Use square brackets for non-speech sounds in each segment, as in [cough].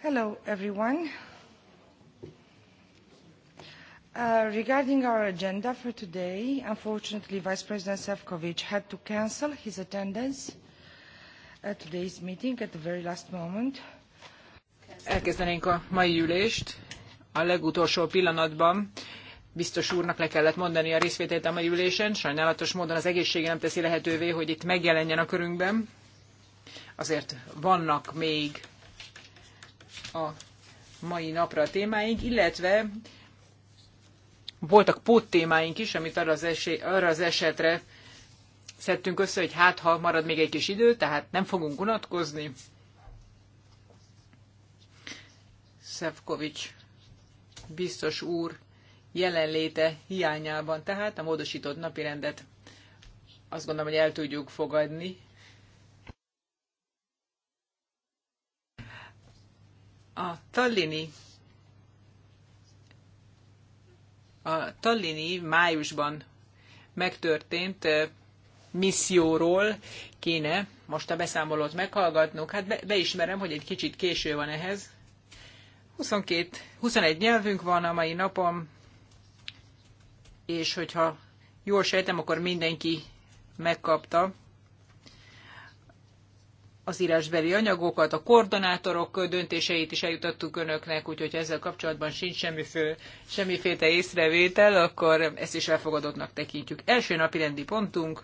Hello, everyone. Uh, regarding our agenda for today, unfortunately, Vice President Sefcovic had to cancel his attendance at today's meeting at the very last moment. Elkezdenénk a mai ülést. A legutolsó pillanatban biztos úrnak le kellett mondani a részvételt a mai ülésen. Sajnálatos módon az egészsége nem teszi lehetővé, hogy itt megjelenjen a körünkben. Azért vannak még a mai napra a témáink, illetve voltak póttémáink is, amit arra az, esé- arra az esetre szedtünk össze, hogy hát ha marad még egy kis idő, tehát nem fogunk unatkozni. Szevkovics biztos úr jelenléte hiányában, tehát a módosított napirendet azt gondolom, hogy el tudjuk fogadni. A Tallini a Tallini májusban megtörtént eh, misszióról kéne most a beszámolót meghallgatnunk. Hát be, beismerem, hogy egy kicsit késő van ehhez. 22, 21 nyelvünk van a mai napon, és hogyha jól sejtem, akkor mindenki megkapta az írásbeli anyagokat, a koordinátorok döntéseit is eljutottuk önöknek, úgyhogy ha ezzel kapcsolatban sincs semmiféle, semmiféle észrevétel, akkor ezt is elfogadottnak tekintjük. Első napi rendi pontunk.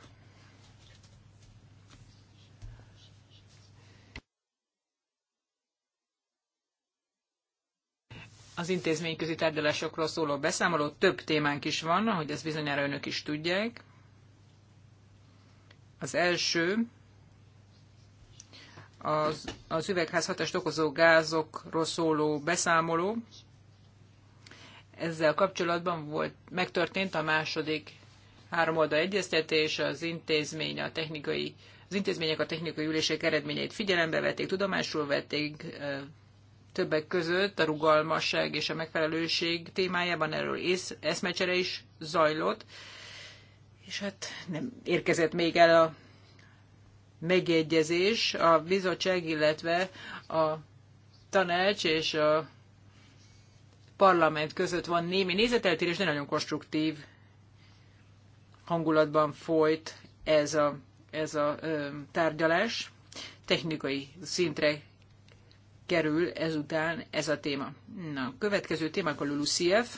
Az intézményközi tárgyalásokról szóló beszámoló több témánk is van, ahogy ezt bizonyára önök is tudják. Az első, az, az üvegházhatást okozó gázokról szóló beszámoló. Ezzel kapcsolatban volt, megtörtént a második oldal egyeztetés, az intézmény a technikai az intézmények a technikai ülések eredményeit figyelembe vették, tudomásul vették, többek között a rugalmasság és a megfelelőség témájában erről ész, eszmecsere is zajlott, és hát nem érkezett még el a megegyezés a bizottság, illetve a tanács és a parlament között van némi nézeteltérés, de nagyon konstruktív hangulatban folyt ez a, ez a ö, tárgyalás. Technikai szintre kerül ezután ez a téma. Na, következő téma a LULUCF.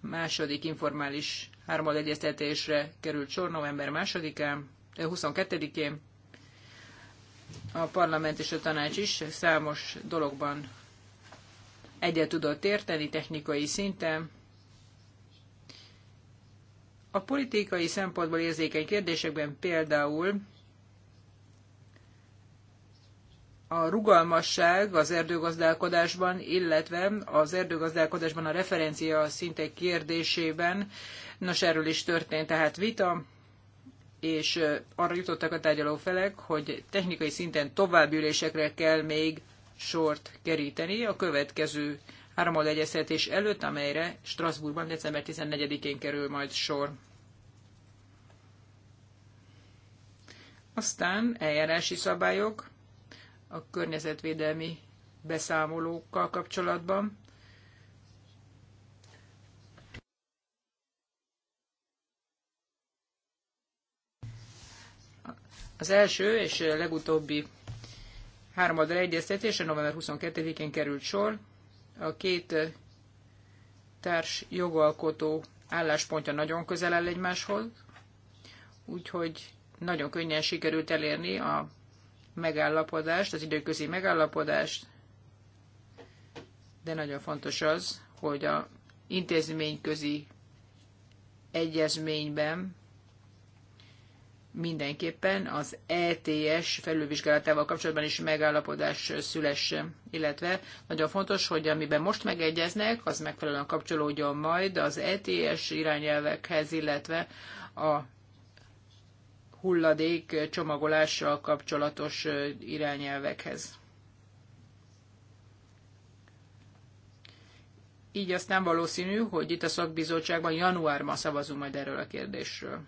Második informális egyeztetésre került sor november másodikán. 22-én a parlament és a tanács is számos dologban egyet tudott érteni technikai szinten. A politikai szempontból érzékeny kérdésekben például a rugalmasság az erdőgazdálkodásban, illetve az erdőgazdálkodásban a referencia szintek kérdésében, nos erről is történt tehát vita, és arra jutottak a tárgyalófelek, hogy technikai szinten további ülésekre kell még sort keríteni a következő háromold egyeztetés előtt, amelyre Strasbourgban december 14-én kerül majd sor. Aztán eljárási szabályok a környezetvédelmi beszámolókkal kapcsolatban. Az első és legutóbbi háromadra egyeztetése november 22-én került sor. A két társ jogalkotó álláspontja nagyon közel áll egymáshoz, úgyhogy nagyon könnyen sikerült elérni a megállapodást, az időközi megállapodást, de nagyon fontos az, hogy a intézményközi egyezményben mindenképpen az ETS felülvizsgálatával kapcsolatban is megállapodás szülessen, illetve nagyon fontos, hogy amiben most megegyeznek, az megfelelően kapcsolódjon majd az ETS irányelvekhez, illetve a hulladék csomagolással kapcsolatos irányelvekhez. Így aztán valószínű, hogy itt a szakbizottságban januárban szavazunk majd erről a kérdésről.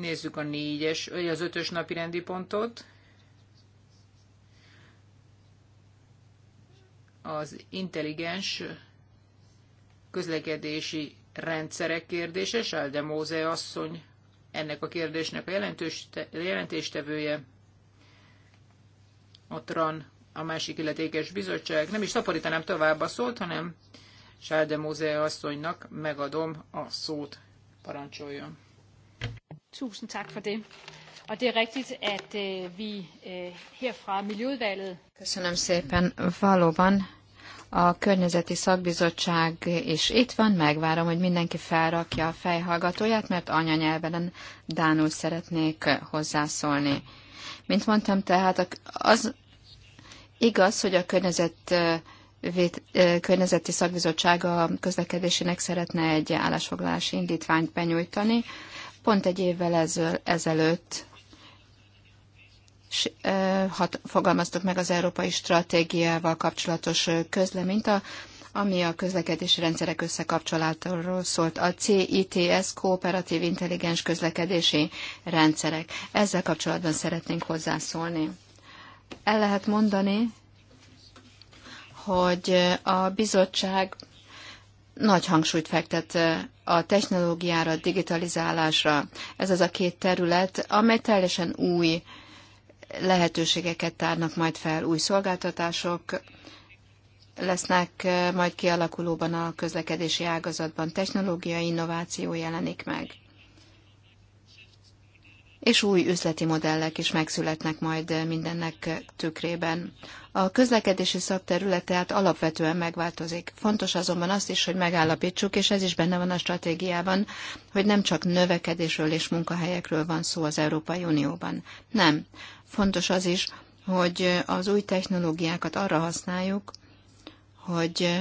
Nézzük a négyes, vagy az ötös napi rendi pontot. Az intelligens közlekedési rendszerek kérdése, Sálde Móze asszony ennek a kérdésnek a jelentős, jelentéstevője, a TRAN, a másik illetékes bizottság. Nem is szaporítanám tovább a szót, hanem Sálde Móze asszonynak megadom a szót. Parancsoljon! Tusind tak for det. Og det er rigtigt, at øh, vi øh, fra Miljøudvalget... Köszönöm szépen. Valóban a Környezeti Szakbizottság is itt van, megvárom, hogy mindenki felrakja a fejhallgatóját, mert anyanyelven Dánul szeretnék hozzászólni. Mint mondtam, tehát az igaz, hogy a környezet Vét, környezeti szakbizottsága közlekedésének szeretne egy állásfoglalási indítványt benyújtani, Pont egy évvel ezelőtt hat, fogalmaztuk meg az európai stratégiával kapcsolatos közleményt, a, ami a közlekedési rendszerek összekapcsolatáról szólt, a CITS, Kooperatív Intelligens Közlekedési Rendszerek. Ezzel kapcsolatban szeretnénk hozzászólni. El lehet mondani, hogy a bizottság nagy hangsúlyt fektet a technológiára, a digitalizálásra. Ez az a két terület, amely teljesen új lehetőségeket tárnak majd fel, új szolgáltatások lesznek majd kialakulóban a közlekedési ágazatban, technológiai innováció jelenik meg és új üzleti modellek is megszületnek majd mindennek tükrében. A közlekedési szakterülete hát alapvetően megváltozik. Fontos azonban azt is, hogy megállapítsuk, és ez is benne van a stratégiában, hogy nem csak növekedésről és munkahelyekről van szó az Európai Unióban. Nem. Fontos az is, hogy az új technológiákat arra használjuk, hogy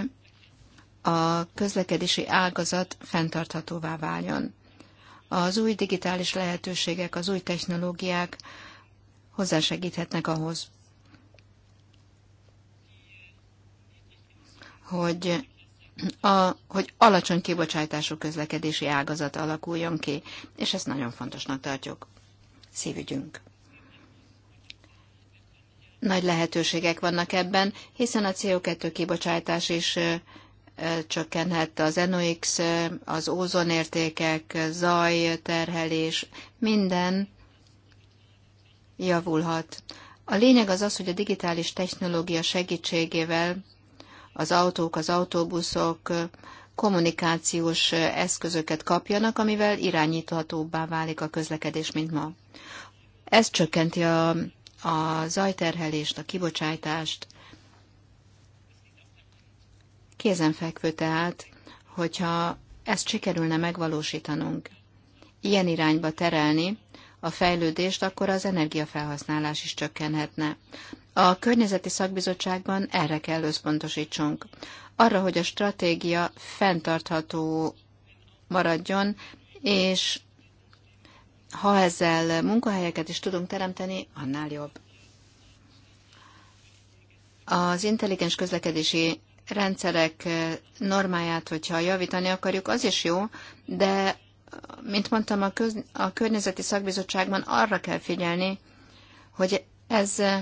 a közlekedési ágazat fenntarthatóvá váljon. Az új digitális lehetőségek, az új technológiák hozzásegíthetnek ahhoz, hogy, a, hogy alacsony kibocsátású közlekedési ágazat alakuljon ki, és ezt nagyon fontosnak tartjuk. Szívügyünk. Nagy lehetőségek vannak ebben, hiszen a CO2 kibocsátás is csökkenhet az NOx, az ózonértékek, zaj, terhelés, minden javulhat. A lényeg az az, hogy a digitális technológia segítségével az autók, az autóbuszok kommunikációs eszközöket kapjanak, amivel irányíthatóbbá válik a közlekedés, mint ma. Ez csökkenti a, a zajterhelést, a kibocsátást, Kézenfekvő tehát, hogyha ezt sikerülne megvalósítanunk, ilyen irányba terelni a fejlődést, akkor az energiafelhasználás is csökkenhetne. A környezeti szakbizottságban erre kell összpontosítsunk. Arra, hogy a stratégia fenntartható maradjon, és ha ezzel munkahelyeket is tudunk teremteni, annál jobb. Az intelligens közlekedési rendszerek eh, normáját, hogyha javítani akarjuk, az is jó, de mint mondtam, a, köz, a környezeti szakbizottságban arra kell figyelni, hogy ez eh,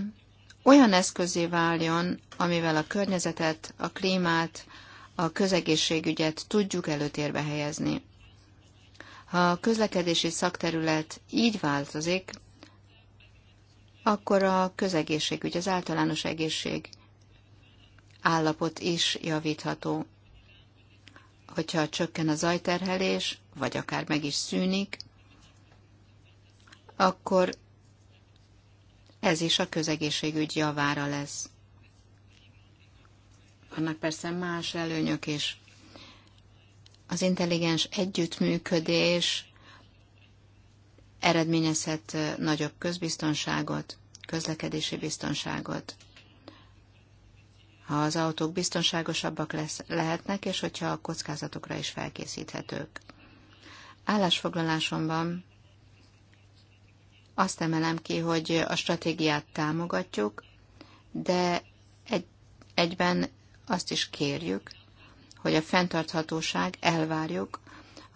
olyan eszközé váljon, amivel a környezetet, a klímát, a közegészségügyet tudjuk előtérbe helyezni. Ha a közlekedési szakterület így változik, akkor a közegészségügy, az általános egészség állapot is javítható. Hogyha csökken a zajterhelés, vagy akár meg is szűnik, akkor ez is a közegészségügy javára lesz. Vannak persze más előnyök is. Az intelligens együttműködés eredményezhet nagyobb közbiztonságot, közlekedési biztonságot ha az autók biztonságosabbak lesz, lehetnek, és hogyha a kockázatokra is felkészíthetők. Állásfoglalásomban azt emelem ki, hogy a stratégiát támogatjuk, de egy, egyben azt is kérjük, hogy a fenntarthatóság elvárjuk,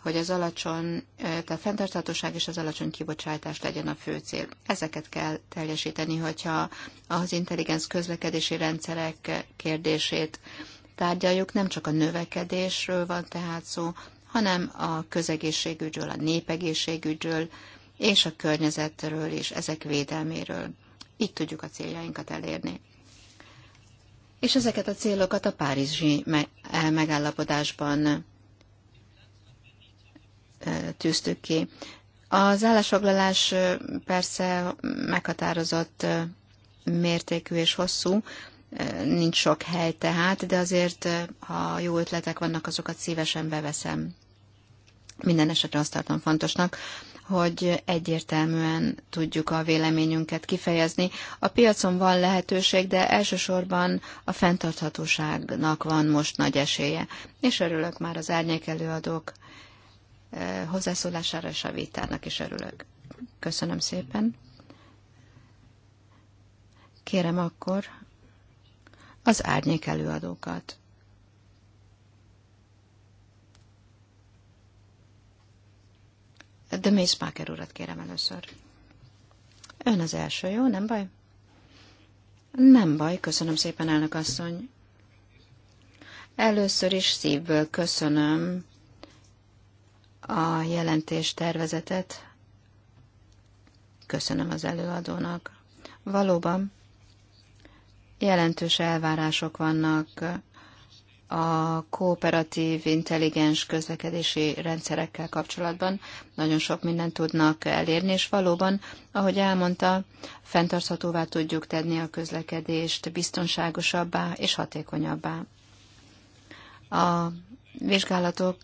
hogy az alacsony, tehát fenntarthatóság és az alacsony kibocsátás legyen a fő cél. Ezeket kell teljesíteni, hogyha az intelligens közlekedési rendszerek kérdését tárgyaljuk. Nem csak a növekedésről van tehát szó, hanem a közegészségügyről, a népegészségügyről és a környezetről és ezek védelméről. Így tudjuk a céljainkat elérni. És ezeket a célokat a Párizsi megállapodásban tűztük ki. Az állásfoglalás persze meghatározott mértékű és hosszú, nincs sok hely tehát, de azért, ha jó ötletek vannak, azokat szívesen beveszem. Minden esetre azt tartom fontosnak, hogy egyértelműen tudjuk a véleményünket kifejezni. A piacon van lehetőség, de elsősorban a fenntarthatóságnak van most nagy esélye, és örülök már az árnyék előadók hozzászólására és a vitának is örülök. Köszönöm szépen. Kérem akkor az árnyék előadókat. De Mészpáker urat kérem először. Ön az első, jó? Nem baj? Nem baj, köszönöm szépen, elnök asszony. Először is szívből köszönöm a jelentés tervezetet. Köszönöm az előadónak. Valóban jelentős elvárások vannak a kooperatív, intelligens közlekedési rendszerekkel kapcsolatban. Nagyon sok mindent tudnak elérni, és valóban, ahogy elmondta, fenntarthatóvá tudjuk tenni a közlekedést, biztonságosabbá és hatékonyabbá. A vizsgálatok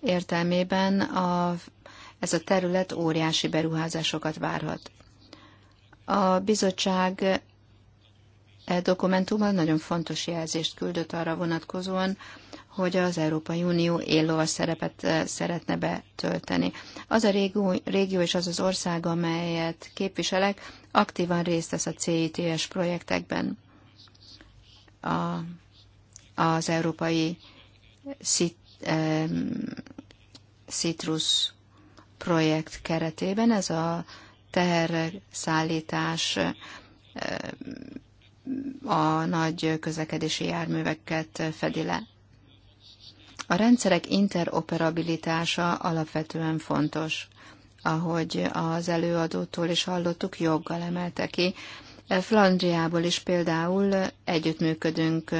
értelmében a, ez a terület óriási beruházásokat várhat. A bizottság e dokumentumban nagyon fontos jelzést küldött arra vonatkozóan, hogy az Európai Unió éllovas szerepet e, szeretne betölteni. Az a régió, régió és az az ország, amelyet képviselek, aktívan részt vesz a CITS projektekben. A, az Európai cit, um, citrus projekt keretében. Ez a teherszállítás a nagy közlekedési járműveket fedi le. A rendszerek interoperabilitása alapvetően fontos. Ahogy az előadótól is hallottuk, joggal emelte ki. Flandriából is például együttműködünk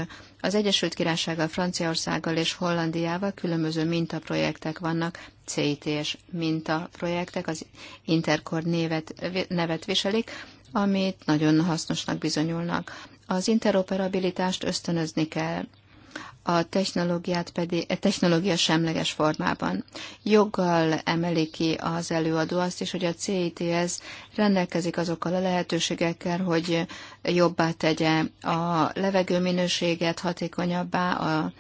az Egyesült Királysággal, Franciaországgal és Hollandiával különböző mintaprojektek vannak, CIT-s mintaprojektek, az Intercor névet, nevet viselik, amit nagyon hasznosnak bizonyulnak. Az interoperabilitást ösztönözni kell a technológiát pedig a technológia semleges formában. Joggal emeli ki az előadó azt is, hogy a CITS rendelkezik azokkal a lehetőségekkel, hogy jobbá tegye a levegő minőséget, hatékonyabbá a,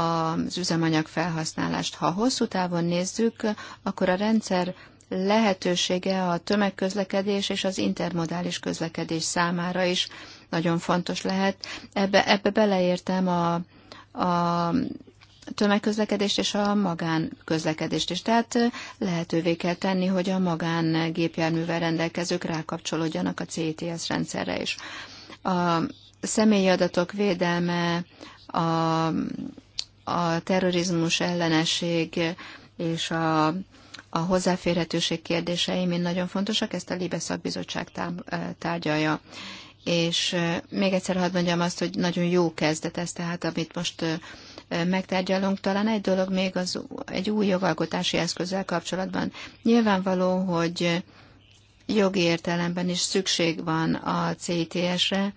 az üzemanyag felhasználást. Ha hosszú távon nézzük, akkor a rendszer lehetősége a tömegközlekedés és az intermodális közlekedés számára is nagyon fontos lehet. Ebbe, ebbe beleértem a, a tömegközlekedést és a magánközlekedést is. Tehát lehetővé kell tenni, hogy a magán gépjárművel rendelkezők rákapcsolódjanak a CTS rendszerre is. A személyi adatok védelme, a, a terrorizmus ellenesség és a, a hozzáférhetőség kérdései mind nagyon fontosak, ezt a Libe tárgyalja és még egyszer hadd mondjam azt, hogy nagyon jó kezdet ez, tehát amit most megtárgyalunk. Talán egy dolog még az egy új jogalkotási eszközzel kapcsolatban. Nyilvánvaló, hogy jogi értelemben is szükség van a CITS-re,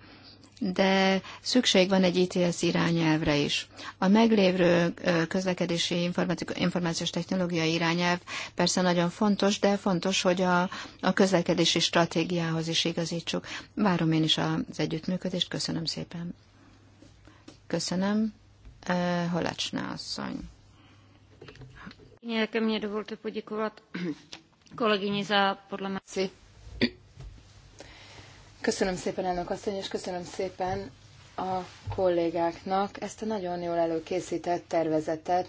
de szükség van egy ITS irányelvre is. A meglévő közlekedési információs technológia irányelv persze nagyon fontos, de fontos, hogy a, a közlekedési stratégiához is igazítsuk. Várom én is az együttműködést. Köszönöm szépen. Köszönöm. Holacsná asszony. Köszönöm, mě dovolte poděkovat kolegyni za Köszönöm szépen, elnök asszony, és köszönöm szépen a kollégáknak ezt a nagyon jól előkészített tervezetet.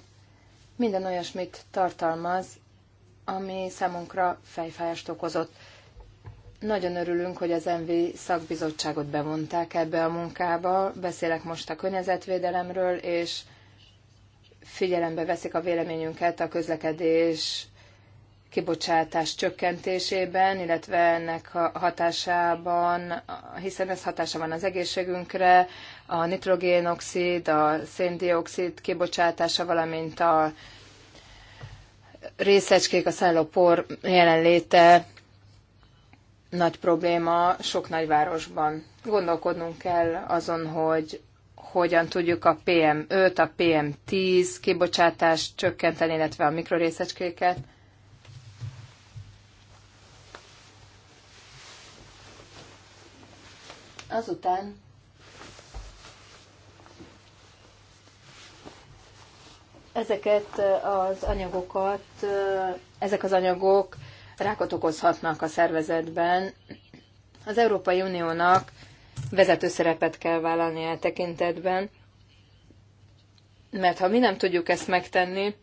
Minden olyasmit tartalmaz, ami számunkra fejfájást okozott. Nagyon örülünk, hogy az MV szakbizottságot bevonták ebbe a munkába. Beszélek most a környezetvédelemről, és figyelembe veszik a véleményünket a közlekedés kibocsátás csökkentésében, illetve ennek hatásában, hiszen ez hatása van az egészségünkre, a nitrogénoxid, a széndiokszid kibocsátása, valamint a részecskék, a szállópor jelenléte nagy probléma sok nagyvárosban. Gondolkodnunk kell azon, hogy hogyan tudjuk a PM5, a PM10 kibocsátást csökkenteni, illetve a mikrorészecskéket. Azután ezeket az anyagokat, ezek az anyagok rákot okozhatnak a szervezetben. Az Európai Uniónak vezető szerepet kell vállalni a e tekintetben, mert ha mi nem tudjuk ezt megtenni,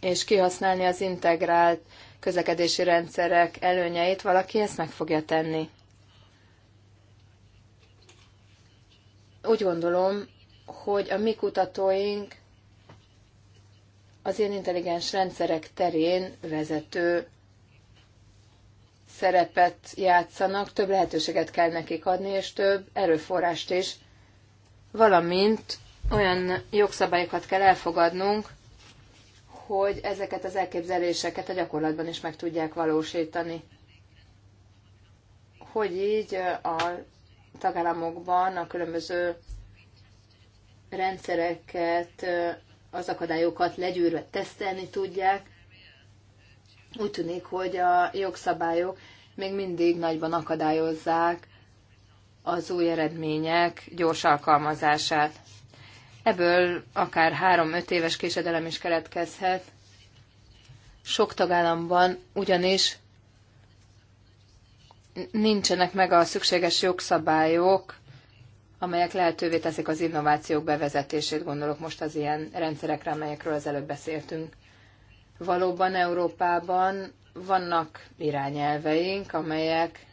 és kihasználni az integrált közlekedési rendszerek előnyeit, valaki ezt meg fogja tenni. úgy gondolom, hogy a mi kutatóink az ilyen intelligens rendszerek terén vezető szerepet játszanak, több lehetőséget kell nekik adni, és több erőforrást is, valamint olyan jogszabályokat kell elfogadnunk, hogy ezeket az elképzeléseket a gyakorlatban is meg tudják valósítani. Hogy így a tagállamokban a különböző rendszereket, az akadályokat legyűrve tesztelni tudják. Úgy tűnik, hogy a jogszabályok még mindig nagyban akadályozzák az új eredmények gyors alkalmazását. Ebből akár három-öt éves késedelem is keletkezhet. Sok tagállamban ugyanis nincsenek meg a szükséges jogszabályok, amelyek lehetővé teszik az innovációk bevezetését, gondolok most az ilyen rendszerekre, amelyekről az előbb beszéltünk. Valóban Európában vannak irányelveink, amelyek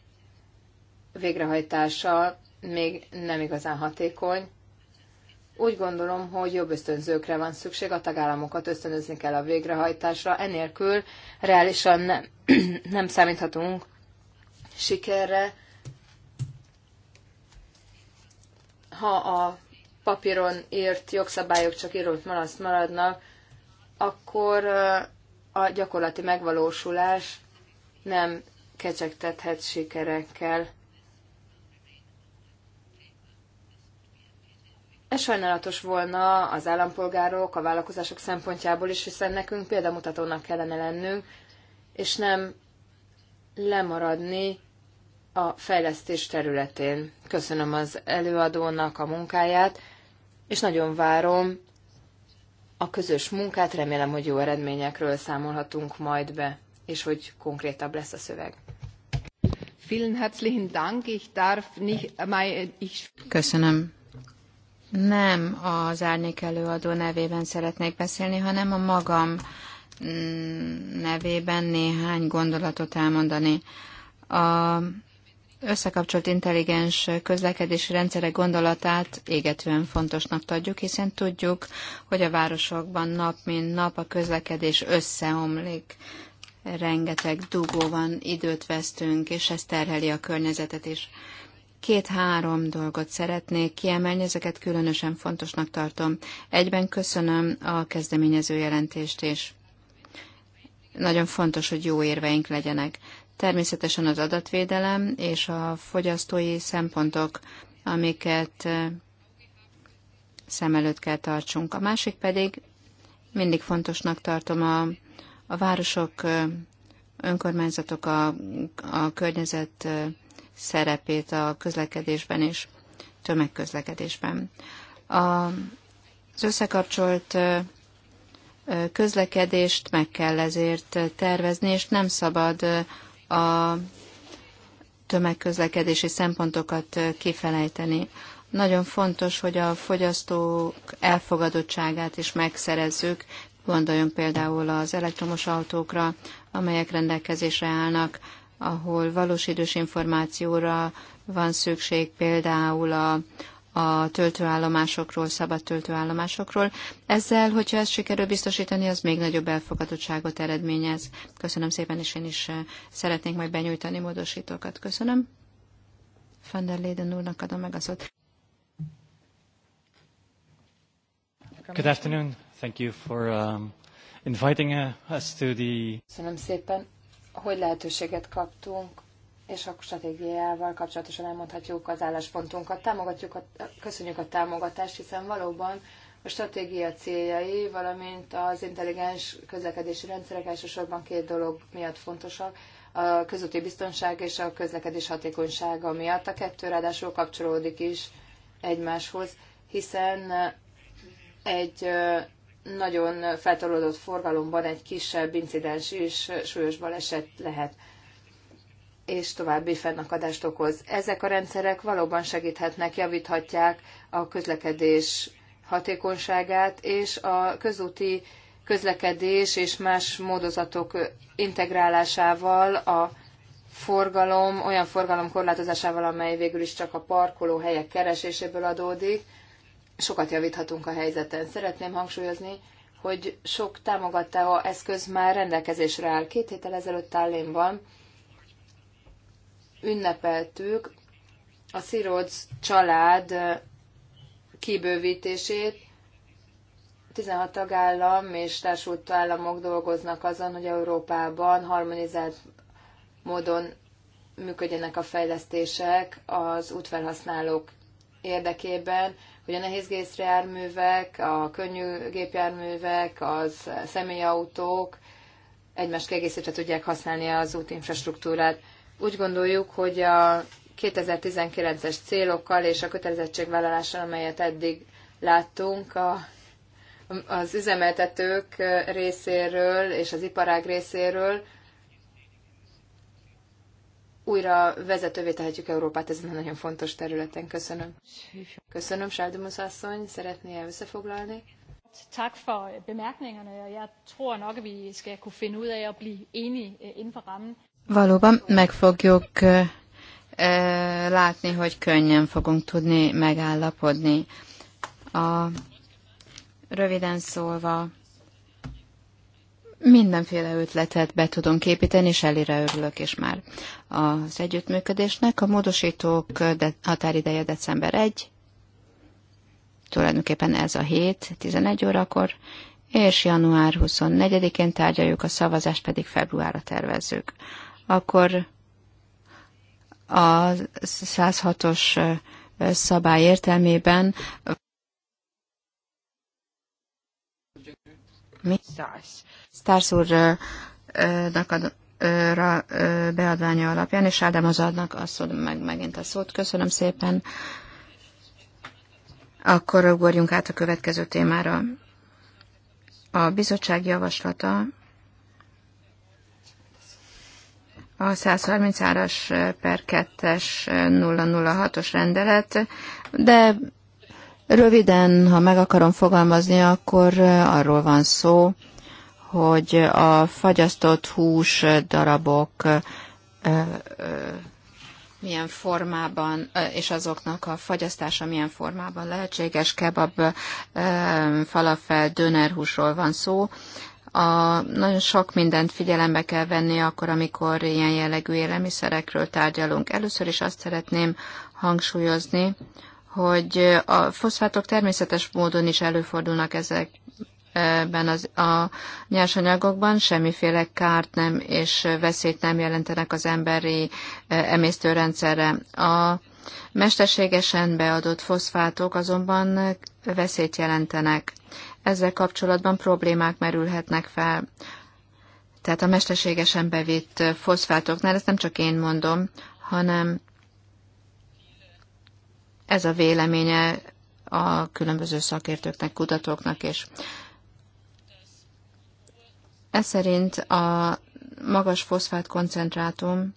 végrehajtása még nem igazán hatékony. Úgy gondolom, hogy jobb ösztönzőkre van szükség, a tagállamokat ösztönözni kell a végrehajtásra, enélkül reálisan nem, [clears throat] nem számíthatunk sikerre, ha a papíron írt jogszabályok csak írott malaszt maradnak, akkor a gyakorlati megvalósulás nem kecsegtethet sikerekkel. Ez sajnálatos volna az állampolgárok, a vállalkozások szempontjából is, hiszen nekünk példamutatónak kellene lennünk, és nem lemaradni a fejlesztés területén. Köszönöm az előadónak a munkáját, és nagyon várom a közös munkát. Remélem, hogy jó eredményekről számolhatunk majd be, és hogy konkrétabb lesz a szöveg. Köszönöm. Nem az árnyék előadó nevében szeretnék beszélni, hanem a magam mm, nevében néhány gondolatot elmondani. A összekapcsolt intelligens közlekedési rendszerek gondolatát égetően fontosnak tartjuk, hiszen tudjuk, hogy a városokban nap mint nap a közlekedés összeomlik. Rengeteg dugó van, időt vesztünk, és ez terheli a környezetet is. Két-három dolgot szeretnék kiemelni, ezeket különösen fontosnak tartom. Egyben köszönöm a kezdeményező jelentést is. Nagyon fontos, hogy jó érveink legyenek. Természetesen az adatvédelem és a fogyasztói szempontok, amiket szem előtt kell tartsunk. A másik pedig mindig fontosnak tartom a, a városok, önkormányzatok, a, a környezet szerepét a közlekedésben és tömegközlekedésben. A, az összekapcsolt közlekedést meg kell ezért tervezni, és nem szabad a tömegközlekedési szempontokat kifelejteni. Nagyon fontos, hogy a fogyasztók elfogadottságát is megszerezzük, gondoljon például az elektromos autókra, amelyek rendelkezésre állnak, ahol valós idős információra van szükség, például a, a töltőállomásokról, szabad töltőállomásokról. Ezzel, hogyha ezt sikerül biztosítani, az még nagyobb elfogadottságot eredményez. Köszönöm szépen, és én is eh, szeretnék majd benyújtani módosítókat. Köszönöm. Van der Leden úrnak adom meg a szót. Good afternoon. Thank you for um, inviting uh, us to the... Köszönöm szépen, hogy lehetőséget kaptunk és a stratégiával kapcsolatosan elmondhatjuk az álláspontunkat. Támogatjuk a, köszönjük a támogatást, hiszen valóban a stratégia céljai, valamint az intelligens közlekedési rendszerek elsősorban két dolog miatt fontosak, a közúti biztonság és a közlekedés hatékonysága miatt. A kettő ráadásul kapcsolódik is egymáshoz, hiszen egy nagyon feltorlódott forgalomban egy kisebb incidens is súlyos baleset lehet és további fennakadást okoz. Ezek a rendszerek valóban segíthetnek, javíthatják a közlekedés hatékonyságát, és a közúti közlekedés és más módozatok integrálásával a forgalom, olyan forgalom korlátozásával, amely végül is csak a parkolóhelyek kereséséből adódik, sokat javíthatunk a helyzeten. Szeretném hangsúlyozni, hogy sok támogató eszköz már rendelkezésre áll. Két héttel ezelőtt Tallinnban ünnepeltük a Szirodz család kibővítését. 16 tagállam és társult államok dolgoznak azon, hogy Európában harmonizált módon működjenek a fejlesztések az útfelhasználók érdekében, hogy a nehéz gépjárművek, a könnyű gépjárművek, az személyautók egymást kiegészítve tudják használni az útinfrastruktúrát. Úgy gondoljuk, hogy a 2019-es célokkal és a kötelezettségvállalással, amelyet eddig láttunk, a, az üzemeltetők részéről és az iparág részéről újra vezetővé tehetjük Európát ezen a nagyon fontos területen. Köszönöm. Köszönöm, Sárdomusz asszony. Szeretné -e összefoglalni? Tak for bemærkningerne. Jeg tror nok, vi skal kunne finde ud af at blive enige eh, inden for rammen. Valóban meg fogjuk látni, hogy könnyen fogunk tudni megállapodni. A, röviden szólva, mindenféle ötletet be tudunk építeni, és elire örülök is már az együttműködésnek. A módosítók de, határideje december 1, tulajdonképpen ez a hét, 11 órakor, és január 24-én tárgyaljuk, a szavazást pedig februárra tervezzük akkor a 106-os szabály értelmében mi? Stars úrnak a beadványa alapján, és Ádám az adnak azt meg megint a szót. Köszönöm szépen. Akkor ugorjunk át a következő témára. A bizottság javaslata a 133-as per 2-es 006-os rendelet, de röviden, ha meg akarom fogalmazni, akkor arról van szó, hogy a fagyasztott hús darabok milyen formában, és azoknak a fagyasztása milyen formában lehetséges, kebab, falafel, dönerhúsról van szó a, nagyon sok mindent figyelembe kell venni akkor, amikor ilyen jellegű élelmiszerekről tárgyalunk. Először is azt szeretném hangsúlyozni, hogy a foszfátok természetes módon is előfordulnak ezekben az, a nyersanyagokban, semmiféle kárt nem és veszélyt nem jelentenek az emberi e, emésztőrendszerre. A mesterségesen beadott foszfátok azonban veszélyt jelentenek ezzel kapcsolatban problémák merülhetnek fel. Tehát a mesterségesen bevitt foszfátoknál, ezt nem csak én mondom, hanem ez a véleménye a különböző szakértőknek, kutatóknak is. Ez szerint a magas foszfát koncentrátum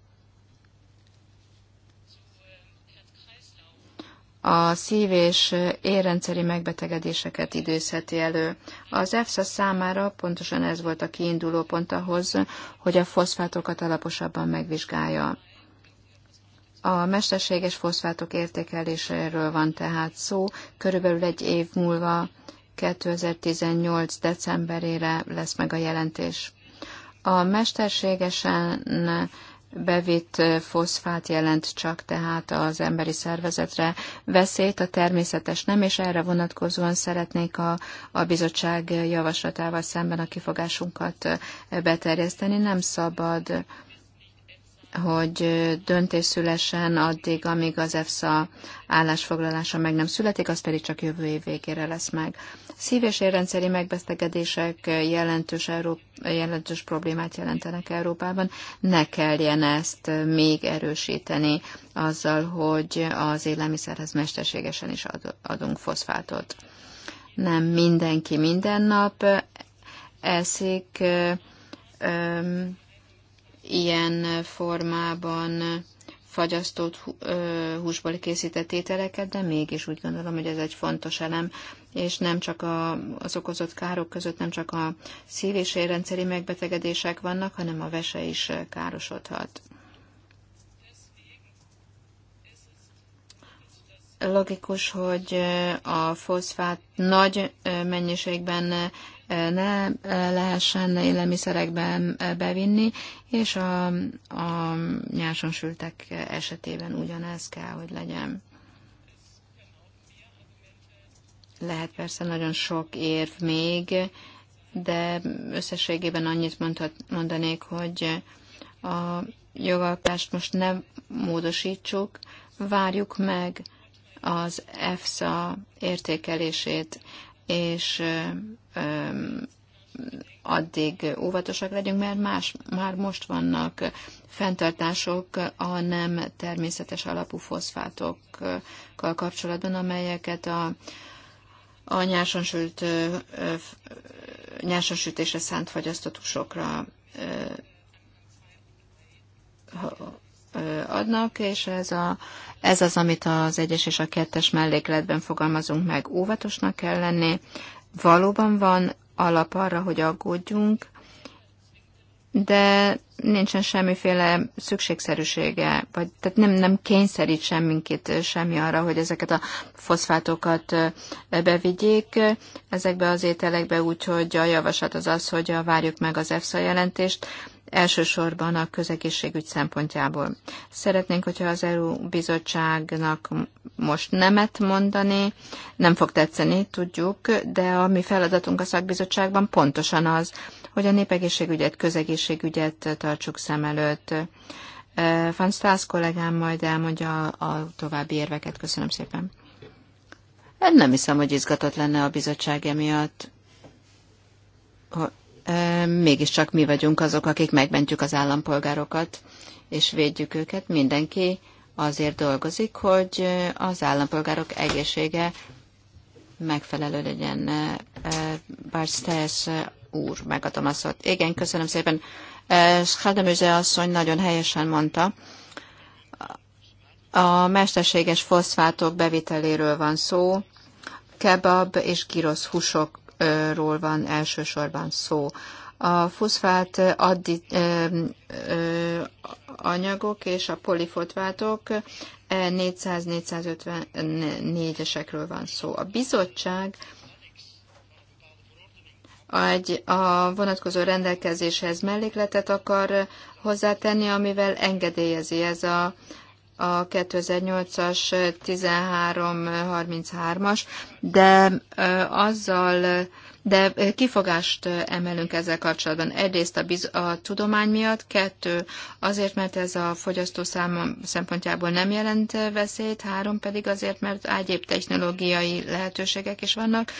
a szív- és érrendszeri megbetegedéseket időzheti elő. Az EFSA számára pontosan ez volt a kiinduló pont ahhoz, hogy a foszfátokat alaposabban megvizsgálja. A mesterséges foszfátok értékeléséről van tehát szó, körülbelül egy év múlva 2018. decemberére lesz meg a jelentés. A mesterségesen bevitt eh, foszfát jelent csak tehát az emberi szervezetre veszélyt, a természetes nem, és erre vonatkozóan szeretnék a, a bizottság javaslatával szemben a kifogásunkat eh, beterjeszteni. Nem szabad hogy eh, döntés szülesen addig, amíg az EFSA állásfoglalása meg nem születik, az pedig csak jövő év végére lesz meg. Szív- és érrendszeri megbetegedések jelentős, jelentős problémát jelentenek Európában. Ne kelljen ezt még erősíteni azzal, hogy az élelmiszerhez mesterségesen is adunk foszfátot. Nem mindenki minden nap eszik ilyen formában fagyasztott húsból készített ételeket, de mégis úgy gondolom, hogy ez egy fontos elem, és nem csak a, az okozott károk között nem csak a szív- és érrendszeri megbetegedések vannak, hanem a vese is károsodhat. Logikus, hogy a foszfát nagy mennyiségben ne lehessen élelmiszerekben bevinni, és a, a nyáson sültek esetében ugyanez kell, hogy legyen. Lehet persze nagyon sok érv még, de összességében annyit mondhat, mondanék, hogy a jogalkást most nem módosítsuk, várjuk meg az EFSA értékelését és addig óvatosak legyünk, mert más, már most vannak fenntartások a nem természetes alapú foszfátokkal kapcsolatban, amelyeket a, a nyársonsült, nyársonsütésre szánt fagyasztatósokra adnak, és ez, a, ez az, amit az egyes és a kettes mellékletben fogalmazunk meg. Óvatosnak kell lenni. Valóban van alap arra, hogy aggódjunk, de nincsen semmiféle szükségszerűsége, vagy tehát nem, nem kényszerít semminkit semmi arra, hogy ezeket a foszfátokat bevigyék ezekbe az ételekbe, úgyhogy a javaslat az az, hogy várjuk meg az EFSA jelentést, elsősorban a közegészségügy szempontjából. Szeretnénk, hogyha az EU bizottságnak most nemet mondani, nem fog tetszeni, tudjuk, de a mi feladatunk a szakbizottságban pontosan az, hogy a népegészségügyet, közegészségügyet tartsuk szem előtt. E, Van Stász kollégám majd elmondja a, további érveket. Köszönöm szépen. Nem hiszem, hogy izgatott lenne a bizottság emiatt mégiscsak mi vagyunk azok, akik megmentjük az állampolgárokat, és védjük őket. Mindenki azért dolgozik, hogy az állampolgárok egészsége megfelelő legyen. Barstes úr, megadom a szót. Igen, köszönöm szépen. Schademüze asszony nagyon helyesen mondta, a mesterséges foszfátok beviteléről van szó, kebab és girosz húsok ról van elsősorban szó. A foszfát addi, ö, ö, anyagok és a polifotvátok 400-454-esekről e, van szó. A bizottság egy a vonatkozó rendelkezéshez mellékletet akar hozzátenni, amivel engedélyezi ez a, a 2008-as 1333-as, de azzal de kifogást emelünk ezzel kapcsolatban. Egyrészt a, biz- a tudomány miatt, kettő azért, mert ez a fogyasztó száma szempontjából nem jelent veszélyt, három pedig azért, mert egyéb technológiai lehetőségek is vannak,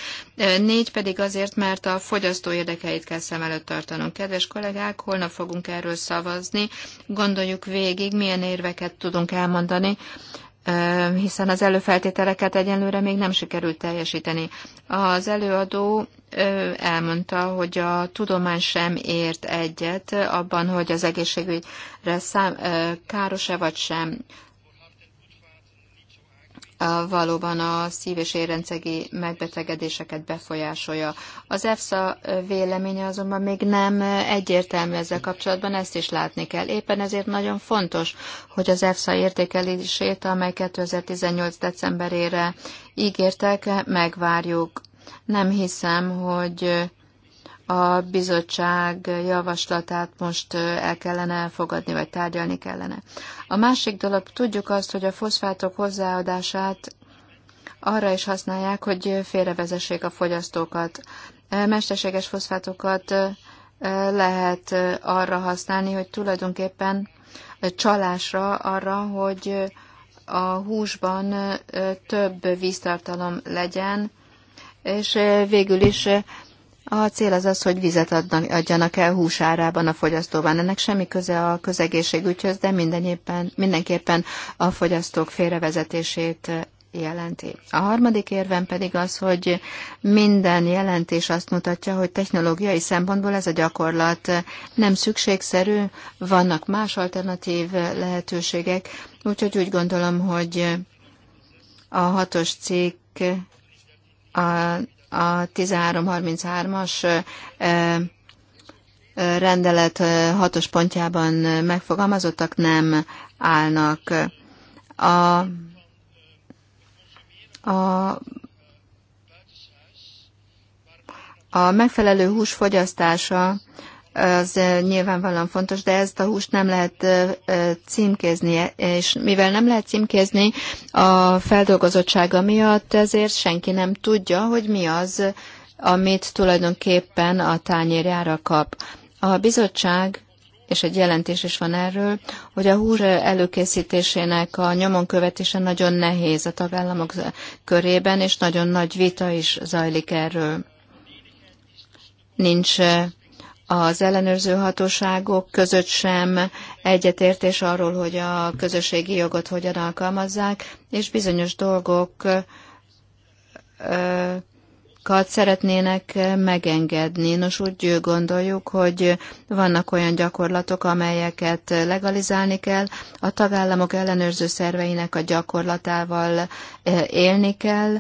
négy pedig azért, mert a fogyasztó érdekeit kell szem előtt tartanunk. Kedves kollégák, holnap fogunk erről szavazni, gondoljuk végig, milyen érveket tudunk elmondani, hiszen az előfeltételeket egyenlőre még nem sikerült teljesíteni. Az előadó elmondta, hogy a tudomány sem ért egyet abban, hogy az egészségügyre szám, káros-e vagy sem valóban a szív- és érrendszegi megbetegedéseket befolyásolja. Az EFSA véleménye azonban még nem egyértelmű ezzel kapcsolatban, ezt is látni kell. Éppen ezért nagyon fontos, hogy az EFSA értékelését, amely 2018. decemberére ígértek, megvárjuk. Nem hiszem, hogy a bizottság javaslatát most el kellene elfogadni, vagy tárgyalni kellene. A másik dolog, tudjuk azt, hogy a foszfátok hozzáadását arra is használják, hogy félrevezessék a fogyasztókat. Mesterséges foszfátokat lehet arra használni, hogy tulajdonképpen csalásra arra, hogy a húsban több víztartalom legyen, és végül is a cél az az, hogy vizet adnak, adjanak el húsárában a fogyasztóban. Ennek semmi köze a közegészségügyhöz, de mindenképpen, mindenképpen a fogyasztók félrevezetését jelenti. A harmadik érvem pedig az, hogy minden jelentés azt mutatja, hogy technológiai szempontból ez a gyakorlat nem szükségszerű, vannak más alternatív lehetőségek, úgyhogy úgy gondolom, hogy a hatos cikk a a 1333-as rendelet hatos pontjában megfogalmazottak nem állnak. A, a a megfelelő húsfogyasztása az nyilvánvalóan fontos, de ezt a húst nem lehet címkézni, és mivel nem lehet címkézni a feldolgozottsága miatt, ezért senki nem tudja, hogy mi az, amit tulajdonképpen a tányérjára kap. A bizottság és egy jelentés is van erről, hogy a húr előkészítésének a nyomon követése nagyon nehéz a tagállamok körében, és nagyon nagy vita is zajlik erről. Nincs az ellenőrző hatóságok között sem egyetértés arról, hogy a közösségi jogot hogyan alkalmazzák, és bizonyos dolgokat szeretnének megengedni. Nos, úgy gondoljuk, hogy vannak olyan gyakorlatok, amelyeket legalizálni kell, a tagállamok ellenőrző szerveinek a gyakorlatával élni kell,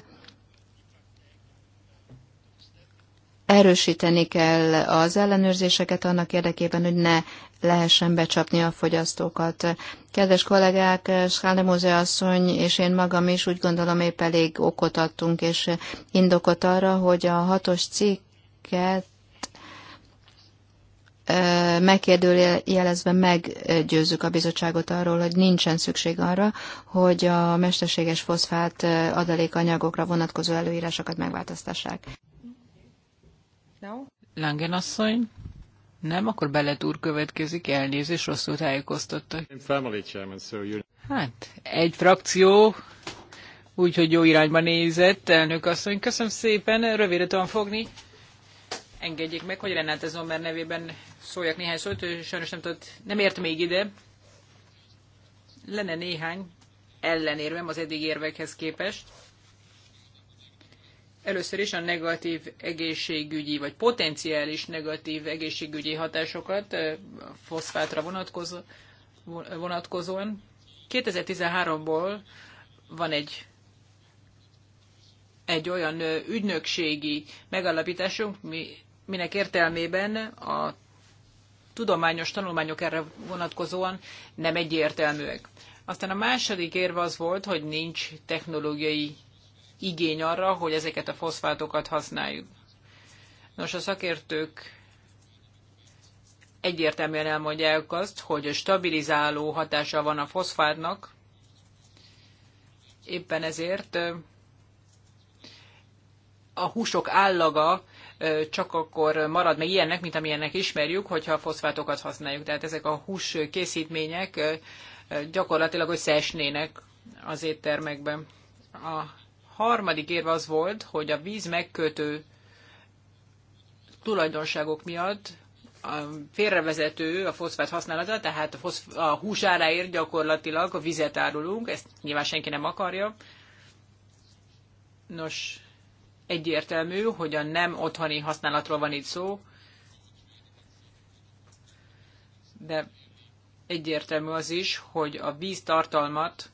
erősíteni kell az ellenőrzéseket annak érdekében, hogy ne lehessen becsapni a fogyasztókat. Kedves kollégák, Schaldemóze asszony és én magam is úgy gondolom épp elég okot adtunk és indokot arra, hogy a hatos cikket megkérdőjelezve meggyőzzük a bizottságot arról, hogy nincsen szükség arra, hogy a mesterséges foszfát adalékanyagokra vonatkozó előírásokat megváltoztassák now? Langen asszony? Nem, akkor Bellet úr következik, elnézés, rosszul tájékoztattak. Hát, egy frakció, úgyhogy jó irányba nézett, elnök asszony. Köszönöm szépen, rövidre tudom fogni. Engedjék meg, hogy Renát Zomber nevében szóljak néhány szót, ő sajnos nem, tudott, nem ért még ide. Lenne néhány ellenérvem az eddig érvekhez képest. Először is a negatív egészségügyi, vagy potenciális negatív egészségügyi hatásokat foszfátra vonatkozó, vonatkozóan. 2013-ból van egy egy olyan ügynökségi megalapításunk, mi, minek értelmében a tudományos tanulmányok erre vonatkozóan nem egyértelműek. Aztán a második érve az volt, hogy nincs technológiai igény arra, hogy ezeket a foszfátokat használjuk. Nos, a szakértők egyértelműen elmondják azt, hogy a stabilizáló hatása van a foszfátnak, éppen ezért a húsok állaga csak akkor marad meg ilyennek, mint amilyennek ismerjük, hogyha a foszfátokat használjuk. Tehát ezek a hús készítmények gyakorlatilag összeesnének az éttermekben. A harmadik érve az volt, hogy a víz megkötő tulajdonságok miatt a félrevezető a foszfát használata, tehát a, foszf- a hús áráért gyakorlatilag a vizet árulunk, ezt nyilván senki nem akarja. Nos, egyértelmű, hogy a nem otthoni használatról van itt szó, de egyértelmű az is, hogy a víztartalmat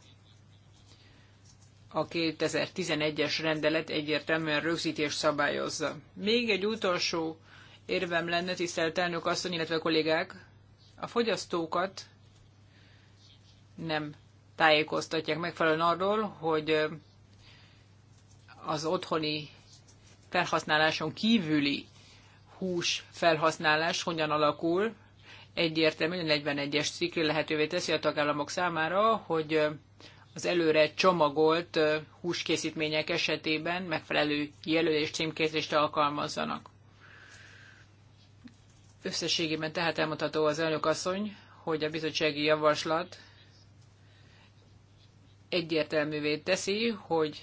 a 2011-es rendelet egyértelműen rögzítés szabályozza. Még egy utolsó érvem lenne, tisztelt elnök asszony, illetve kollégák, a fogyasztókat nem tájékoztatják megfelelően arról, hogy az otthoni felhasználáson kívüli hús felhasználás hogyan alakul. Egyértelműen a 41-es cikk lehetővé teszi a tagállamok számára, hogy az előre csomagolt húskészítmények esetében megfelelő jelölés címkézést alkalmazzanak. Összességében tehát elmondható az asszony, hogy a bizottsági javaslat egyértelművé teszi, hogy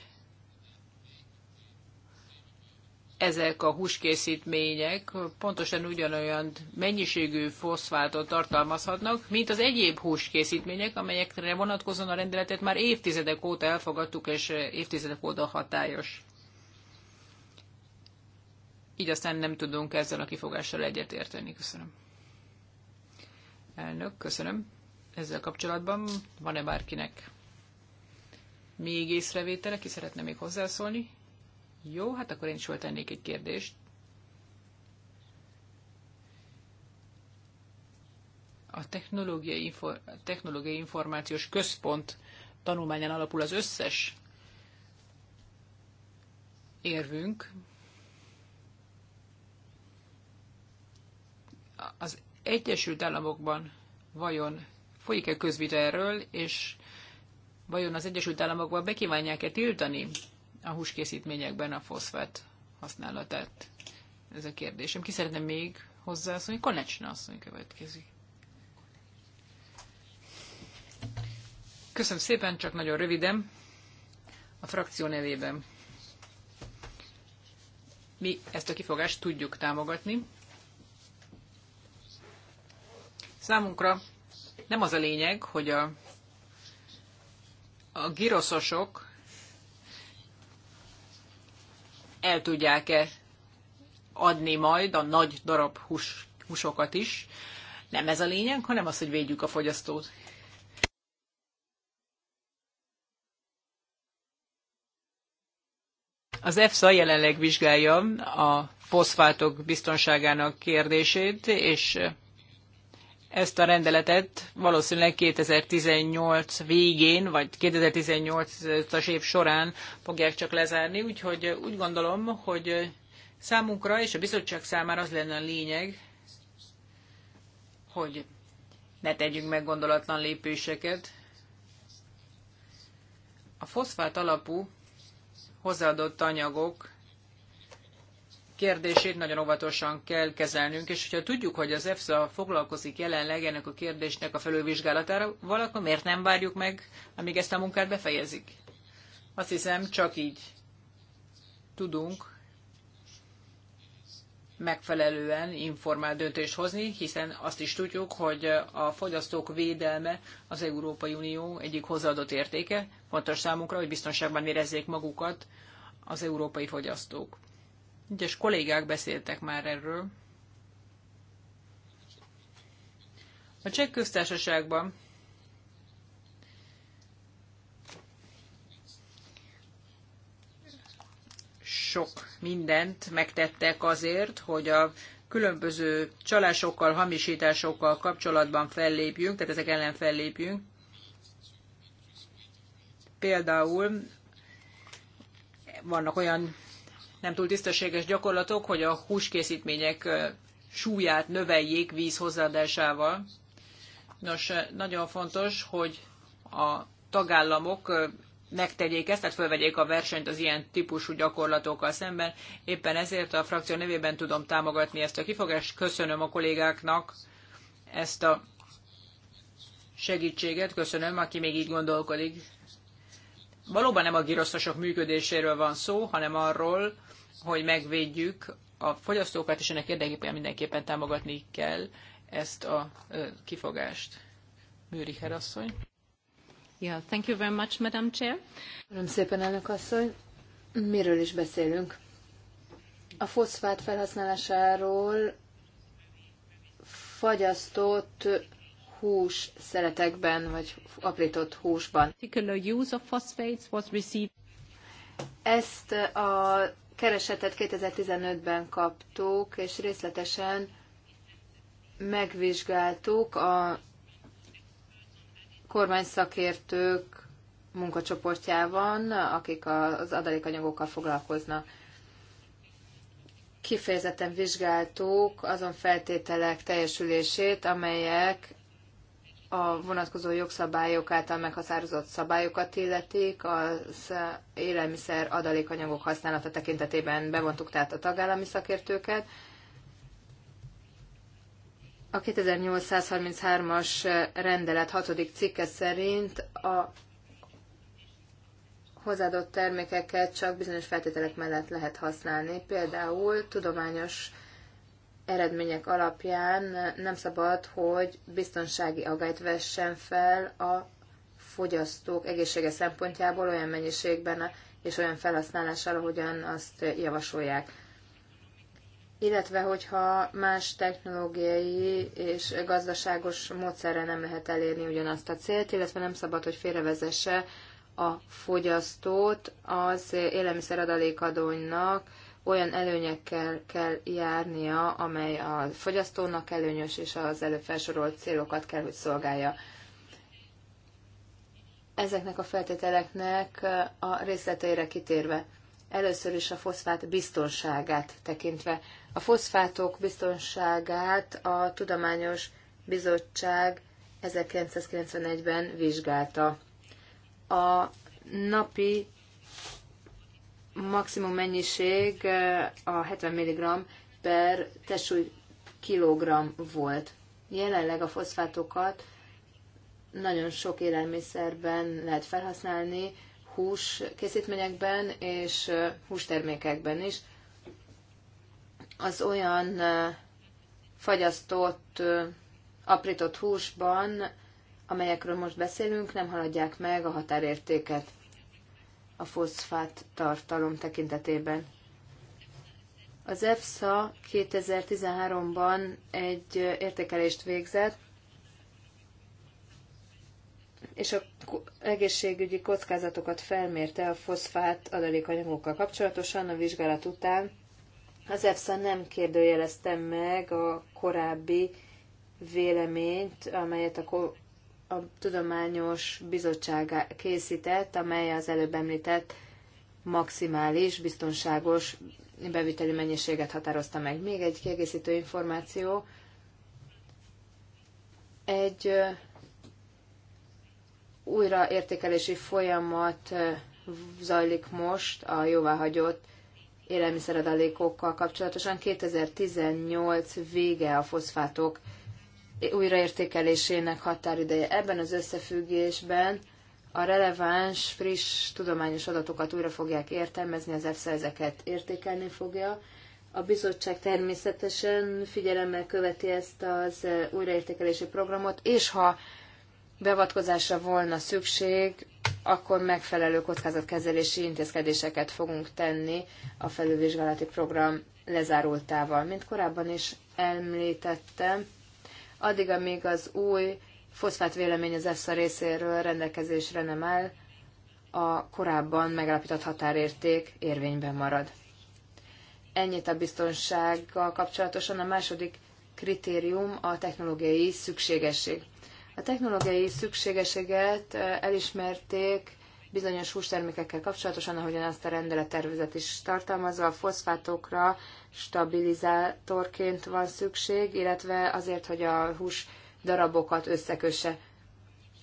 ezek a húskészítmények pontosan ugyanolyan mennyiségű foszfátot tartalmazhatnak, mint az egyéb húskészítmények, amelyekre vonatkozóan a rendeletet már évtizedek óta elfogadtuk, és évtizedek óta hatályos. Így aztán nem tudunk ezzel a kifogással egyetérteni. Köszönöm. Elnök, köszönöm. Ezzel kapcsolatban van-e bárkinek még észrevétele, ki szeretne még hozzászólni? Jó, hát akkor én is föltennék egy kérdést. A technológiai, infor, technológiai információs központ tanulmányán alapul az összes érvünk. Az Egyesült Államokban vajon folyik-e közvita erről, és vajon az Egyesült Államokban bekívánják-e tiltani a húskészítményekben a foszfát használatát. Ez a kérdésem. Ki szeretne még hozzászólni? Konecsna asszony következik. Köszönöm szépen, csak nagyon röviden. A frakció nevében mi ezt a kifogást tudjuk támogatni. Számunkra nem az a lényeg, hogy a, a giroszosok el tudják-e adni majd a nagy darab hús, húsokat is. Nem ez a lényeg, hanem az, hogy védjük a fogyasztót. Az EFSA jelenleg vizsgálja a foszfátok biztonságának kérdését, és ezt a rendeletet valószínűleg 2018 végén, vagy 2018-as év során fogják csak lezárni, úgyhogy úgy gondolom, hogy számunkra és a bizottság számára az lenne a lényeg, hogy ne tegyünk meg gondolatlan lépéseket. A foszfát alapú hozzáadott anyagok kérdését nagyon óvatosan kell kezelnünk, és hogyha tudjuk, hogy az EFSA foglalkozik jelenleg ennek a kérdésnek a felülvizsgálatára, valakor miért nem várjuk meg, amíg ezt a munkát befejezik? Azt hiszem, csak így tudunk megfelelően informált döntést hozni, hiszen azt is tudjuk, hogy a fogyasztók védelme az Európai Unió egyik hozzáadott értéke. Fontos számunkra, hogy biztonságban érezzék magukat az európai fogyasztók. Egyes kollégák beszéltek már erről. A cseh köztársaságban sok mindent megtettek azért, hogy a különböző csalásokkal, hamisításokkal kapcsolatban fellépjünk, tehát ezek ellen fellépjünk. Például vannak olyan nem túl tisztességes gyakorlatok, hogy a húskészítmények súlyát növeljék víz hozzáadásával. Nos, nagyon fontos, hogy a tagállamok megtegyék ezt, tehát fölvegyék a versenyt az ilyen típusú gyakorlatokkal szemben. Éppen ezért a frakció nevében tudom támogatni ezt a kifogást. Köszönöm a kollégáknak ezt a segítséget, köszönöm, aki még így gondolkodik. Valóban nem a gyroszosok működéséről van szó, hanem arról, hogy megvédjük a fogyasztókat, és ennek érdekében mindenképpen támogatni kell ezt a kifogást. Műricher asszony. Yeah, thank you very much, Madam Chair. Köszönöm szépen, elnök asszony. Miről is beszélünk? A foszfát felhasználásáról fagyasztott hús szeletekben, vagy aprított húsban. Ezt a keresetet 2015-ben kaptuk, és részletesen megvizsgáltuk a kormány szakértők munkacsoportjában, akik az adalékanyagokkal foglalkoznak. Kifejezetten vizsgáltuk azon feltételek teljesülését, amelyek a vonatkozó jogszabályok által meghatározott szabályokat illetik, az élelmiszer adalékanyagok használata tekintetében bevontuk tehát a tagállami szakértőket. A 2833-as rendelet hatodik cikke szerint a hozzáadott termékeket csak bizonyos feltételek mellett lehet használni, például tudományos eredmények alapján nem szabad, hogy biztonsági agályt vessen fel a fogyasztók egészsége szempontjából olyan mennyiségben és olyan felhasználással, ahogyan azt javasolják. Illetve, hogyha más technológiai és gazdaságos módszerre nem lehet elérni ugyanazt a célt, illetve nem szabad, hogy félrevezesse a fogyasztót az élelmiszeradalékadónynak olyan előnyekkel kell járnia, amely a fogyasztónak előnyös, és az előbb felsorolt célokat kell, hogy szolgálja. Ezeknek a feltételeknek a részleteire kitérve először is a foszfát biztonságát tekintve. A foszfátok biztonságát a Tudományos Bizottság 1991-ben vizsgálta. A napi maximum mennyiség a 70 mg per testsúly kilogram volt. Jelenleg a foszfátokat nagyon sok élelmiszerben lehet felhasználni, hús készítményekben és hústermékekben is. Az olyan fagyasztott, aprított húsban, amelyekről most beszélünk, nem haladják meg a határértéket a foszfát tartalom tekintetében. Az EFSA 2013-ban egy értékelést végzett, és a egészségügyi kockázatokat felmérte a foszfát adalékanyagokkal kapcsolatosan a vizsgálat után. Az EFSA nem kérdőjelezte meg a korábbi véleményt, amelyet a a Tudományos Bizottság készített, amely az előbb említett maximális, biztonságos beviteli mennyiséget határozta meg. Még egy kiegészítő információ. Egy újraértékelési folyamat zajlik most a jóváhagyott élelmiszeradalékokkal kapcsolatosan. 2018 vége a foszfátok újraértékelésének határideje. Ebben az összefüggésben a releváns, friss tudományos adatokat újra fogják értelmezni, az EFSA ezeket értékelni fogja. A bizottság természetesen figyelemmel követi ezt az újraértékelési programot, és ha beavatkozásra volna szükség, akkor megfelelő kockázatkezelési intézkedéseket fogunk tenni a felülvizsgálati program lezárultával. Mint korábban is említettem, addig, amíg az új foszfát vélemény az EFSA részéről rendelkezésre nem áll, a korábban megállapított határérték érvényben marad. Ennyit a biztonsággal kapcsolatosan. A második kritérium a technológiai szükségesség. A technológiai szükségességet eh, elismerték bizonyos hústermékekkel kapcsolatosan, ahogyan azt a rendelettervezet is tartalmazva, a foszfátokra stabilizátorként van szükség, illetve azért, hogy a hús darabokat összekösse.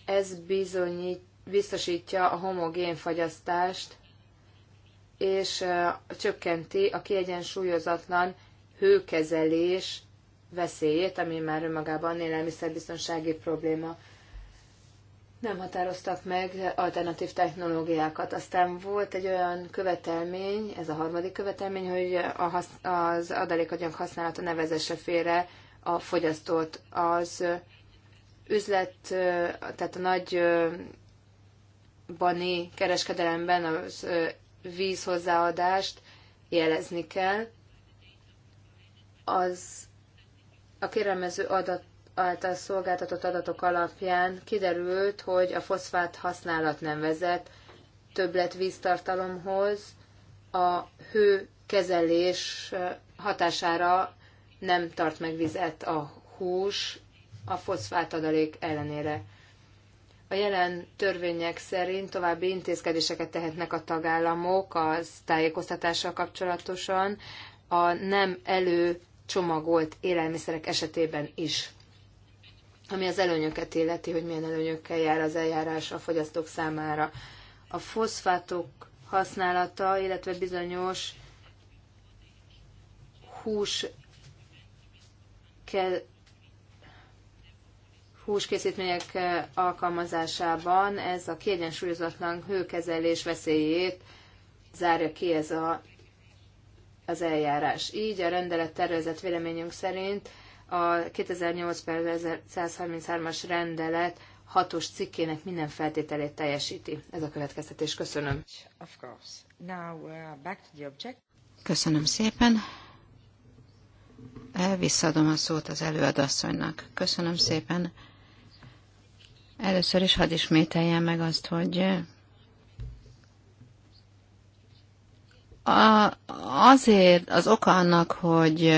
Ez bizonyít, biztosítja a homogén fagyasztást, és csökkenti a kiegyensúlyozatlan hőkezelés veszélyét, ami már önmagában élelmiszerbiztonsági probléma nem határoztak meg alternatív technológiákat. Aztán volt egy olyan követelmény, ez a harmadik követelmény, hogy a hasz, az adalékanyag használata nevezese félre a fogyasztót. Az üzlet, tehát a nagy bani kereskedelemben az víz hozzáadást jelezni kell. Az a kérelmező adat által szolgáltatott adatok alapján kiderült, hogy a foszfát használat nem vezet többlet víztartalomhoz, a hő kezelés hatására nem tart meg vizet a hús a foszfát adalék ellenére. A jelen törvények szerint további intézkedéseket tehetnek a tagállamok az tájékoztatással kapcsolatosan a nem előcsomagolt élelmiszerek esetében is ami az előnyöket illeti, hogy milyen előnyökkel jár az eljárás a fogyasztók számára. A foszfátok használata, illetve bizonyos hús kell húskészítmények alkalmazásában ez a kiegyensúlyozatlan hőkezelés veszélyét zárja ki ez a, az eljárás. Így a rendelet tervezet véleményünk szerint a 2008 per 133-as rendelet hatos cikkének minden feltételét teljesíti. Ez a következtetés. Köszönöm. Uh, Köszönöm szépen. Eh, Visszadom a szót az előadasszonynak. Köszönöm szépen. Először is hadd ismételjem meg azt, hogy A, azért az oka annak, hogy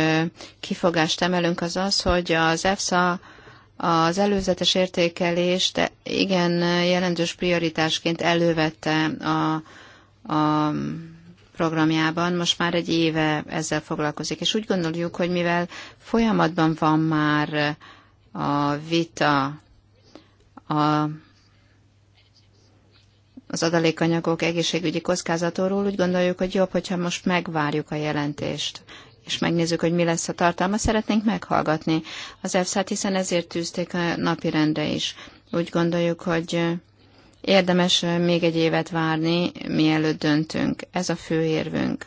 kifogást emelünk, az az, hogy az EFSA az előzetes értékelést igen jelentős prioritásként elővette a, a programjában, most már egy éve ezzel foglalkozik, és úgy gondoljuk, hogy mivel folyamatban van már a vita a az adalékanyagok egészségügyi kockázatóról úgy gondoljuk, hogy jobb, hogyha most megvárjuk a jelentést és megnézzük, hogy mi lesz a tartalma, szeretnénk meghallgatni az EFSA-t, hiszen ezért tűzték a rendre is. Úgy gondoljuk, hogy érdemes még egy évet várni, mielőtt döntünk. Ez a fő érvünk.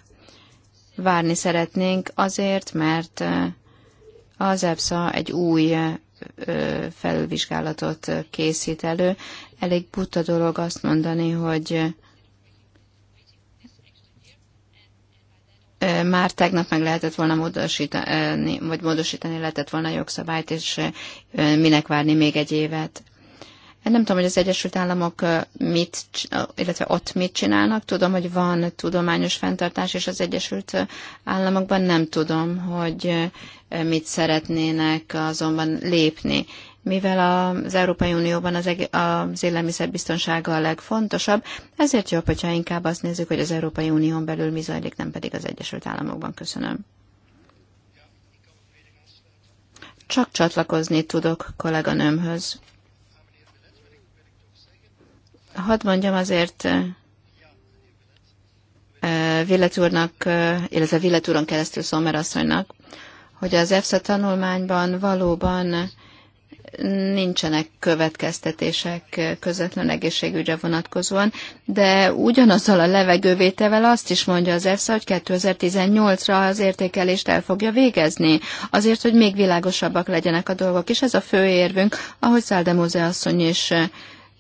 Várni szeretnénk azért, mert az EFSA egy új felülvizsgálatot készít elő, elég buta dolog azt mondani, hogy már tegnap meg lehetett volna módosítani, vagy módosítani lehetett volna a jogszabályt, és minek várni még egy évet. Nem tudom, hogy az Egyesült Államok mit, illetve ott mit csinálnak. Tudom, hogy van tudományos fenntartás, és az Egyesült Államokban nem tudom, hogy mit szeretnének azonban lépni mivel az Európai Unióban az, az élelmiszerbiztonsága a legfontosabb, ezért jobb, hogyha inkább azt nézzük, hogy az Európai Unión belül mi zajlik, nem pedig az Egyesült Államokban. Köszönöm. Csak csatlakozni tudok kolléganőmhöz. Hadd mondjam azért eh, Villet úrnak, eh, illetve Villet úron keresztül Szomer asszonynak, hogy az EFSA tanulmányban valóban nincsenek következtetések közvetlen egészségügyre vonatkozóan, de ugyanazzal a levegővétevel azt is mondja az EFSA, hogy 2018-ra az értékelést el fogja végezni, azért, hogy még világosabbak legyenek a dolgok, és ez a fő érvünk, ahogy Száldemóze asszony is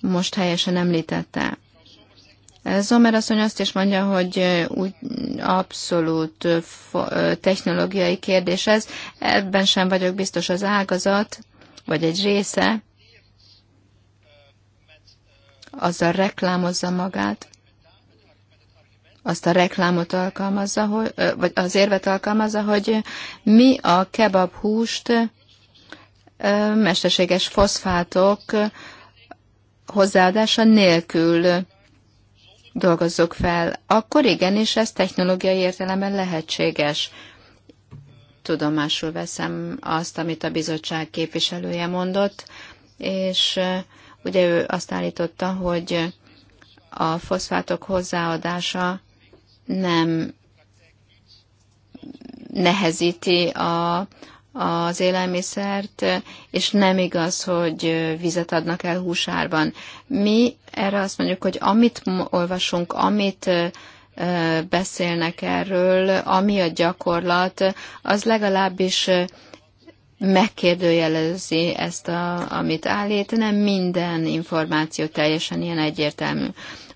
most helyesen említette. Zomer asszony azt is mondja, hogy úgy abszolút technológiai kérdés ez. Ebben sem vagyok biztos az ágazat, vagy egy része azzal reklámozza magát, azt a reklámot alkalmazza, hogy, vagy az érvet alkalmazza, hogy mi a kebab húst mesterséges foszfátok hozzáadása nélkül dolgozzuk fel, akkor igenis ez technológiai értelemben lehetséges tudomásul veszem azt, amit a bizottság képviselője mondott, és ugye ő azt állította, hogy a foszfátok hozzáadása nem nehezíti a, az élelmiszert, és nem igaz, hogy vizet adnak el húsárban. Mi erre azt mondjuk, hogy amit olvasunk, amit beszélnek erről, ami a gyakorlat, az legalábbis megkérdőjelezi ezt, a, amit állít. Nem minden információ teljesen ilyen egyértelmű.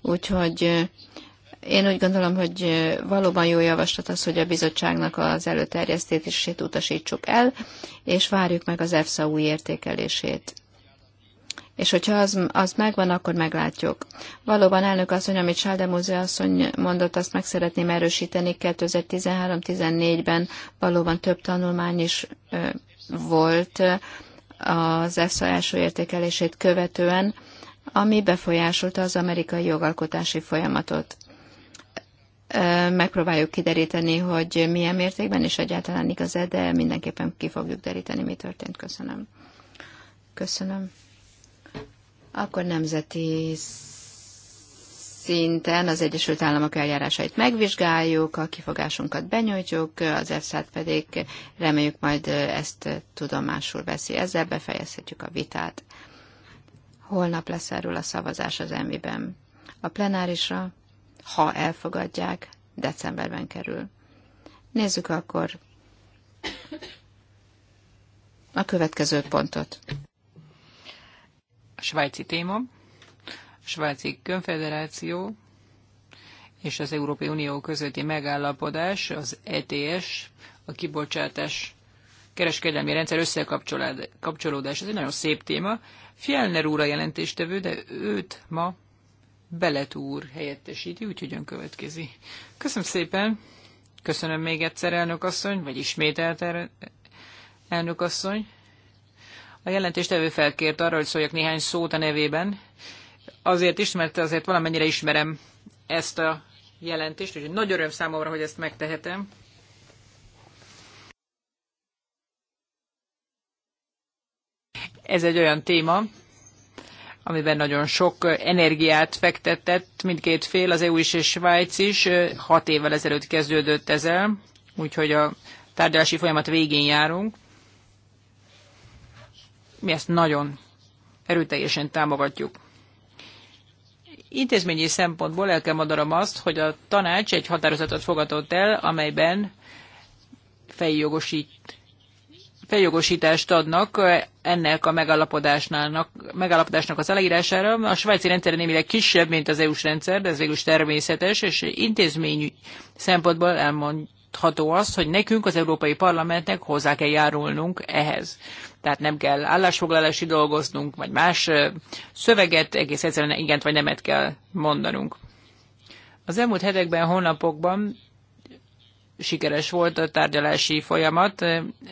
Úgyhogy én úgy gondolom, hogy valóban jó javaslat az, hogy a bizottságnak az előterjesztését utasítsuk el, és várjuk meg az EFSA új értékelését. És hogyha az, az megvan, akkor meglátjuk. Valóban elnök asszony, amit Sáldemúze asszony mondott, azt meg szeretném erősíteni. 2013-14-ben valóban több tanulmány is volt az ESZA első értékelését követően, ami befolyásolta az amerikai jogalkotási folyamatot. Megpróbáljuk kideríteni, hogy milyen mértékben és egyáltalán igaz-e, de mindenképpen ki fogjuk deríteni, mi történt. Köszönöm. Köszönöm akkor nemzeti szinten az Egyesült Államok eljárásait megvizsgáljuk, a kifogásunkat benyújtjuk, az efsz pedig reméljük majd ezt tudomásul veszi. Ezzel befejezhetjük a vitát. Holnap lesz erről a szavazás az EMI-ben. A plenárisra, ha elfogadják, decemberben kerül. Nézzük akkor a következő pontot svájci téma, a svájci konfederáció és az Európai Unió közötti megállapodás, az ETS, a kibocsátás kereskedelmi rendszer összekapcsolódás. Ez egy nagyon szép téma. Fjellner úr a jelentéstevő, de őt ma Belet úr helyettesíti, úgyhogy ön következi. Köszönöm szépen. Köszönöm még egyszer, elnök asszony, vagy ismételt elnök asszony. A jelentéstevő felkért arra, hogy szóljak néhány szót a nevében. Azért is, mert azért valamennyire ismerem ezt a jelentést, úgyhogy nagy öröm számomra, hogy ezt megtehetem. Ez egy olyan téma, amiben nagyon sok energiát fektetett mindkét fél, az EU is és Svájc is. Hat évvel ezelőtt kezdődött ezzel, úgyhogy a tárgyalási folyamat végén járunk. Mi ezt nagyon erőteljesen támogatjuk. Intézményi szempontból el kell mondanom azt, hogy a tanács egy határozatot fogadott el, amelyben feljogosít, feljogosítást adnak ennek a megállapodásnak, megállapodásnak az aláírására. A svájci rendszer némileg kisebb, mint az EU-s rendszer, de ez végül is természetes, és intézményi szempontból elmond, elfogadható az, hogy nekünk, az Európai Parlamentnek hozzá kell járulnunk ehhez. Tehát nem kell állásfoglalási dolgoznunk, vagy más szöveget, egész egyszerűen igent vagy nemet kell mondanunk. Az elmúlt hetekben, hónapokban sikeres volt a tárgyalási folyamat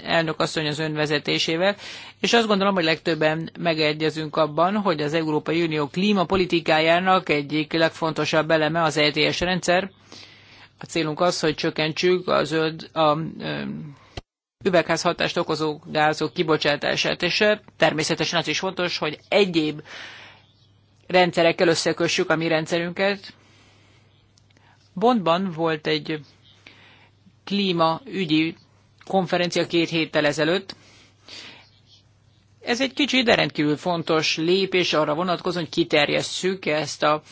elnök asszony az önvezetésével, és azt gondolom, hogy legtöbben megegyezünk abban, hogy az Európai Unió klímapolitikájának egyik legfontosabb eleme az ETS rendszer, a célunk az, hogy csökkentsük a zöld, a üvegházhatást okozó gázok kibocsátását, és eh, természetesen az is fontos, hogy egyéb rendszerekkel összekössük a mi rendszerünket. Bondban volt egy klímaügyi konferencia két héttel ezelőtt. Ez egy kicsi, de rendkívül fontos lépés arra vonatkozóan, hogy kiterjesszük ezt a,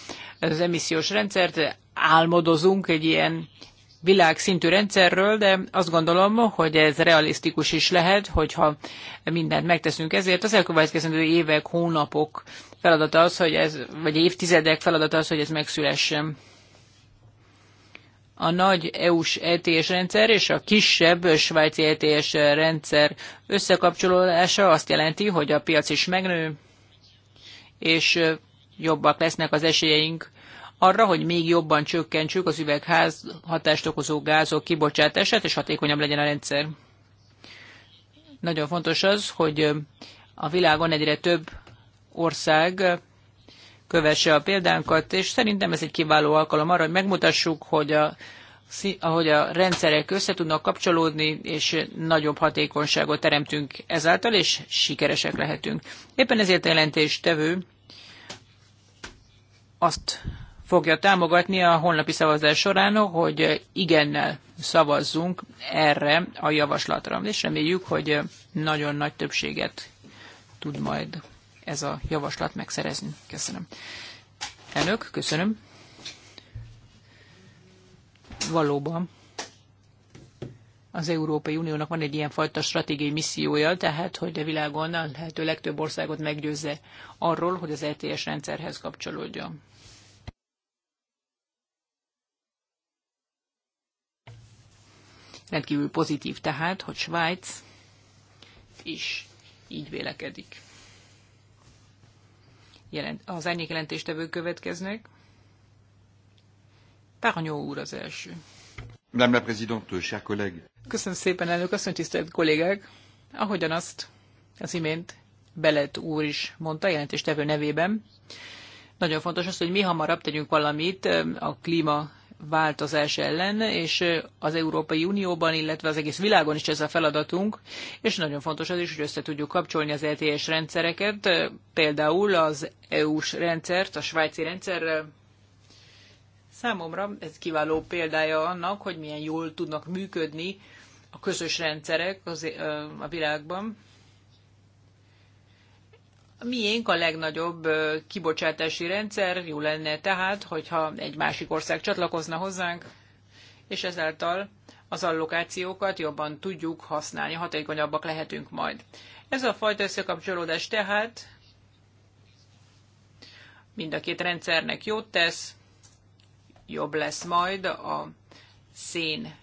az emissziós rendszert álmodozunk egy ilyen világszintű rendszerről, de azt gondolom, hogy ez realisztikus is lehet, hogyha mindent megteszünk ezért. Az elkövetkezendő évek, hónapok feladata az, hogy ez, vagy évtizedek feladata az, hogy ez megszülessen. A nagy EU-s ETS rendszer és a kisebb svájci ETS rendszer összekapcsolódása azt jelenti, hogy a piac is megnő, és jobbak lesznek az esélyeink arra, hogy még jobban csökkentsük az üvegház hatást okozó gázok kibocsátását, és hatékonyabb legyen a rendszer. Nagyon fontos az, hogy a világon egyre több ország kövesse a példánkat, és szerintem ez egy kiváló alkalom arra, hogy megmutassuk, hogy a, ahogy a rendszerek össze tudnak kapcsolódni, és nagyobb hatékonyságot teremtünk ezáltal, és sikeresek lehetünk. Éppen ezért a jelentéstevő azt fogja támogatni a holnapi szavazás során, hogy igennel szavazzunk erre a javaslatra. És reméljük, hogy nagyon nagy többséget tud majd ez a javaslat megszerezni. Köszönöm. Elnök, köszönöm. Valóban az Európai Uniónak van egy ilyen fajta stratégiai missziója, tehát hogy a világon a lehető legtöbb országot meggyőzze arról, hogy az ETS rendszerhez kapcsolódjon. Rendkívül pozitív tehát, hogy Svájc is így vélekedik. Jelent, az árnyékjelentéstevők következnek. Párnyó úr az első. Madame la Présidente, chers collègues. Köszönöm szépen, elnök asszony, tisztelt kollégák! Ahogyan azt az imént Belet úr is mondta, jelentéstevő nevében, nagyon fontos az, hogy mi hamarabb tegyünk valamit a klíma változás ellen, és az Európai Unióban, illetve az egész világon is ez a feladatunk, és nagyon fontos az is, hogy össze tudjuk kapcsolni az LTS e rendszereket, például az EU-s rendszert, a svájci rendszerrel. Számomra ez kiváló példája annak, hogy milyen jól tudnak működni a közös rendszerek az, a világban miénk a legnagyobb kibocsátási rendszer, jó lenne tehát, hogyha egy másik ország csatlakozna hozzánk, és ezáltal az allokációkat jobban tudjuk használni, hatékonyabbak lehetünk majd. Ez a fajta összekapcsolódás tehát mind a két rendszernek jót tesz, jobb lesz majd a szén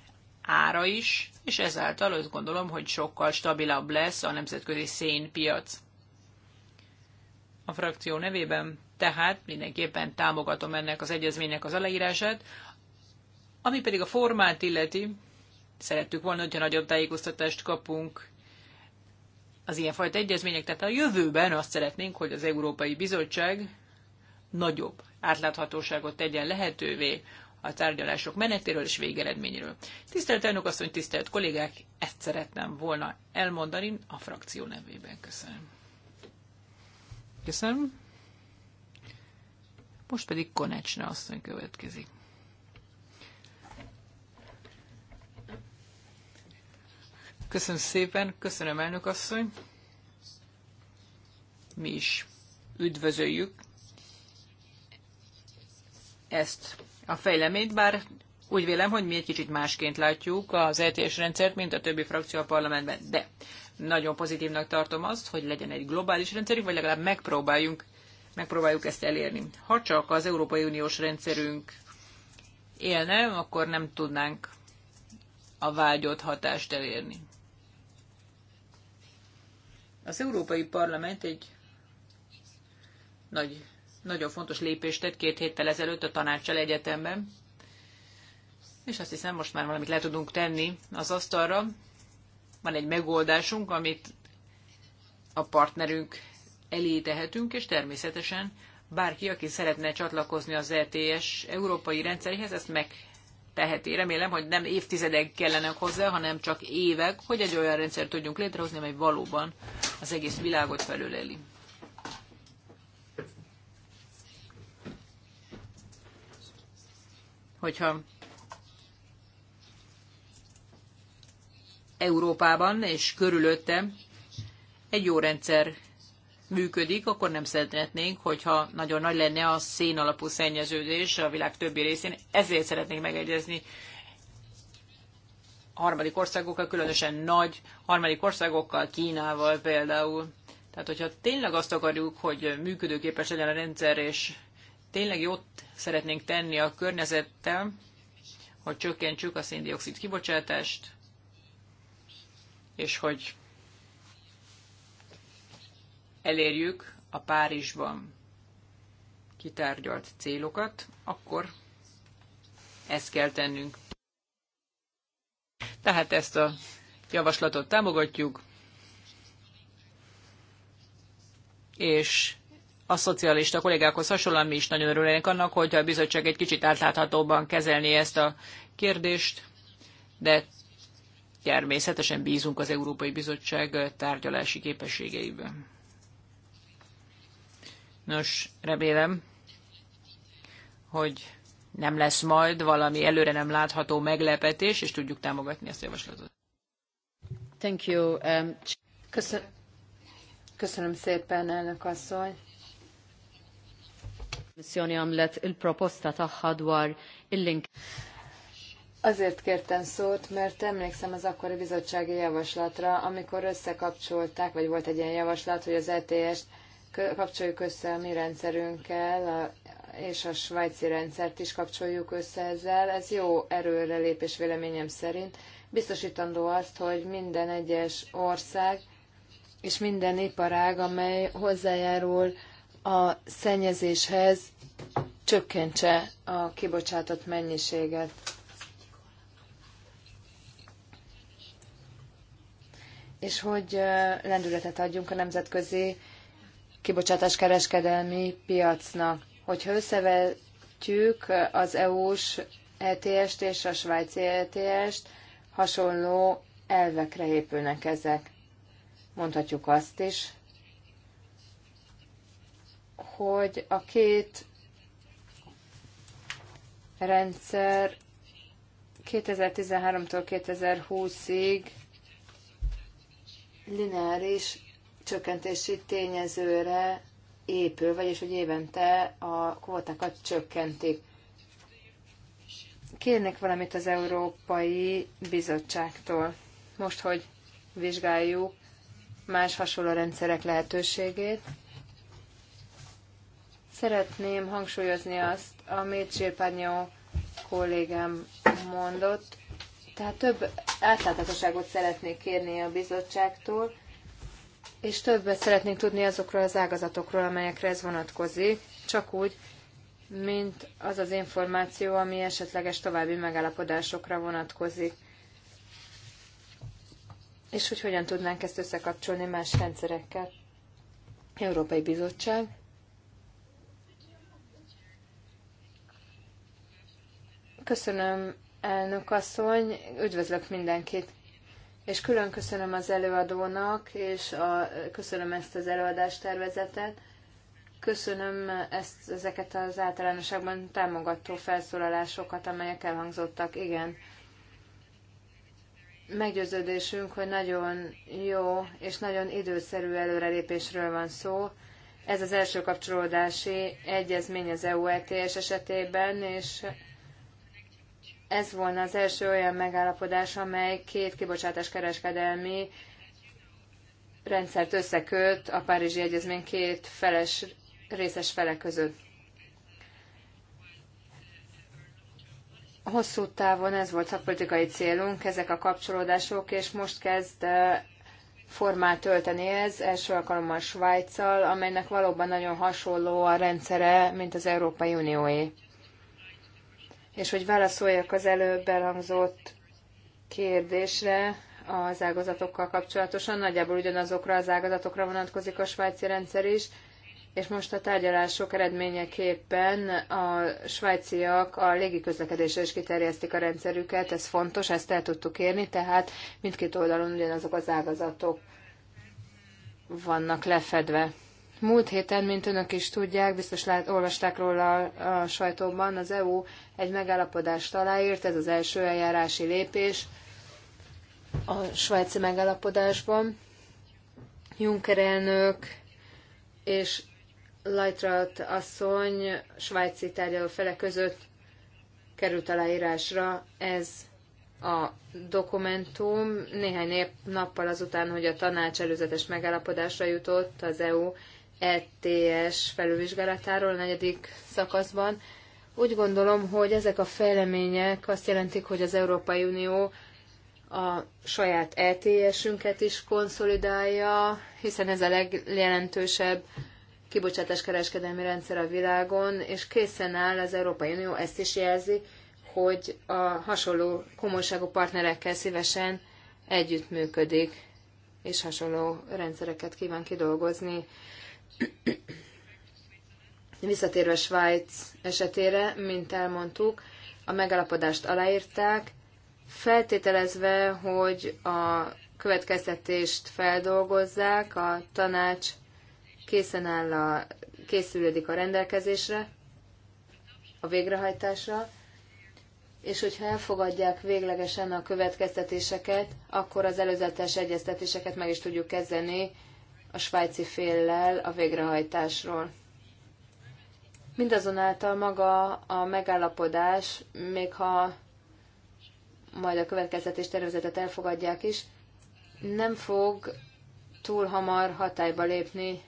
ára is, és ezáltal azt gondolom, hogy sokkal stabilabb lesz a nemzetközi szénpiac a frakció nevében, tehát mindenképpen támogatom ennek az egyezménynek az aláírását. Ami pedig a formát illeti, szerettük volna, hogyha nagyobb tájékoztatást kapunk az ilyenfajta egyezmények, tehát a jövőben azt szeretnénk, hogy az Európai Bizottság nagyobb átláthatóságot tegyen lehetővé a tárgyalások menetéről és végeredményről. Tisztelt elnök asszony, tisztelt kollégák, ezt szeretném volna elmondani a frakció nevében. Köszönöm. Köszönöm. Most pedig Konecsna asszony következik. Köszönöm szépen, köszönöm elnök asszony. Mi is üdvözöljük ezt a fejleményt, bár úgy vélem, hogy mi egy kicsit másként látjuk az ETS rendszert, mint a többi frakció a parlamentben. De nagyon pozitívnak tartom azt, hogy legyen egy globális rendszerünk, vagy legalább megpróbáljunk, megpróbáljuk ezt elérni. Ha csak az Európai Uniós rendszerünk élne, akkor nem tudnánk a vágyott hatást elérni. Az Európai Parlament egy nagy, nagyon fontos lépést tett két héttel ezelőtt a tanácssal egyetemben, és azt hiszem, most már valamit le tudunk tenni az asztalra van egy megoldásunk, amit a partnerünk elé tehetünk, és természetesen bárki, aki szeretne csatlakozni az ETS európai rendszerhez, ezt megteheti. Remélem, hogy nem évtizedek kellenek hozzá, hanem csak évek, hogy egy olyan rendszer tudjunk létrehozni, amely valóban az egész világot felüleli. Hogyha Európában és körülötte egy jó rendszer működik, akkor nem szeretnénk, hogyha nagyon nagy lenne a szén alapú szennyeződés a világ többi részén. Ezért szeretnénk megegyezni harmadik országokkal, különösen nagy harmadik országokkal, Kínával például. Tehát, hogyha tényleg azt akarjuk, hogy működőképes legyen a rendszer, és tényleg jót szeretnénk tenni a környezettel, hogy csökkentsük a széndiokszid kibocsátást, és hogy elérjük a Párizsban kitárgyalt célokat, akkor ezt kell tennünk. Tehát ezt a javaslatot támogatjuk, és a szocialista kollégákhoz hasonlóan mi is nagyon örülnénk annak, hogyha a bizottság egy kicsit átláthatóban kezelni ezt a kérdést, de természetesen bízunk az Európai Bizottság tárgyalási képességeiben. Nos, remélem, hogy nem lesz majd valami előre nem látható meglepetés, és tudjuk támogatni ezt a javaslatot. Thank you. Um, köszön köszönöm szépen, elnök asszony. Azért kértem szót, mert emlékszem az akkori bizottsági javaslatra, amikor összekapcsolták, vagy volt egy ilyen javaslat, hogy az ETS-t kapcsoljuk össze a mi rendszerünkkel, és a svájci rendszert is kapcsoljuk össze ezzel. Ez jó erőre lépés véleményem szerint. Biztosítandó azt, hogy minden egyes ország és minden iparág, amely hozzájárul a szennyezéshez, csökkentse a kibocsátott mennyiséget és hogy lendületet adjunk a nemzetközi kibocsátáskereskedelmi piacnak. Hogyha összevetjük az EU-s ETS-t és a svájci ETS-t, hasonló elvekre épülnek ezek. Mondhatjuk azt is, hogy a két rendszer 2013-tól 2020-ig lineáris csökkentési tényezőre épül, vagyis hogy évente a kvótákat csökkentik. Kérnék valamit az Európai Bizottságtól. Most, hogy vizsgáljuk más hasonló rendszerek lehetőségét, szeretném hangsúlyozni azt, amit Zsirpányó kollégám mondott, tehát több átláthatóságot szeretnék kérni a bizottságtól, és többet szeretnénk tudni azokról az ágazatokról, amelyekre ez vonatkozik, csak úgy, mint az az információ, ami esetleges további megállapodásokra vonatkozik. És hogy hogyan tudnánk ezt összekapcsolni más rendszerekkel. Európai Bizottság. Köszönöm elnök asszony, üdvözlök mindenkit! És külön köszönöm az előadónak, és a, köszönöm ezt az tervezetet. Köszönöm ezt, ezeket az általánosságban támogató felszólalásokat, amelyek elhangzottak. Igen, meggyőződésünk, hogy nagyon jó és nagyon időszerű előrelépésről van szó. Ez az első kapcsolódási egyezmény az EU ETS esetében, és ez volna az első olyan megállapodás, amely két kibocsátás kereskedelmi rendszert összeköt a Párizsi Egyezmény két feles, részes fele között. Hosszú távon ez volt szakpolitikai célunk, ezek a kapcsolódások, és most kezd formát tölteni ez, első alkalommal Svájccal, amelynek valóban nagyon hasonló a rendszere, mint az Európai Unióé. És hogy válaszoljak az előbb elhangzott kérdésre az ágazatokkal kapcsolatosan, nagyjából ugyanazokra az ágazatokra vonatkozik a svájci rendszer is, és most a tárgyalások eredményeképpen a svájciak a légiközlekedésre is kiterjesztik a rendszerüket, ez fontos, ezt el tudtuk érni, tehát mindkét oldalon ugyanazok az ágazatok vannak lefedve. Múlt héten, mint önök is tudják, biztos lát, olvasták róla a, a sajtóban, az EU egy megállapodást aláírt, ez az első eljárási lépés a svájci megállapodásban. Juncker elnök és Leitraut asszony svájci tárgyaló fele között került aláírásra ez a dokumentum néhány nappal azután, hogy a tanács előzetes megállapodásra jutott az EU ETS felülvizsgálatáról a negyedik szakaszban. Úgy gondolom, hogy ezek a fejlemények azt jelentik, hogy az Európai Unió a saját ETS-ünket is konszolidálja, hiszen ez a legjelentősebb kereskedelmi rendszer a világon, és készen áll az Európai Unió, ezt is jelzi, hogy a hasonló komolyságú partnerekkel szívesen együttműködik, és hasonló rendszereket kíván kidolgozni. Visszatérve Svájc esetére, mint elmondtuk, a megalapodást aláírták, feltételezve, hogy a következtetést feldolgozzák, a tanács készen áll a, készülődik a rendelkezésre, a végrehajtásra, és hogyha elfogadják véglegesen a következtetéseket, akkor az előzetes egyeztetéseket meg is tudjuk kezdeni a svájci féllel a végrehajtásról. Mindazonáltal maga a megállapodás, még ha majd a következetés tervezetet elfogadják is, nem fog túl hamar hatályba lépni.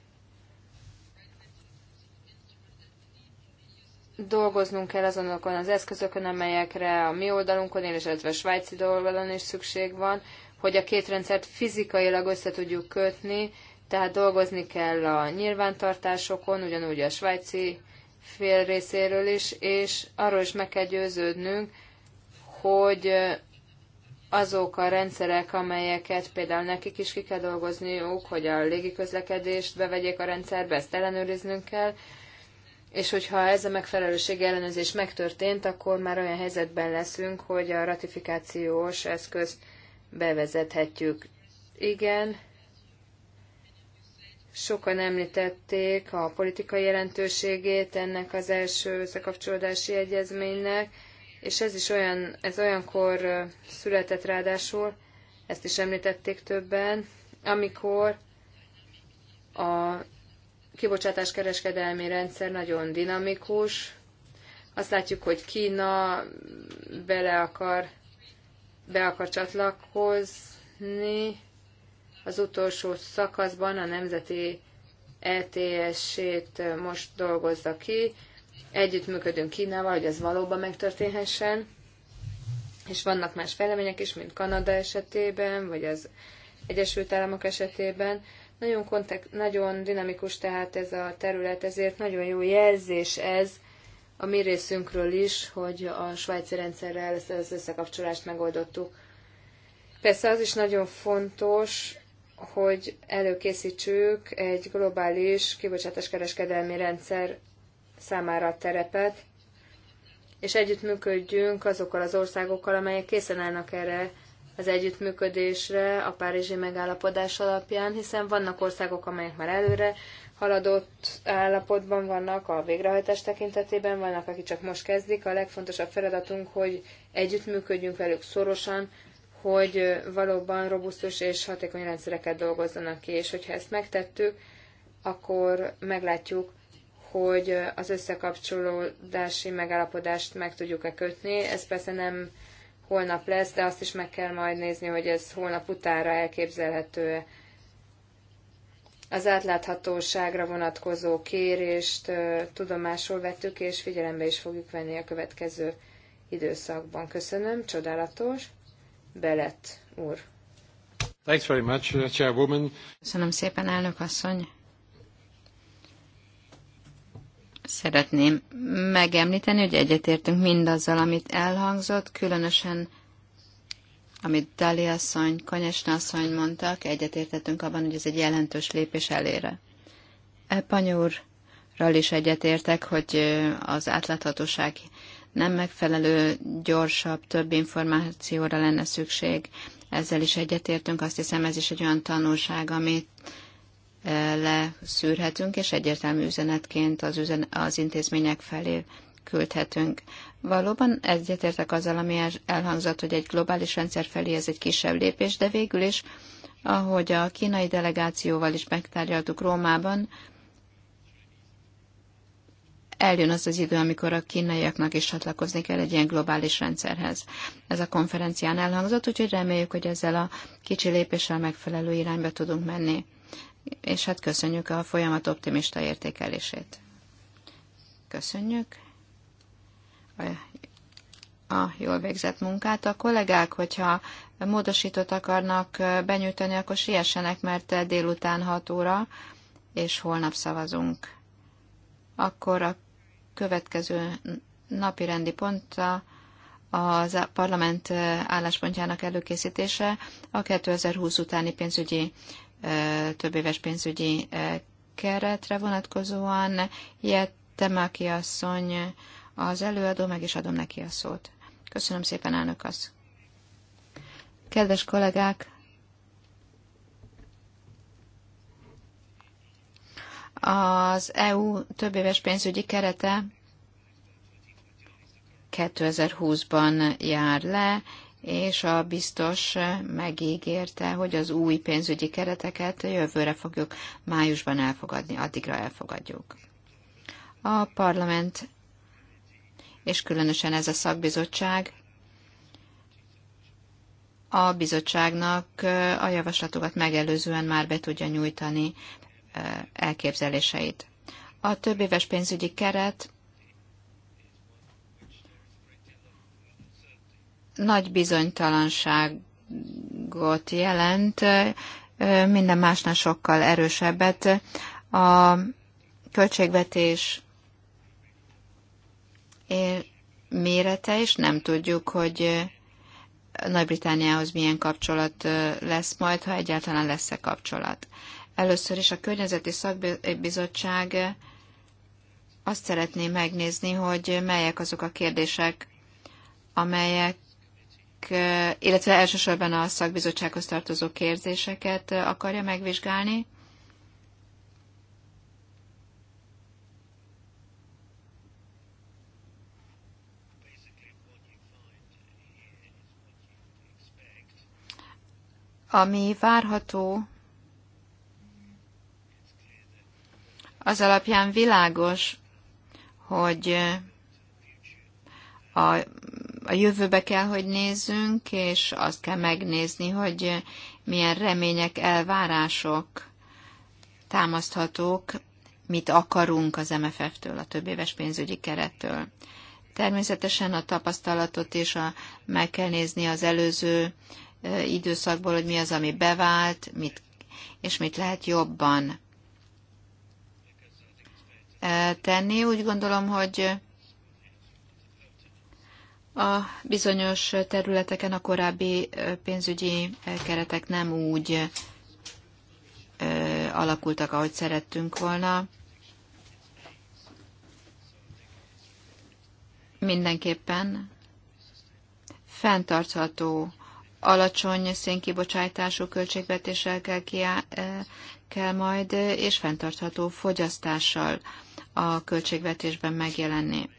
Dolgoznunk kell azonokon az eszközökön, amelyekre a mi oldalunkon, illetve a svájci oldalon is szükség van, hogy a két rendszert fizikailag össze tudjuk kötni, tehát dolgozni kell a nyilvántartásokon, ugyanúgy a svájci fél részéről is, és arról is meg kell győződnünk, hogy azok a rendszerek, amelyeket például nekik is ki kell dolgozniuk, hogy a légiközlekedést bevegyék a rendszerbe, ezt ellenőriznünk kell, és hogyha ez a megfelelőség ellenőrzés megtörtént, akkor már olyan helyzetben leszünk, hogy a ratifikációs eszközt bevezethetjük. Igen, Sokan említették a politikai jelentőségét ennek az első összekapcsolódási egyezménynek, és ez is olyan, ez olyankor született ráadásul, ezt is említették többen, amikor a kibocsátás kereskedelmi rendszer nagyon dinamikus. Azt látjuk, hogy Kína bele akar, be akar csatlakozni, az utolsó szakaszban a nemzeti LTS-ét e most dolgozza ki. Együttműködünk Kínával, hogy ez valóban megtörténhessen. És vannak más fejlemények is, mint Kanada esetében, vagy az Egyesült Államok esetében. Nagyon, kontek- nagyon dinamikus tehát ez a terület, ezért nagyon jó jelzés ez a mi részünkről is, hogy a svájci rendszerrel ezt az összekapcsolást megoldottuk. Persze az is nagyon fontos, hogy előkészítsük egy globális kibocsátás kereskedelmi rendszer számára a terepet, és együttműködjünk azokkal az országokkal, amelyek készen állnak erre az együttműködésre a Párizsi megállapodás alapján, hiszen vannak országok, amelyek már előre haladott állapotban vannak a végrehajtás tekintetében, vannak, akik csak most kezdik. A legfontosabb feladatunk, hogy együttműködjünk velük szorosan, hogy valóban robusztus és hatékony rendszereket dolgozzanak ki, és hogyha ezt megtettük, akkor meglátjuk, hogy az összekapcsolódási megállapodást meg tudjuk-e kötni. Ez persze nem holnap lesz, de azt is meg kell majd nézni, hogy ez holnap utára elképzelhető-e. Az átláthatóságra vonatkozó kérést tudomásul vettük, és figyelembe is fogjuk venni a következő időszakban. Köszönöm, csodálatos! Belet úr. Thanks very much, uh, Chairwoman. Köszönöm szépen, elnök asszony. Szeretném megemlíteni, hogy egyetértünk mindazzal, amit elhangzott, különösen amit Dali asszony, Konyesna asszony mondtak, egyetértettünk abban, hogy ez egy jelentős lépés elére. Epany úrral is egyetértek, hogy az átláthatóság nem megfelelő, gyorsabb, több információra lenne szükség. Ezzel is egyetértünk, azt hiszem ez is egy olyan tanulság, amit eh, leszűrhetünk, és egyértelmű üzenetként az, üzen- az intézmények felé küldhetünk. Valóban egyetértek azzal, ami elhangzott, hogy egy globális rendszer felé ez egy kisebb lépés, de végül is, ahogy a kínai delegációval is megtárgyaltuk Rómában, eljön az az idő, amikor a kínaiaknak is csatlakozni kell egy ilyen globális rendszerhez. Ez a konferencián elhangzott, úgyhogy reméljük, hogy ezzel a kicsi lépéssel megfelelő irányba tudunk menni. És hát köszönjük a folyamat optimista értékelését. Köszönjük a, jól végzett munkát. A kollégák, hogyha módosítót akarnak benyújtani, akkor siessenek, mert délután 6 óra, és holnap szavazunk. Akkor a következő napi rendi ponta az parlament álláspontjának előkészítése a 2020 utáni pénzügyi, többéves pénzügyi keretre vonatkozóan. Jettemaki asszony az előadó, meg is adom neki a szót. Köszönöm szépen, elnök az. Kedves kollégák, Az EU többéves pénzügyi kerete 2020-ban jár le, és a biztos megígérte, hogy az új pénzügyi kereteket jövőre fogjuk májusban elfogadni, addigra elfogadjuk. A parlament, és különösen ez a szakbizottság, a bizottságnak a javaslatokat megelőzően már be tudja nyújtani elképzeléseit. A több éves pénzügyi keret nagy bizonytalanságot jelent, minden másnál sokkal erősebbet. A költségvetés mérete, is nem tudjuk, hogy nagy-Britániához milyen kapcsolat lesz majd, ha egyáltalán lesz-e kapcsolat. Először is a Környezeti Szakbizottság azt szeretné megnézni, hogy melyek azok a kérdések, amelyek illetve elsősorban a szakbizottsághoz tartozó kérdéseket akarja megvizsgálni. Ami várható az alapján világos, hogy a, a jövőbe kell, hogy nézzünk, és azt kell megnézni, hogy milyen remények, elvárások támaszthatók, mit akarunk az MFF-től, a éves pénzügyi kerettől. Természetesen a tapasztalatot és a, meg kell nézni az előző eh, időszakból, hogy mi az, ami bevált, mit, és mit lehet jobban tenni. Úgy gondolom, hogy a bizonyos területeken a korábbi pénzügyi keretek nem úgy alakultak, ahogy szerettünk volna. Mindenképpen fenntartható, alacsony szénkibocsátású költségvetéssel kell, kell majd, és fenntartható fogyasztással a költségvetésben megjelenni.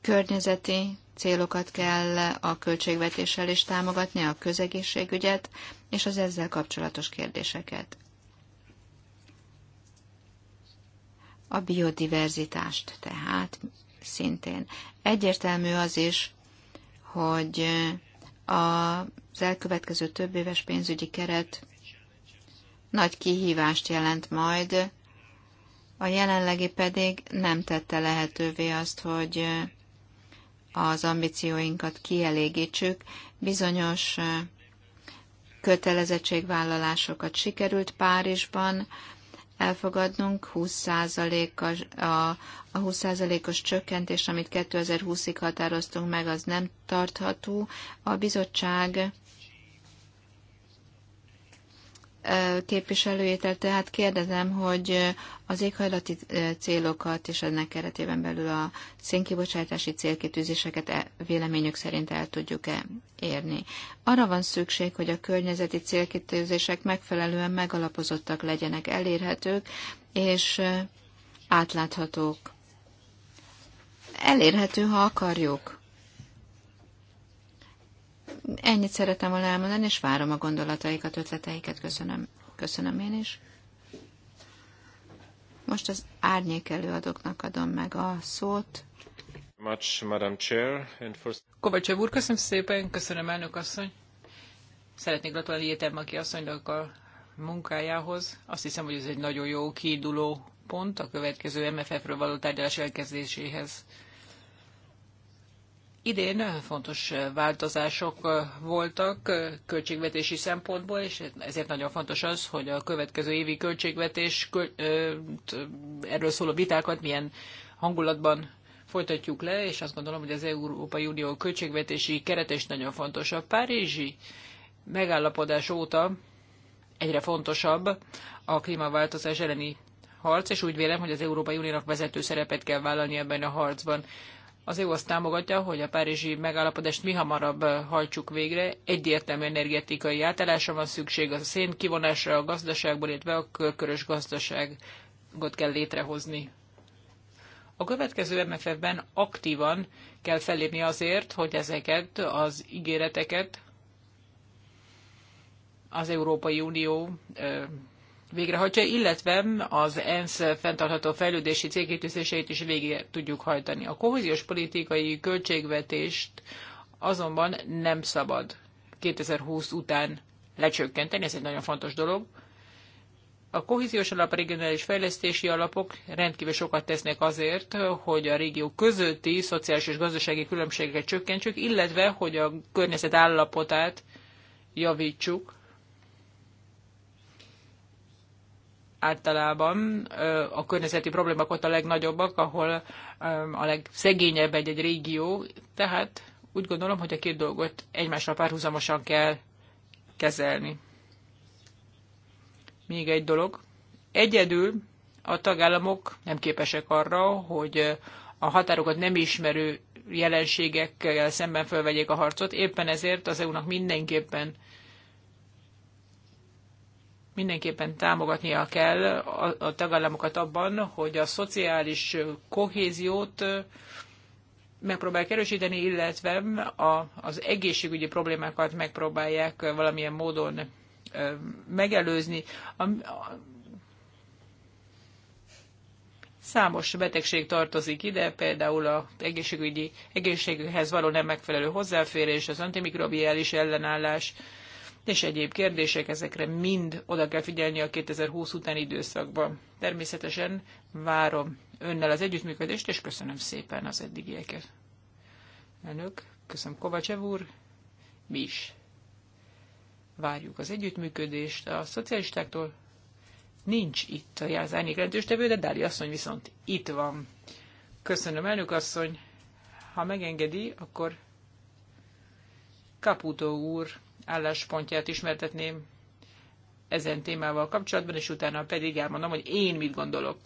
Környezeti célokat kell a költségvetéssel is támogatni, a közegészségügyet és az ezzel kapcsolatos kérdéseket. A biodiverzitást tehát szintén. Egyértelmű az is, hogy az elkövetkező több éves pénzügyi keret nagy kihívást jelent majd a jelenlegi pedig nem tette lehetővé azt, hogy az ambícióinkat kielégítsük. Bizonyos kötelezettségvállalásokat sikerült Párizsban elfogadnunk, 20%-os, a, a 20%-os csökkentés, amit 2020-ig határoztunk meg, az nem tartható. A bizottság képviselőjétől, tehát kérdezem, hogy az éghajlati célokat és ennek keretében belül a szénkibocsátási célkitűzéseket e, véleményük szerint el tudjuk-e érni. Arra van szükség, hogy a környezeti célkitűzések megfelelően megalapozottak legyenek, elérhetők és átláthatók. Elérhető, ha akarjuk. Ennyit szeretem volna elmondani, és várom a gondolataikat, ötleteiket. Köszönöm. Köszönöm én is. Most az árnyék előadóknak adom meg a szót. Much, Madam Chair, and first... Kovácsev úr, köszönöm szépen, köszönöm elnök asszony. Szeretnék gratulálni Jéter Maki asszonynak a munkájához. Azt hiszem, hogy ez egy nagyon jó kiinduló pont a következő MFF-ről való tárgyalás elkezdéséhez. Idén fontos változások voltak költségvetési szempontból, és ezért nagyon fontos az, hogy a következő évi költségvetés erről szóló vitákat milyen hangulatban folytatjuk le, és azt gondolom, hogy az Európai Unió költségvetési keretes nagyon fontos. A párizsi megállapodás óta egyre fontosabb a klímaváltozás elleni harc, és úgy vélem, hogy az Európai Uniónak vezető szerepet kell vállalni ebben a harcban. Az EU azt támogatja, hogy a párizsi megállapodást mi hamarabb hajtsuk végre. Egyértelmű energetikai átállásra van szükség, a szén kivonásra a gazdaságból, illetve a körkörös gazdaságot kell létrehozni. A következő MFF-ben aktívan kell fellépni azért, hogy ezeket az ígéreteket az Európai Unió végrehajtja, illetve az ENSZ fenntartható fejlődési célkitűzéseit is végig tudjuk hajtani. A kohéziós politikai költségvetést azonban nem szabad 2020 után lecsökkenteni, ez egy nagyon fontos dolog. A kohéziós alap, regionális fejlesztési alapok rendkívül sokat tesznek azért, hogy a régió közötti szociális és gazdasági különbségeket csökkentsük, illetve hogy a környezet állapotát javítsuk. általában a környezeti problémák ott a legnagyobbak, ahol a legszegényebb egy-egy régió, tehát úgy gondolom, hogy a két dolgot egymásra párhuzamosan kell kezelni. Még egy dolog. Egyedül a tagállamok nem képesek arra, hogy a határokat nem ismerő jelenségekkel szemben fölvegyék a harcot. Éppen ezért az EU-nak mindenképpen mindenképpen támogatnia kell a, a tagállamokat abban, hogy a szociális kohéziót megpróbálják erősíteni, illetve a, az egészségügyi problémákat megpróbálják valamilyen módon megelőzni. A, a, Számos betegség tartozik ide, például az egészségügyi egészségükhez való nem megfelelő hozzáférés, az antimikrobiális ellenállás, és egyéb kérdések, ezekre mind oda kell figyelni a 2020 utáni időszakban. Természetesen várom önnel az együttműködést, és köszönöm szépen az eddigieket. Elnök, köszönöm Kovács úr, mi is várjuk az együttműködést a szocialistáktól. Nincs itt a árnyék jelentőstevő, de Dáli asszony viszont itt van. Köszönöm, elnök asszony. Ha megengedi, akkor Caputo úr álláspontját ismertetném ezen témával kapcsolatban, és utána pedig elmondom, hogy én mit gondolok.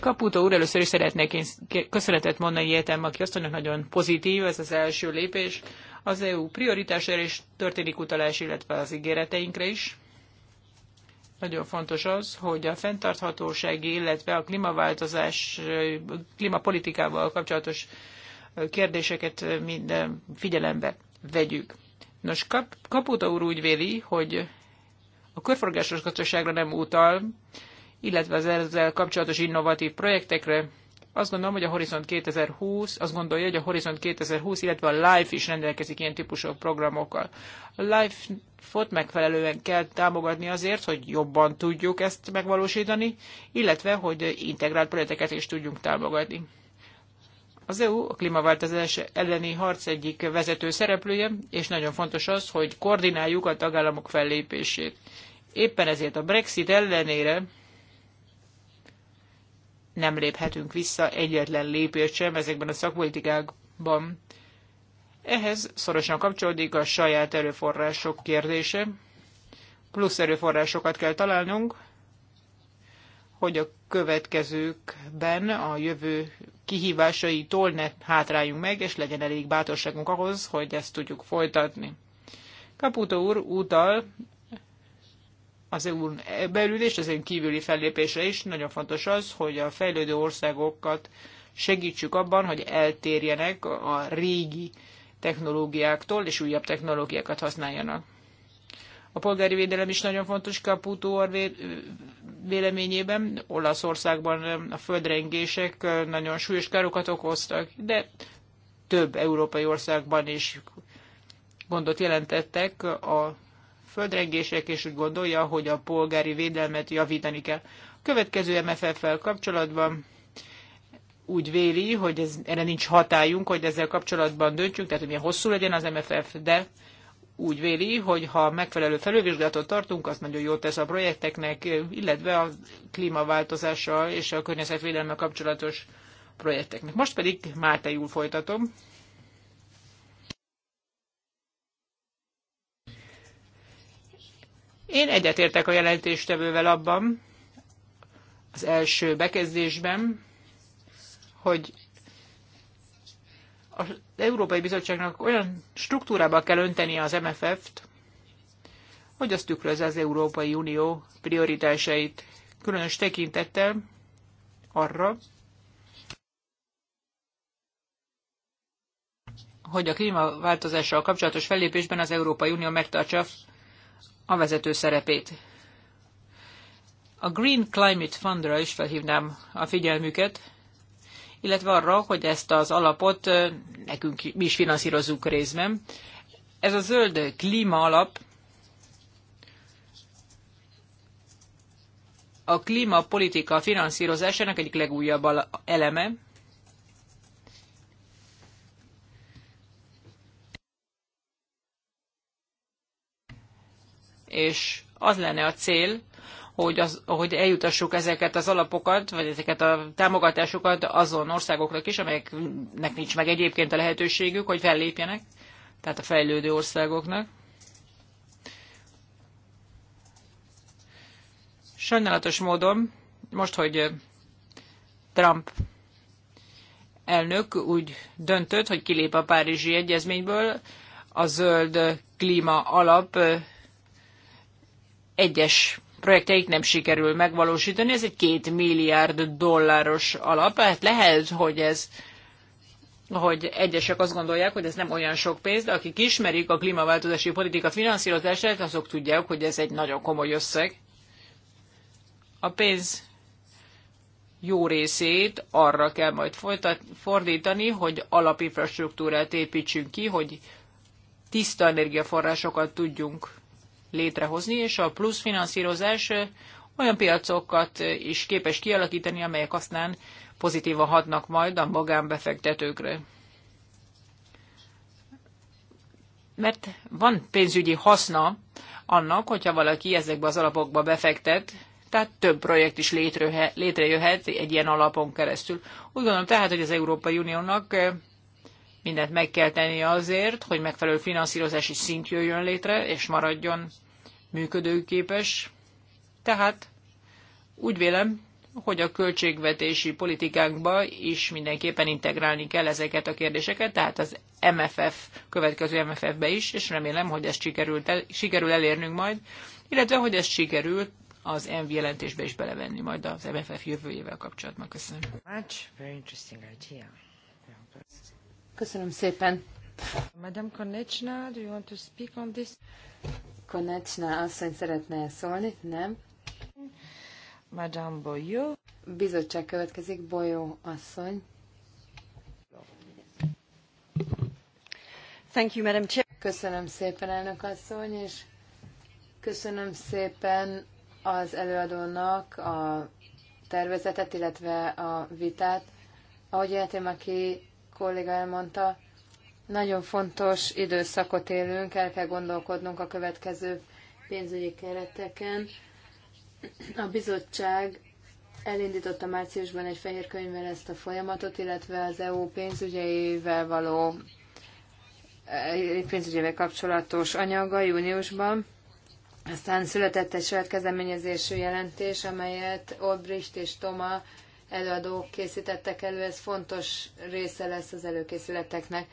Kaputó úr, először is szeretnék én köszönetet mondani Jétem, aki azt mondja, nagyon pozitív, ez az első lépés. Az EU prioritására is történik utalás, illetve az ígéreteinkre is. Nagyon fontos az, hogy a fenntarthatósági, illetve a klímaváltozás, klímapolitikával kapcsolatos kérdéseket mind figyelembe vegyük. Nos, Kap- Kaputa úr úgy véli, hogy a körforgásos gazdaságra nem utal, illetve az ezzel kapcsolatos innovatív projektekre. Azt gondolom, hogy a Horizont 2020, azt gondolja, hogy a Horizont 2020, illetve a LIFE is rendelkezik ilyen típusú programokkal. A LIFE-ot megfelelően kell támogatni azért, hogy jobban tudjuk ezt megvalósítani, illetve, hogy integrált projekteket is tudjunk támogatni. Az EU a klímaváltozás elleni harc egyik vezető szereplője, és nagyon fontos az, hogy koordináljuk a tagállamok fellépését. Éppen ezért a Brexit ellenére nem léphetünk vissza egyetlen lépést sem ezekben a szakpolitikákban. Ehhez szorosan kapcsolódik a saját erőforrások kérdése. Plusz erőforrásokat kell találnunk, hogy a következőkben a jövő kihívásaitól ne hátráljunk meg, és legyen elég bátorságunk ahhoz, hogy ezt tudjuk folytatni. Caputo úr utal az EU belül és az EU kívüli fellépésre is nagyon fontos az, hogy a fejlődő országokat segítsük abban, hogy eltérjenek a régi technológiáktól, és újabb technológiákat használjanak. A polgári védelem is nagyon fontos, Caputo véleményében. Olaszországban a földrengések nagyon súlyos károkat okoztak, de több európai országban is gondot jelentettek a földrengések, és úgy gondolja, hogy a polgári védelmet javítani kell. A következő MFF-fel kapcsolatban úgy véli, hogy ez, erre nincs hatályunk, hogy ezzel kapcsolatban döntsünk, tehát hogy milyen hosszú legyen az MFF, de úgy véli, hogy ha megfelelő felülvizsgálatot tartunk, az nagyon jót tesz a projekteknek, illetve a klímaváltozással és a környezetvédelemmel kapcsolatos projekteknek. Most pedig Mátejul folytatom. Én egyetértek a jelentéstevővel abban, az első bekezdésben, hogy az Európai Bizottságnak olyan struktúrába kell önteni az MFF-t, hogy az tükrözze az Európai Unió prioritásait, különös tekintettel arra, hogy a klímaváltozással kapcsolatos fellépésben az Európai Unió megtartsa a vezető szerepét. A Green Climate Fundra is felhívnám a figyelmüket illetve arra, hogy ezt az alapot nekünk mi is finanszírozzuk részben. Ez a zöld klíma alap a klímapolitika finanszírozásának egyik legújabb eleme, és az lenne a cél, hogy, az, hogy eljutassuk ezeket az alapokat, vagy ezeket a támogatásokat azon országoknak is, amelyeknek nincs meg egyébként a lehetőségük, hogy fellépjenek, tehát a fejlődő országoknak. Sajnálatos módon, most, hogy Trump elnök úgy döntött, hogy kilép a Párizsi Egyezményből, a zöld klíma alap egyes projektjeit nem sikerül megvalósítani. Ez egy két milliárd dolláros alap. Hát lehet, hogy ez hogy egyesek azt gondolják, hogy ez nem olyan sok pénz, de akik ismerik a klímaváltozási politika finanszírozását, azok tudják, hogy ez egy nagyon komoly összeg. A pénz jó részét arra kell majd folytat, fordítani, hogy alapinfrastruktúrát építsünk ki, hogy tiszta energiaforrásokat tudjunk létrehozni, és a plusz finanszírozás olyan piacokat is képes kialakítani, amelyek aztán pozitívan hatnak majd a magánbefektetőkre. Mert van pénzügyi haszna annak, hogyha valaki ezekbe az alapokba befektet, tehát több projekt is létrejöhet egy ilyen alapon keresztül. Úgy gondolom tehát, hogy az Európai Uniónak mindent meg kell tenni azért, hogy megfelelő finanszírozási szint jöjjön létre, és maradjon működőképes. Tehát úgy vélem, hogy a költségvetési politikánkba is mindenképpen integrálni kell ezeket a kérdéseket, tehát az MFF, következő MFF-be is, és remélem, hogy ezt sikerült el, sikerül elérnünk majd, illetve, hogy ezt sikerült az MV jelentésbe is belevenni majd az MFF jövőjével kapcsolatban. Köszönöm. Köszönöm szépen. Madame Konechna, do you want to speak on this? Konecsná asszony szeretne -e szólni? Nem. Madame Bolyó. Bizottság következik, Bolyó asszony. Thank you, Madam Chair. Köszönöm szépen, elnök asszony, és köszönöm szépen az előadónak a tervezetet, illetve a vitát. Ahogy aki kolléga elmondta, nagyon fontos időszakot élünk, el kell gondolkodnunk a következő pénzügyi kereteken. A bizottság elindította márciusban egy fehér könyvvel ezt a folyamatot, illetve az EU pénzügyeivel való eh, pénzügyével kapcsolatos anyaga júniusban. Aztán született egy saját kezdeményezésű jelentés, amelyet Olbricht és Toma előadók készítettek elő, ez fontos része lesz az előkészületeknek.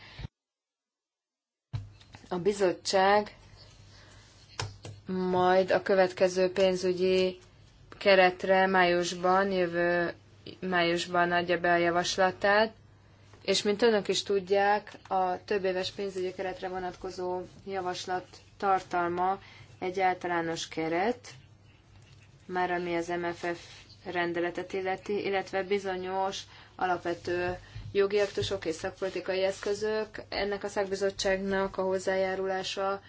A bizottság majd a következő pénzügyi keretre májusban, jövő májusban adja be a javaslatát, és mint önök is tudják, a több éves pénzügyi keretre vonatkozó javaslat tartalma egy általános keret, már ami az MFF rendeletet illeti, illetve bizonyos alapvető jogi aktusok és szakpolitikai eszközök. Ennek a szakbizottságnak a hozzájárulása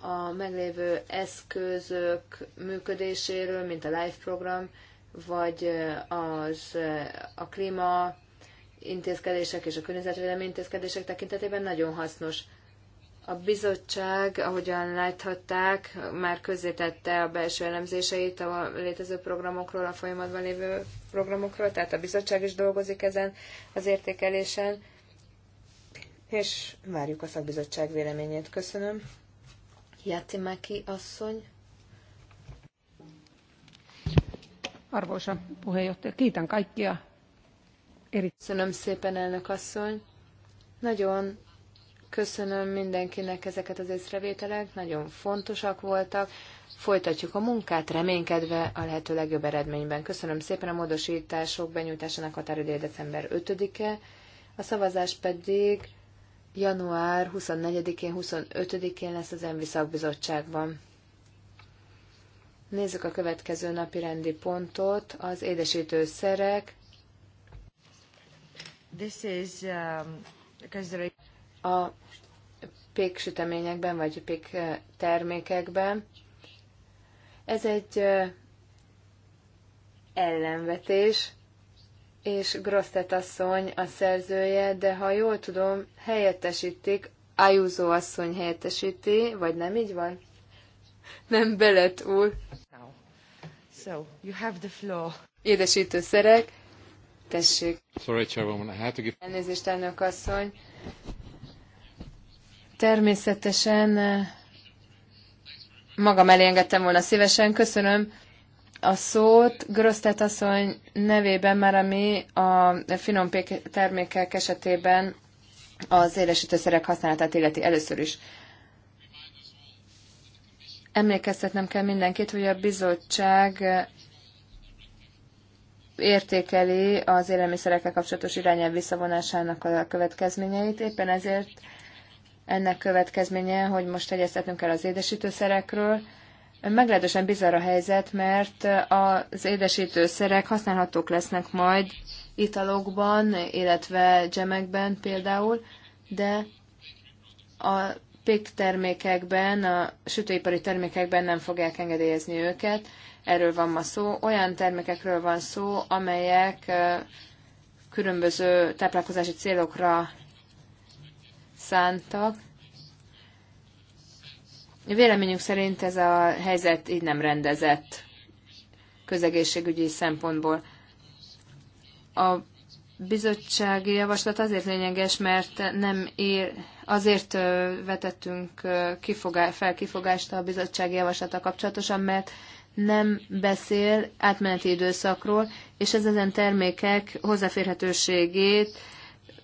a meglévő eszközök működéséről, mint a LIFE program, vagy az, a klíma intézkedések és a környezetvédelmi intézkedések tekintetében nagyon hasznos. A bizottság, ahogyan láthatták, már közzétette a belső elemzéseit a létező programokról, a folyamatban lévő programokról, tehát a bizottság is dolgozik ezen az értékelésen, és várjuk a szakbizottság véleményét. Köszönöm. Játimáki asszony. Arvoisa puheenjohtaja, kiitän kaikkia. Köszönöm szépen, elnök asszony. Nagyon Köszönöm mindenkinek ezeket az észrevételek, nagyon fontosak voltak. Folytatjuk a munkát, reménykedve a lehető legjobb eredményben. Köszönöm szépen a módosítások benyújtásának határidője december 5-e, a szavazás pedig január 24-én, 25-én lesz az ENVI szakbizottságban. Nézzük a következő napi rendi pontot, az édesítőszerek. This is, um, a péksüteményekben vagy pék termékekben. Ez egy ellenvetés, és Grosztet asszony a szerzője, de ha jól tudom, helyettesítik, Ayuso asszony helyettesíti, vagy nem így van? Nem Belet úr. So, you have the floor. Édesítőszerek, tessék. Sorry, Chairwoman, I had to give... Elnézést, elnök asszony. Természetesen eh, magam elé engedtem volna szívesen. Köszönöm a szót. Grosztet asszony nevében már ami a finom termékek esetében az élesítőszerek használatát illeti először is. Emlékeztetnem kell mindenkit, hogy a bizottság eh, értékeli az élelmiszerekkel kapcsolatos irányelv visszavonásának a következményeit. Éppen ezért ennek következménye, hogy most egyeztetnünk kell az édesítőszerekről. Meglehetősen bizarr a helyzet, mert az édesítőszerek használhatók lesznek majd italokban, illetve dzsemekben például, de a PIK termékekben, a sütőipari termékekben nem fogják engedélyezni őket. Erről van ma szó. Olyan termékekről van szó, amelyek különböző táplálkozási célokra szántak. Véleményünk szerint ez a helyzet így nem rendezett közegészségügyi szempontból. A bizottsági javaslat azért lényeges, mert nem ér, azért vetettünk kifogá, fel kifogást a bizottsági javaslata kapcsolatosan, mert nem beszél átmeneti időszakról, és ez ezen termékek hozzáférhetőségét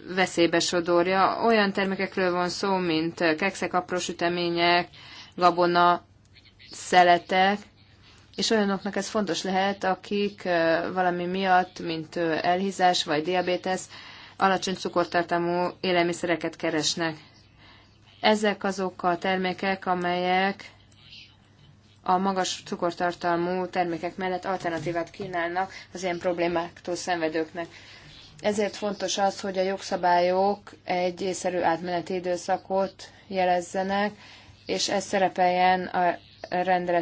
veszélybe sodorja. Olyan termékekről van szó, mint kekszek, apró sütemények, gabona, szeletek, és olyanoknak ez fontos lehet, akik valami miatt, mint elhízás vagy diabétesz, alacsony cukortartalmú élelmiszereket keresnek. Ezek azok a termékek, amelyek a magas cukortartalmú termékek mellett alternatívát kínálnak az ilyen problémáktól szenvedőknek. Ezért fontos az, hogy a jogszabályok egy észszerű átmeneti időszakot jelezzenek, és ez szerepeljen a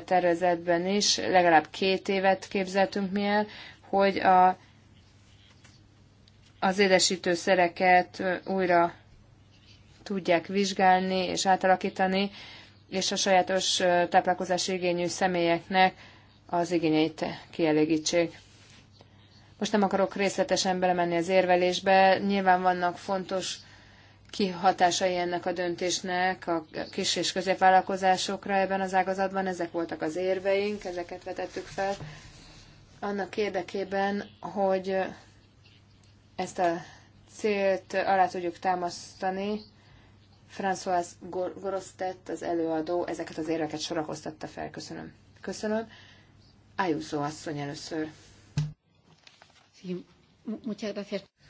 tervezetben is, legalább két évet képzeltünk mi el, hogy a, az édesítőszereket újra tudják vizsgálni és átalakítani, és a sajátos táplálkozási igényű személyeknek az igényeit kielégítsék. Most nem akarok részletesen belemenni az érvelésbe, nyilván vannak fontos kihatásai ennek a döntésnek a kis és középvállalkozásokra ebben az ágazatban. Ezek voltak az érveink, ezeket vetettük fel. Annak érdekében, hogy ezt a célt alá tudjuk támasztani, François Gorostet az előadó, ezeket az érveket sorakoztatta fel. Köszönöm. Köszönöm. Ájúzó asszony először.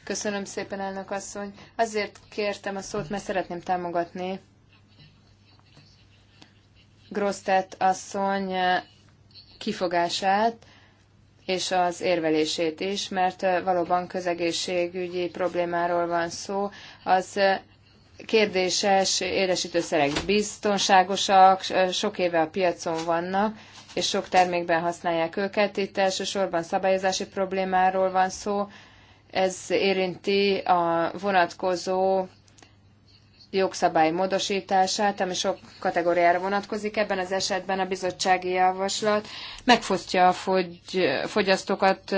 Köszönöm szépen, elnök asszony. Azért kértem a szót, mert szeretném támogatni Grosztett asszony kifogását és az érvelését is, mert valóban közegészségügyi problémáról van szó. Az kérdéses édesítőszerek biztonságosak, sok éve a piacon vannak, és sok termékben használják őket. Itt elsősorban szabályozási problémáról van szó, ez érinti a vonatkozó jogszabály módosítását, ami sok kategóriára vonatkozik. Ebben az esetben a bizottsági javaslat megfosztja a fogy, fogyasztókat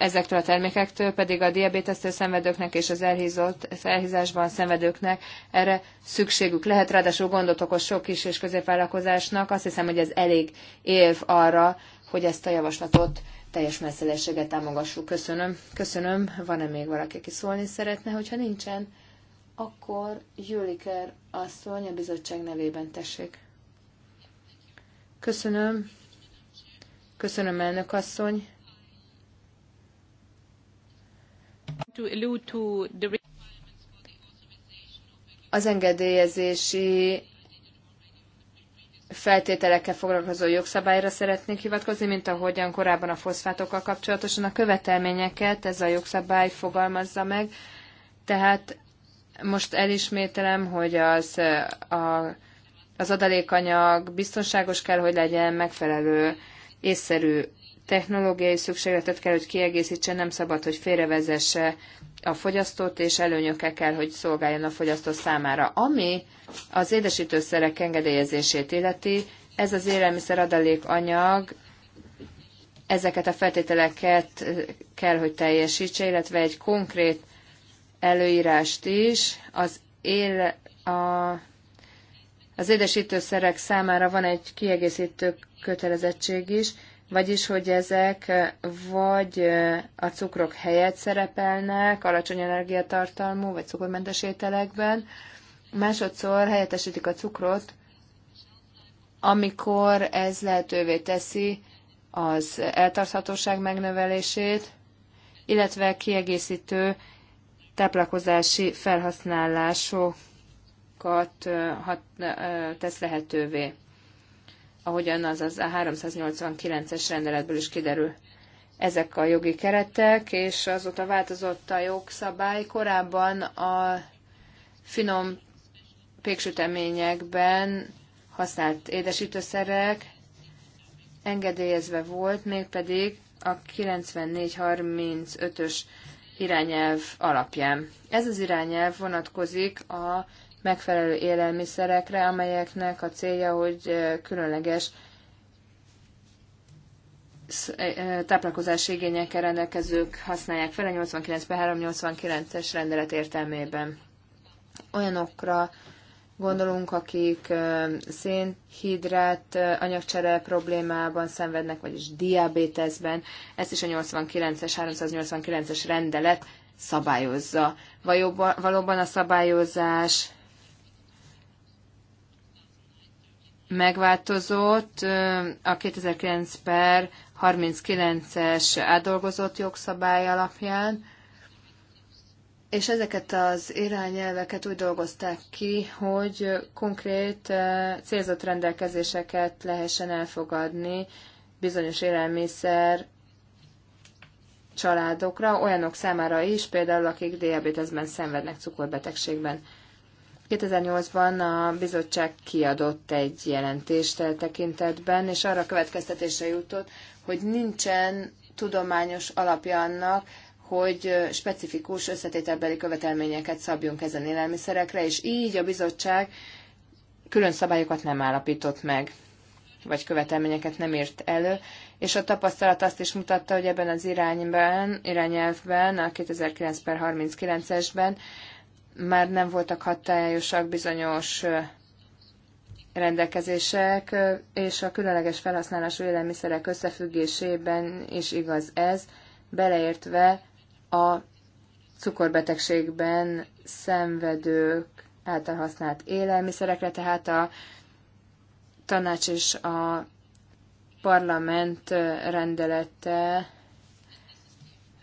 ezektől a termékektől pedig a diabétesztől szenvedőknek és az elhízott, az elhízásban szenvedőknek erre szükségük lehet, ráadásul gondot okoz sok kis és középvállalkozásnak. Azt hiszem, hogy ez elég év arra, hogy ezt a javaslatot teljes messzelességet támogassuk. Köszönöm. Köszönöm. Van-e még valaki, aki szólni szeretne? Hogyha nincsen, akkor Jüliker asszony a bizottság nevében tessék. Köszönöm. Köszönöm, elnök asszony. Az engedélyezési feltételekkel foglalkozó jogszabályra szeretnék hivatkozni, mint ahogyan korábban a foszfátokkal kapcsolatosan a követelményeket ez a jogszabály fogalmazza meg. Tehát most elismételem, hogy az, a, az adalékanyag biztonságos kell, hogy legyen megfelelő észszerű technológiai szükségletet kell, hogy kiegészítse, nem szabad, hogy félrevezesse a fogyasztót, és előnyökkel kell, hogy szolgáljon a fogyasztó számára. Ami az édesítőszerek engedélyezését illeti, ez az élelmiszer adalék anyag, ezeket a feltételeket kell, hogy teljesítse, illetve egy konkrét előírást is. Az, él, a, az édesítőszerek számára van egy kiegészítő kötelezettség is, vagyis hogy ezek vagy a cukrok helyett szerepelnek alacsony energiatartalmú vagy cukormentes ételekben, másodszor helyettesítik a cukrot, amikor ez lehetővé teszi az eltarthatóság megnövelését, illetve kiegészítő táplálkozási felhasználásokat tesz lehetővé ahogyan az az a 389-es rendeletből is kiderül. Ezek a jogi keretek, és azóta változott a jogszabály. Korábban a finom péksüteményekben használt édesítőszerek engedélyezve volt, mégpedig a 9435-ös irányelv alapján. Ez az irányelv vonatkozik a megfelelő élelmiszerekre, amelyeknek a célja, hogy különleges táplálkozási igényekkel rendelkezők használják fel a 89 es rendelet értelmében. Olyanokra gondolunk, akik szénhidrát anyagcsere problémában szenvednek, vagyis diabétezben, ezt is a 89-es, 389-es rendelet szabályozza. Valóban a szabályozás megváltozott a 2009 per 39-es átdolgozott jogszabály alapján, és ezeket az irányelveket úgy dolgozták ki, hogy konkrét célzott rendelkezéseket lehessen elfogadni bizonyos élelmiszer családokra, olyanok számára is, például akik diabetesben szenvednek cukorbetegségben. 2008-ban a bizottság kiadott egy jelentést e tekintetben, és arra következtetésre jutott, hogy nincsen tudományos alapja annak, hogy specifikus összetételbeli követelményeket szabjunk ezen élelmiszerekre, és így a bizottság külön szabályokat nem állapított meg, vagy követelményeket nem írt elő, és a tapasztalat azt is mutatta, hogy ebben az irányban, irányelvben, a 2009 per 39-esben már nem voltak hatályosak bizonyos rendelkezések, és a különleges felhasználású élelmiszerek összefüggésében is igaz ez, beleértve a cukorbetegségben szenvedők által használt élelmiszerekre, tehát a tanács és a parlament rendelete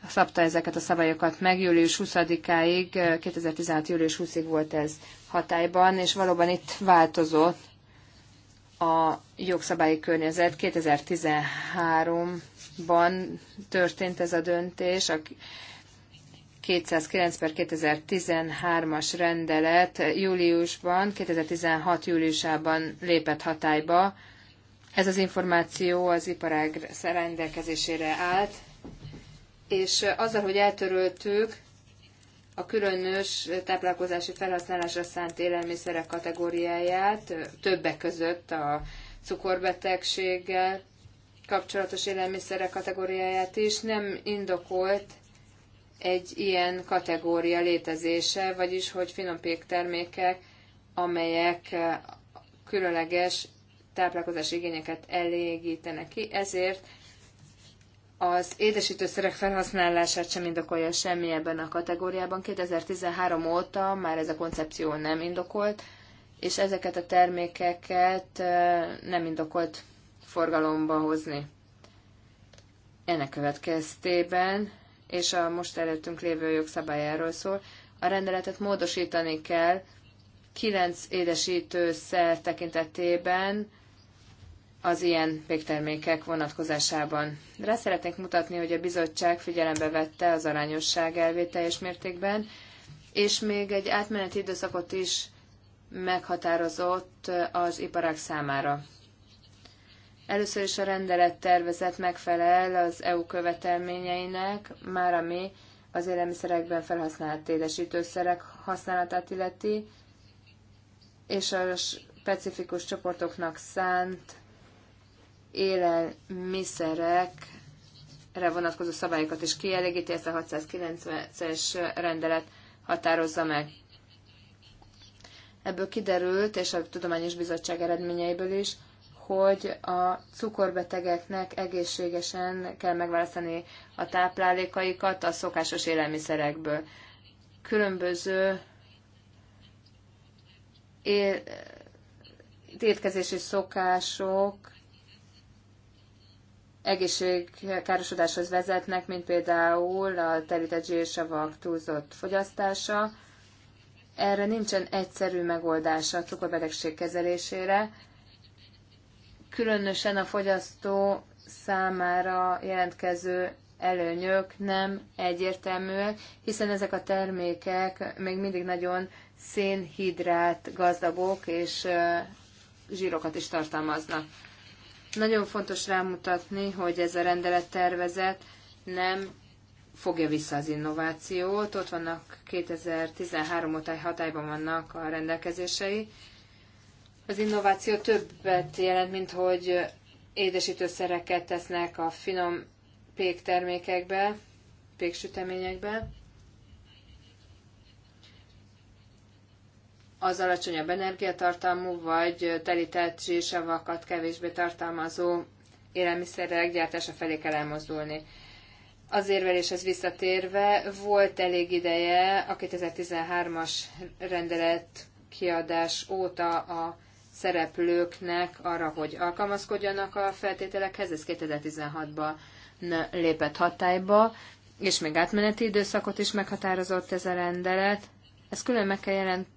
szabta ezeket a szabályokat meg július 20-áig, 2016. Eh, július 20-ig volt ez hatályban, és valóban itt változott a jogszabályi környezet. 2013-ban történt ez a döntés, a 209 per 2013-as rendelet júliusban, 2016 júliusában lépett hatályba. Ez az információ az iparág rendelkezésére állt, és azzal, hogy eltöröltük a különös táplálkozási felhasználásra szánt élelmiszerek kategóriáját, többek között a cukorbetegséggel kapcsolatos élelmiszerek kategóriáját is, nem indokolt egy ilyen kategória létezése, vagyis hogy finompék termékek, amelyek különleges táplálkozási igényeket elégítenek ki, ezért az édesítőszerek felhasználását sem indokolja semmi ebben a kategóriában. 2013 óta már ez a koncepció nem indokolt, és ezeket a termékeket nem indokolt forgalomba hozni. Ennek következtében, és a most előttünk lévő jogszabályáról szól, a rendeletet módosítani kell 9 édesítőszer tekintetében, az ilyen végtermékek vonatkozásában. Rá szeretnék mutatni, hogy a bizottság figyelembe vette az arányosság elvét teljes mértékben, és még egy átmeneti időszakot is meghatározott az iparák számára. Először is a rendelet tervezet megfelel az EU követelményeinek, már ami az élelmiszerekben felhasznált édesítőszerek használatát illeti, és a specifikus csoportoknak szánt élelmiszerekre vonatkozó szabályokat is kielégíti, ezt a 690-es rendelet határozza meg. Ebből kiderült, és a Tudományos Bizottság eredményeiből is, hogy a cukorbetegeknek egészségesen kell megválasztani a táplálékaikat a szokásos élelmiszerekből. Különböző étkezési szokások egészségkárosodáshoz vezetnek, mint például a terített zsírsavak túlzott fogyasztása. Erre nincsen egyszerű megoldása a cukorbetegség kezelésére. Különösen a fogyasztó számára jelentkező előnyök nem egyértelműek, hiszen ezek a termékek még mindig nagyon szénhidrát gazdagok és zsírokat is tartalmaznak. Nagyon fontos rámutatni, hogy ez a rendelettervezet nem fogja vissza az innovációt. Ott vannak 2013 óta hatályban vannak a rendelkezései. Az innováció többet jelent, mint hogy édesítőszereket tesznek a finom péktermékekbe, péksüteményekbe. az alacsonyabb energiatartalmú vagy telített zsírsavakat kevésbé tartalmazó élelmiszerek gyártása felé kell elmozdulni. Az érveléshez visszatérve volt elég ideje a 2013-as rendelet kiadás óta a szereplőknek arra, hogy alkalmazkodjanak a feltételekhez, ez 2016-ban lépett hatályba, és még átmeneti időszakot is meghatározott ez a rendelet. Ezt külön meg kell jelent,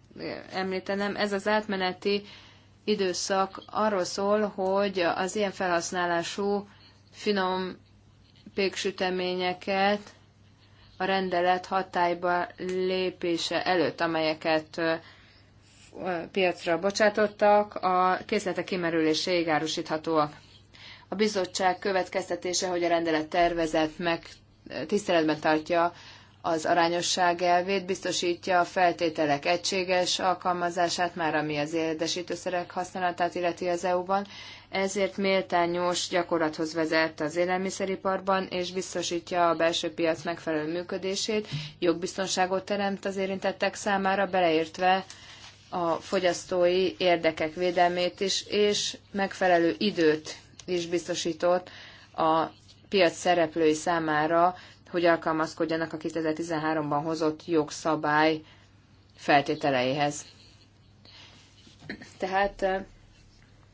említenem. Ez az átmeneti időszak arról szól, hogy az ilyen felhasználású finom péksüteményeket a rendelet hatályba lépése előtt, amelyeket piacra bocsátottak, a készletek kimerüléséig árusíthatóak. A bizottság következtetése, hogy a rendelet tervezet meg tiszteletben tartja az arányosság elvét, biztosítja a feltételek egységes alkalmazását, már ami az édesítőszerek használatát illeti az EU-ban, ezért méltányos gyakorlathoz vezet az élelmiszeriparban, és biztosítja a belső piac megfelelő működését, jogbiztonságot teremt az érintettek számára, beleértve a fogyasztói érdekek védelmét is, és megfelelő időt is biztosított a piac szereplői számára hogy alkalmazkodjanak a 2013-ban hozott jogszabály feltételeihez. Tehát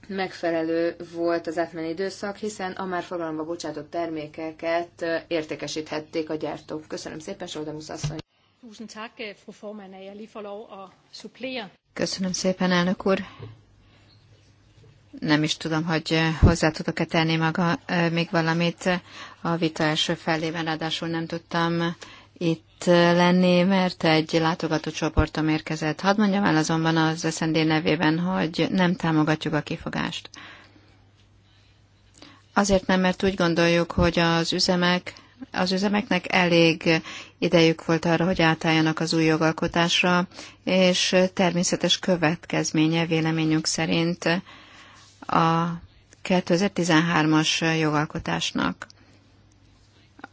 megfelelő volt az átmeni időszak, hiszen a már forgalomba bocsátott termékeket értékesíthették a gyártók. Köszönöm szépen, Soldamusz asszony! Köszönöm szépen, elnök úr! Nem is tudom, hogy hozzá tudok-e tenni maga még valamit. A vita első felében ráadásul nem tudtam itt lenni, mert egy látogatócsoportom érkezett. Hadd mondjam el azonban az SZND nevében, hogy nem támogatjuk a kifogást. Azért nem, mert úgy gondoljuk, hogy az üzemek az üzemeknek elég idejük volt arra, hogy átálljanak az új jogalkotásra, és természetes következménye véleményünk szerint a 2013-as jogalkotásnak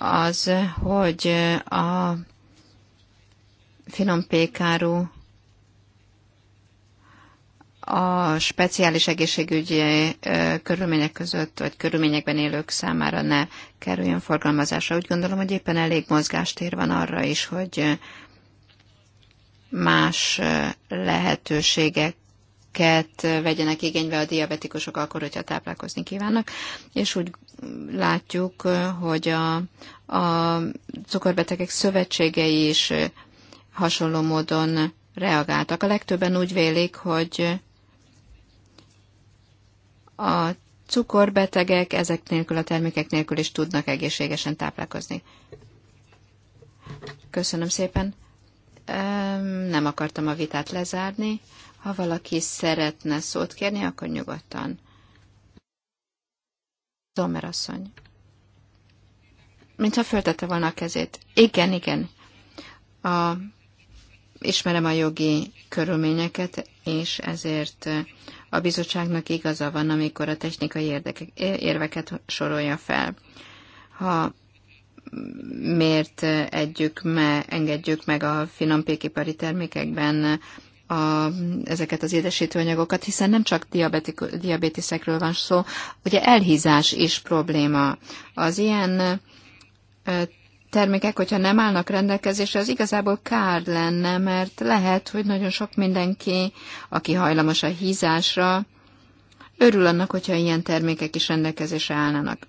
az, hogy a finom pékáru, a speciális egészségügyi körülmények között, vagy körülményekben élők számára ne kerüljön forgalmazásra. Úgy gondolom, hogy éppen elég mozgástér van arra is, hogy más lehetőségek amelyeket vegyenek igénybe a diabetikusok akkor, hogyha táplálkozni kívánnak, és úgy látjuk, hogy a, a cukorbetegek szövetségei is hasonló módon reagáltak. A legtöbben úgy vélik, hogy a cukorbetegek ezek nélkül, a termékek nélkül is tudnak egészségesen táplálkozni. Köszönöm szépen. Nem akartam a vitát lezárni. Ha valaki szeretne szót kérni, akkor nyugodtan. Zomer asszony. Mintha föltette volna a kezét. Igen, igen. A, ismerem a jogi körülményeket, és ezért a bizottságnak igaza van, amikor a technikai érdekek, érveket sorolja fel. Ha miért együk me, engedjük meg a finom pékipari termékekben a, ezeket az édesítőanyagokat, hiszen nem csak diabetiszekről van szó, ugye elhízás is probléma. Az ilyen termékek, hogyha nem állnak rendelkezésre, az igazából kár lenne, mert lehet, hogy nagyon sok mindenki, aki hajlamos a hízásra, örül annak, hogyha ilyen termékek is rendelkezésre állnának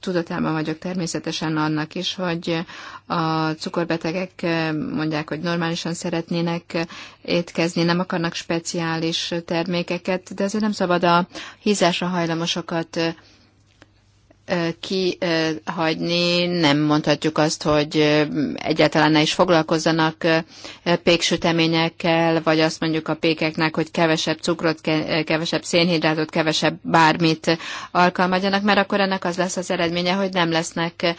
tudatában vagyok természetesen annak is, hogy a cukorbetegek eh, mondják, hogy normálisan szeretnének étkezni, nem akarnak speciális termékeket, de azért nem szabad a hízásra hajlamosokat eh, kihagyni, nem mondhatjuk azt, hogy egyáltalán ne is foglalkozzanak péksüteményekkel, vagy azt mondjuk a pékeknek, hogy kevesebb cukrot, kevesebb szénhidrátot, kevesebb bármit alkalmazjanak, mert akkor ennek az lesz az eredménye, hogy nem lesznek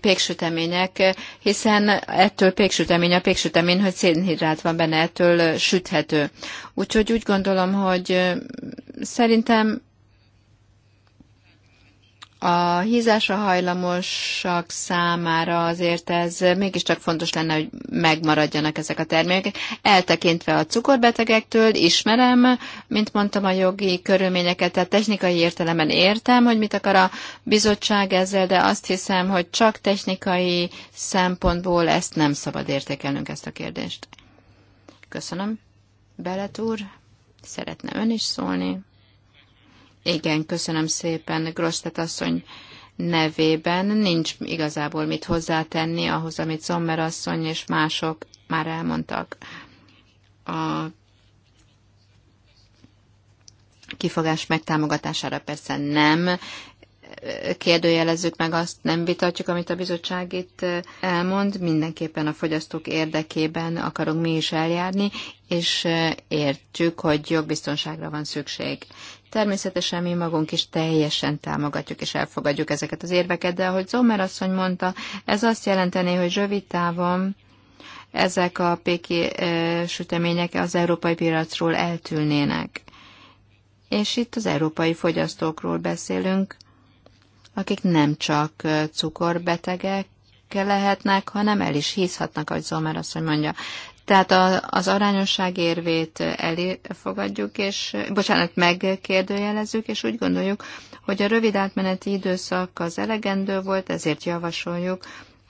péksütemények, hiszen ettől péksütemény a péksütemény, hogy szénhidrát van benne, ettől süthető. Úgyhogy úgy gondolom, hogy szerintem a hízásra hajlamosak számára azért ez mégiscsak fontos lenne, hogy megmaradjanak ezek a termékek. Eltekintve a cukorbetegektől ismerem, mint mondtam, a jogi körülményeket, tehát technikai értelemben értem, hogy mit akar a bizottság ezzel, de azt hiszem, hogy csak technikai szempontból ezt nem szabad értékelnünk ezt a kérdést. Köszönöm. Belet úr, szeretne ön is szólni. Igen, köszönöm szépen Grostet asszony nevében. Nincs igazából mit hozzátenni ahhoz, amit Sommer asszony és mások már elmondtak. A kifogás megtámogatására persze nem kérdőjelezzük meg azt, nem vitatjuk, amit a bizottság itt elmond. Mindenképpen a fogyasztók érdekében akarunk mi is eljárni, és értjük, hogy jogbiztonságra van szükség. Természetesen mi magunk is teljesen támogatjuk és elfogadjuk ezeket az érveket, de ahogy Zomer asszony mondta, ez azt jelenteni, hogy rövid távon ezek a péki sütemények az európai piacról eltűnnének. És itt az európai fogyasztókról beszélünk, akik nem csak cukorbetegek lehetnek, hanem el is hízhatnak, ahogy Zomer asszony mondja. Tehát a, az arányosság érvét elfogadjuk, és bocsánat, megkérdőjelezzük, és úgy gondoljuk, hogy a rövid átmeneti időszak az elegendő volt, ezért javasoljuk,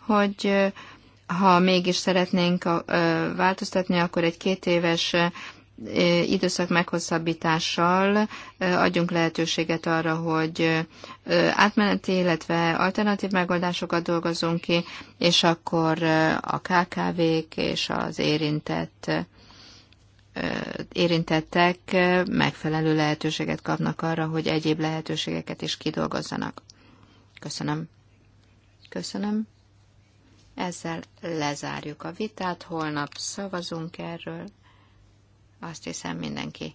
hogy eh, ha mégis szeretnénk eh, változtatni, akkor egy két éves eh, időszak meghosszabbítással adjunk lehetőséget arra, hogy átmeneti, illetve alternatív megoldásokat dolgozunk ki, és akkor a KKV-k és az érintett érintettek megfelelő lehetőséget kapnak arra, hogy egyéb lehetőségeket is kidolgozzanak. Köszönöm. Köszönöm. Ezzel lezárjuk a vitát, holnap szavazunk erről. Azt hiszem mindenki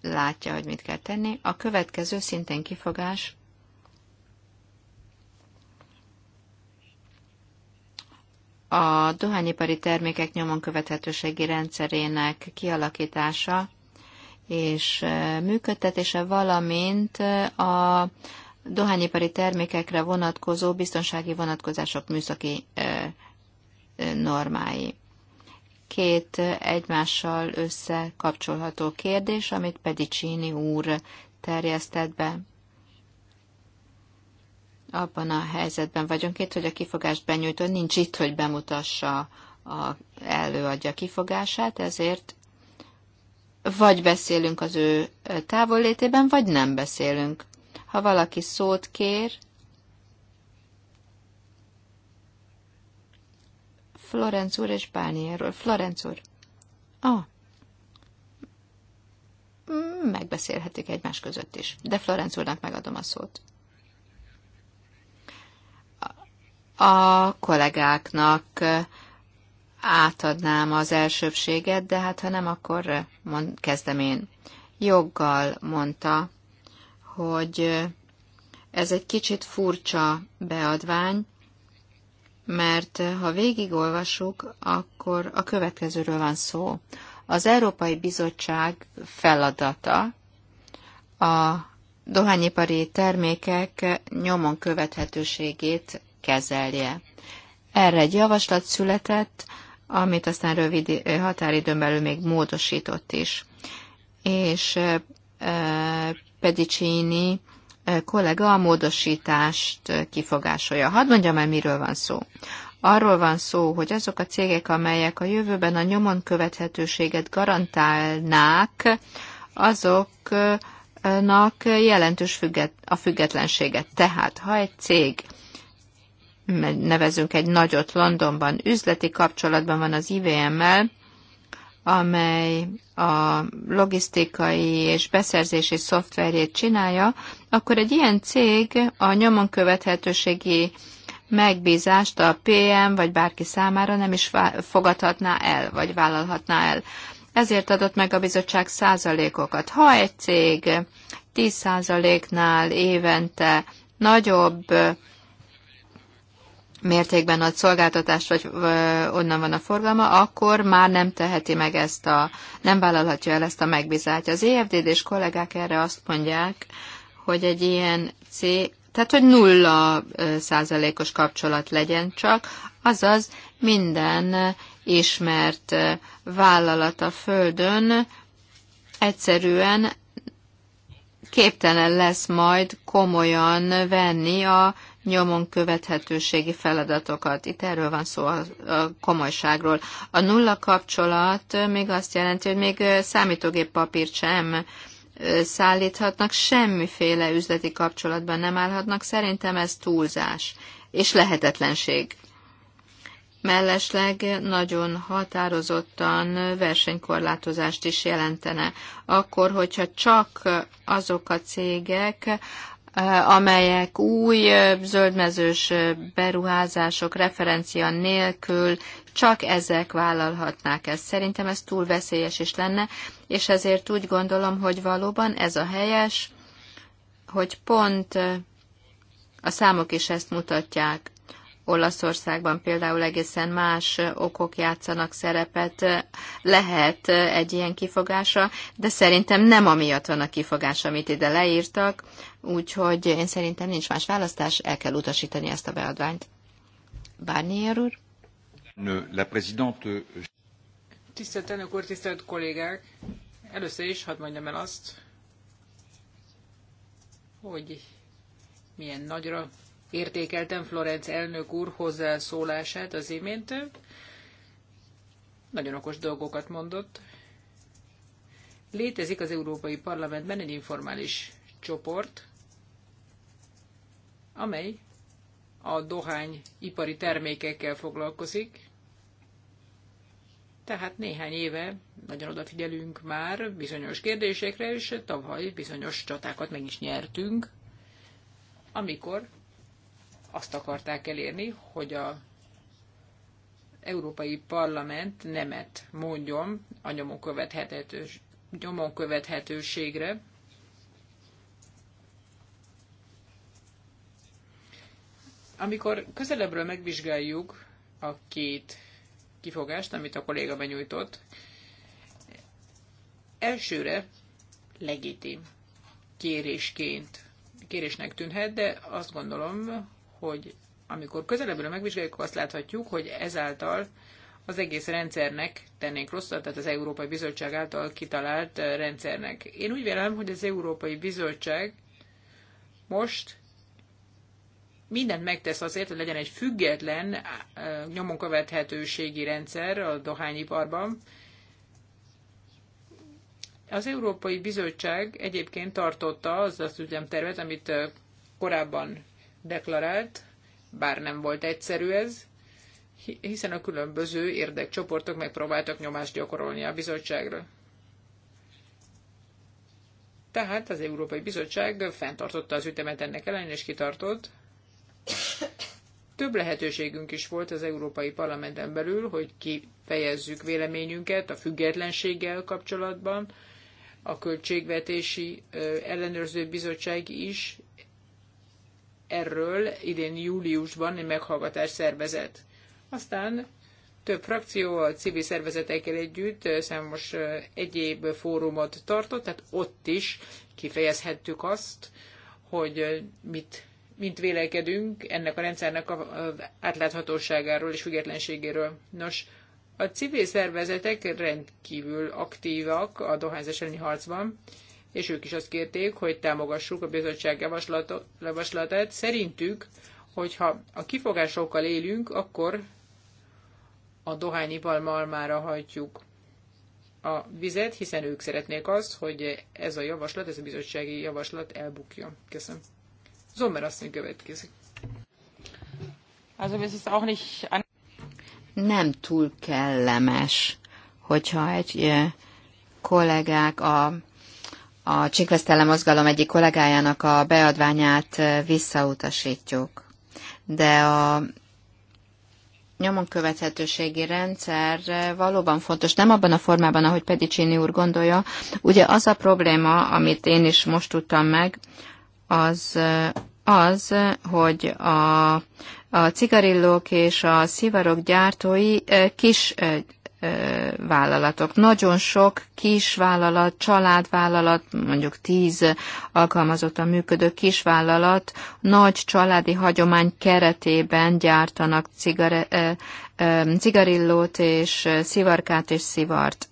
látja, hogy mit kell tenni. A következő szintén kifogás a dohányipari termékek nyomon követhetőségi rendszerének kialakítása és működtetése, valamint a dohányipari termékekre vonatkozó biztonsági vonatkozások műszaki normái két egymással összekapcsolható kérdés, amit Pedicini úr terjesztett be. Abban a helyzetben vagyunk itt, hogy a kifogást benyújtó nincs itt, hogy bemutassa, a, előadja kifogását, ezért vagy beszélünk az ő távollétében, vagy nem beszélünk. Ha valaki szót kér, Florenc úr és Bánierről. Florenc úr. Ah. Mm, megbeszélhetik egymás között is. De Florenc úrnak megadom a szót. A kollégáknak eh, átadnám az elsőbséget, de hát ha nem, akkor eh, mond, kezdem én. Joggal mondta, hogy eh, ez egy kicsit furcsa beadvány, mert eh, ha végigolvasuk, akkor a következőről van szó. Az Európai Bizottság feladata a dohányipari termékek nyomon követhetőségét kezelje. Erre egy javaslat született, amit aztán rövid eh, határidőn belül még módosított is. És e, Pedicini kollega a módosítást kifogásolja. Hadd mondjam el, miről van szó. Arról van szó, hogy azok a cégek, amelyek a jövőben a nyomon követhetőséget garantálnák, azoknak jelentős függet, a függetlenséget. Tehát, ha egy cég nevezünk egy nagyot Londonban, üzleti kapcsolatban van az IVM-mel, amely a logisztikai és beszerzési szoftverjét csinálja, akkor egy ilyen cég a nyomon követhetőségi megbízást a PM vagy bárki számára nem is fogadhatná el, vagy vállalhatná el. Ezért adott meg a bizottság százalékokat. Ha egy cég 10 százaléknál évente nagyobb mértékben ad szolgáltatást, vagy onnan van a forgalma, akkor már nem teheti meg ezt a, nem vállalhatja el ezt a megbízást. Az EFDD és kollégák erre azt mondják, hogy egy ilyen C, tehát hogy nulla százalékos kapcsolat legyen csak, azaz minden ismert vállalat a Földön egyszerűen képtelen lesz majd komolyan venni a nyomon követhetőségi feladatokat. Itt erről van szó a, komolyságról. A nulla kapcsolat még azt jelenti, hogy még számítógép papírt sem szállíthatnak, semmiféle üzleti kapcsolatban nem állhatnak. Szerintem ez túlzás és lehetetlenség. Mellesleg nagyon határozottan versenykorlátozást is jelentene. Akkor, hogyha csak azok a cégek, Eh, amelyek új eh, zöldmezős eh, beruházások referencia nélkül csak ezek vállalhatnák ezt. Szerintem ez túl veszélyes is lenne, és ezért úgy gondolom, hogy valóban ez a helyes, hogy pont a számok is ezt mutatják. Olaszországban például egészen más okok játszanak szerepet, lehet egy ilyen kifogása, de szerintem nem amiatt van a kifogás, amit ide leírtak, úgyhogy én szerintem nincs más választás, el kell utasítani ezt a beadványt. Barnier úr? La présidente... Euh, tisztelt elnök úr, tisztelt kollégák! Először is hadd mondjam el azt, hogy milyen nagyra értékeltem Florenc elnök úr hozzászólását az imént. Nagyon okos dolgokat mondott. Létezik az Európai Parlamentben egy informális csoport, amely a dohány ipari termékekkel foglalkozik. Tehát néhány éve nagyon odafigyelünk már bizonyos kérdésekre, és tavaly bizonyos csatákat meg is nyertünk, amikor azt akarták elérni, hogy a Európai Parlament nemet mondjon a nyomon, követhetős, nyomon követhetőségre. Amikor közelebbről megvizsgáljuk a két kifogást, amit a kolléga benyújtott, elsőre legitim kérésként, kérésnek tűnhet, de azt gondolom, hogy amikor közelebbről megvizsgáljuk, azt láthatjuk, hogy ezáltal az egész rendszernek tennénk rosszat, tehát az Európai Bizottság által kitalált rendszernek. Én úgy vélem, hogy az Európai Bizottság most mindent megtesz azért, hogy legyen egy független nyomon követhetőségi rendszer a dohányiparban. Az Európai Bizottság egyébként tartotta az azt tervet, amit korábban deklarált, bár nem volt egyszerű ez, hiszen a különböző érdekcsoportok megpróbáltak nyomást gyakorolni a bizottságra. Tehát az Európai Bizottság fenntartotta az ütemet ennek ellenére, és kitartott. Több lehetőségünk is volt az Európai Parlamenten belül, hogy kifejezzük véleményünket a függetlenséggel kapcsolatban. A Költségvetési Ellenőrző Bizottság is erről idén júliusban egy meghallgatást szervezett. Aztán több frakció a civil szervezetekkel együtt számos egyéb fórumot tartott, tehát ott is kifejezhettük azt, hogy mit, mint vélekedünk ennek a rendszernek a átláthatóságáról és függetlenségéről. Nos, a civil szervezetek rendkívül aktívak a dohányzás elleni harcban, és ők is azt kérték, hogy támogassuk a bizottság javaslatát. Szerintük, hogyha a kifogásokkal élünk, akkor a dohányipar malmára hajtjuk a vizet, hiszen ők szeretnék azt, hogy ez a javaslat, ez a bizottsági javaslat elbukja. Köszönöm. Zommer asszony következik. nem túl kellemes, hogyha egy eh, kollégák a a Csikvesztele mozgalom egyik kollégájának a beadványát visszautasítjuk. De a nyomon követhetőségi rendszer valóban fontos, nem abban a formában, ahogy Pedicini úr gondolja. Ugye az a probléma, amit én is most tudtam meg, az az, hogy a, a cigarillók és a szivarok gyártói kis vállalatok. Nagyon sok kis vállalat, családvállalat, mondjuk tíz alkalmazottan működő kisvállalat nagy családi hagyomány keretében gyártanak cigare, cigarillót és szivarkát és szivart.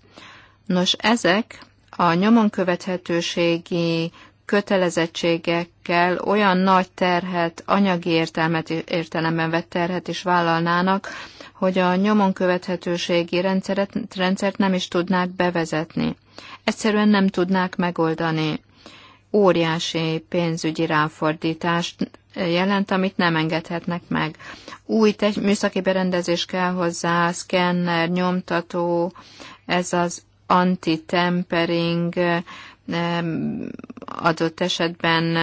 Nos, ezek a nyomon követhetőségi kötelezettségekkel olyan nagy terhet, anyagi értelmet, értelemben vett terhet is vállalnának, hogy a nyomon követhetőségi rendszeret, rendszert nem is tudnák bevezetni. Egyszerűen nem tudnák megoldani. Óriási pénzügyi ráfordítást jelent, amit nem engedhetnek meg. Új te- műszaki berendezés kell hozzá, szkenner, nyomtató, ez az anti-tempering, adott esetben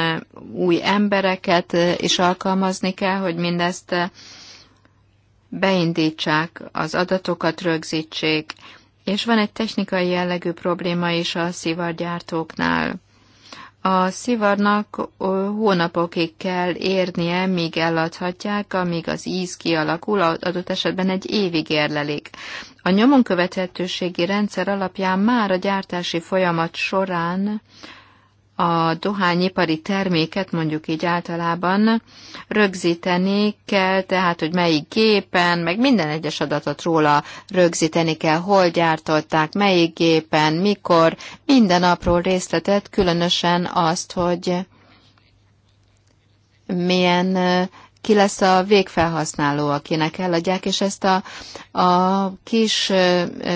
új embereket is alkalmazni kell, hogy mindezt beindítsák, az adatokat rögzítsék, és van egy technikai jellegű probléma is a szivargyártóknál. A szivarnak hónapokig kell érnie, míg eladhatják, amíg az íz kialakul, adott esetben egy évig érlelik. A nyomon követhetőségi rendszer alapján már a gyártási folyamat során a dohányipari terméket, mondjuk így általában rögzíteni kell, tehát hogy melyik gépen, meg minden egyes adatot róla rögzíteni kell, hol gyártották, melyik gépen, mikor, minden apró részletet, különösen azt, hogy milyen ki lesz a végfelhasználó, akinek eladják, és ezt a, a kis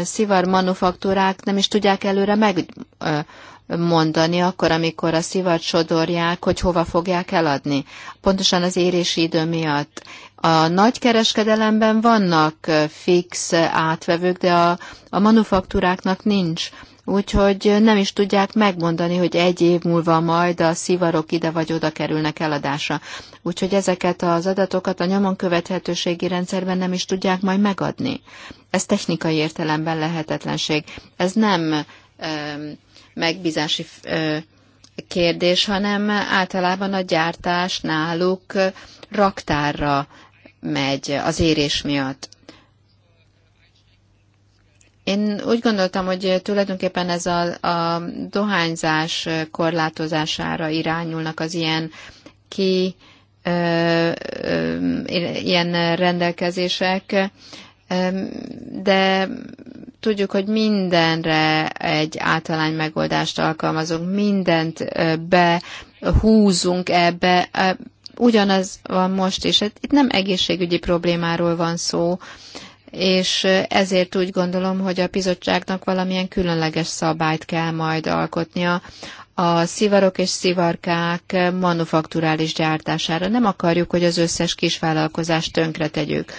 szivar manufaktúrák nem is tudják előre meg mondani, akkor, amikor a szivat sodorják, hogy hova fogják eladni. Pontosan az érési idő miatt. A nagy kereskedelemben vannak fix átvevők, de a, a manufaktúráknak nincs. Úgyhogy nem is tudják megmondani, hogy egy év múlva majd a szivarok ide vagy oda kerülnek eladásra. Úgyhogy ezeket az adatokat a nyomon követhetőségi rendszerben nem is tudják majd megadni. Ez technikai értelemben lehetetlenség. Ez nem megbízási kérdés, hanem általában a gyártás náluk raktárra megy az érés miatt. Én úgy gondoltam, hogy tulajdonképpen ez a, a dohányzás korlátozására irányulnak az ilyen ki ö, ö, ilyen rendelkezések, de tudjuk, hogy mindenre egy általány megoldást alkalmazunk, mindent behúzunk ebbe, ugyanaz van most is. Hát itt nem egészségügyi problémáról van szó, és ezért úgy gondolom, hogy a bizottságnak valamilyen különleges szabályt kell majd alkotnia a szivarok és szivarkák manufakturális gyártására. Nem akarjuk, hogy az összes kisvállalkozást tönkre tegyük.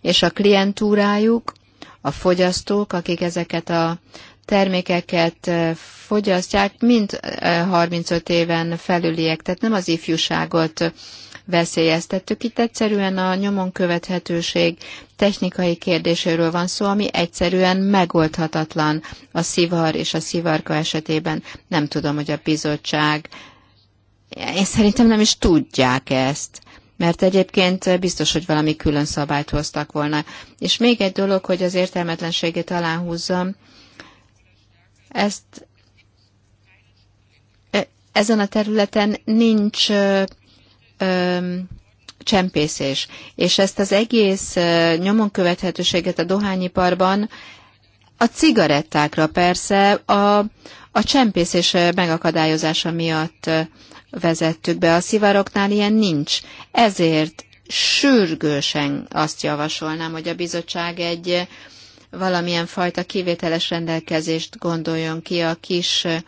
És a klientúrájuk a fogyasztók, akik ezeket a termékeket fogyasztják, mind 35 éven felüliek, tehát nem az ifjúságot veszélyeztettük. Itt egyszerűen a nyomon követhetőség technikai kérdéséről van szó, ami egyszerűen megoldhatatlan a szivar és a szivarka esetében. Nem tudom, hogy a bizottság, én szerintem nem is tudják ezt mert egyébként biztos, hogy valami külön szabályt hoztak volna. És még egy dolog, hogy az értelmetlenségét aláhúzzam, ezt e, ezen a területen nincs ö, ö, csempészés. És ezt az egész nyomon követhetőséget a dohányiparban a cigarettákra persze a, a csempészés megakadályozása miatt vezettük be. A szivaroknál ilyen nincs. Ezért sürgősen azt javasolnám, hogy a bizottság egy eh, valamilyen fajta kivételes rendelkezést gondoljon ki a kis eh,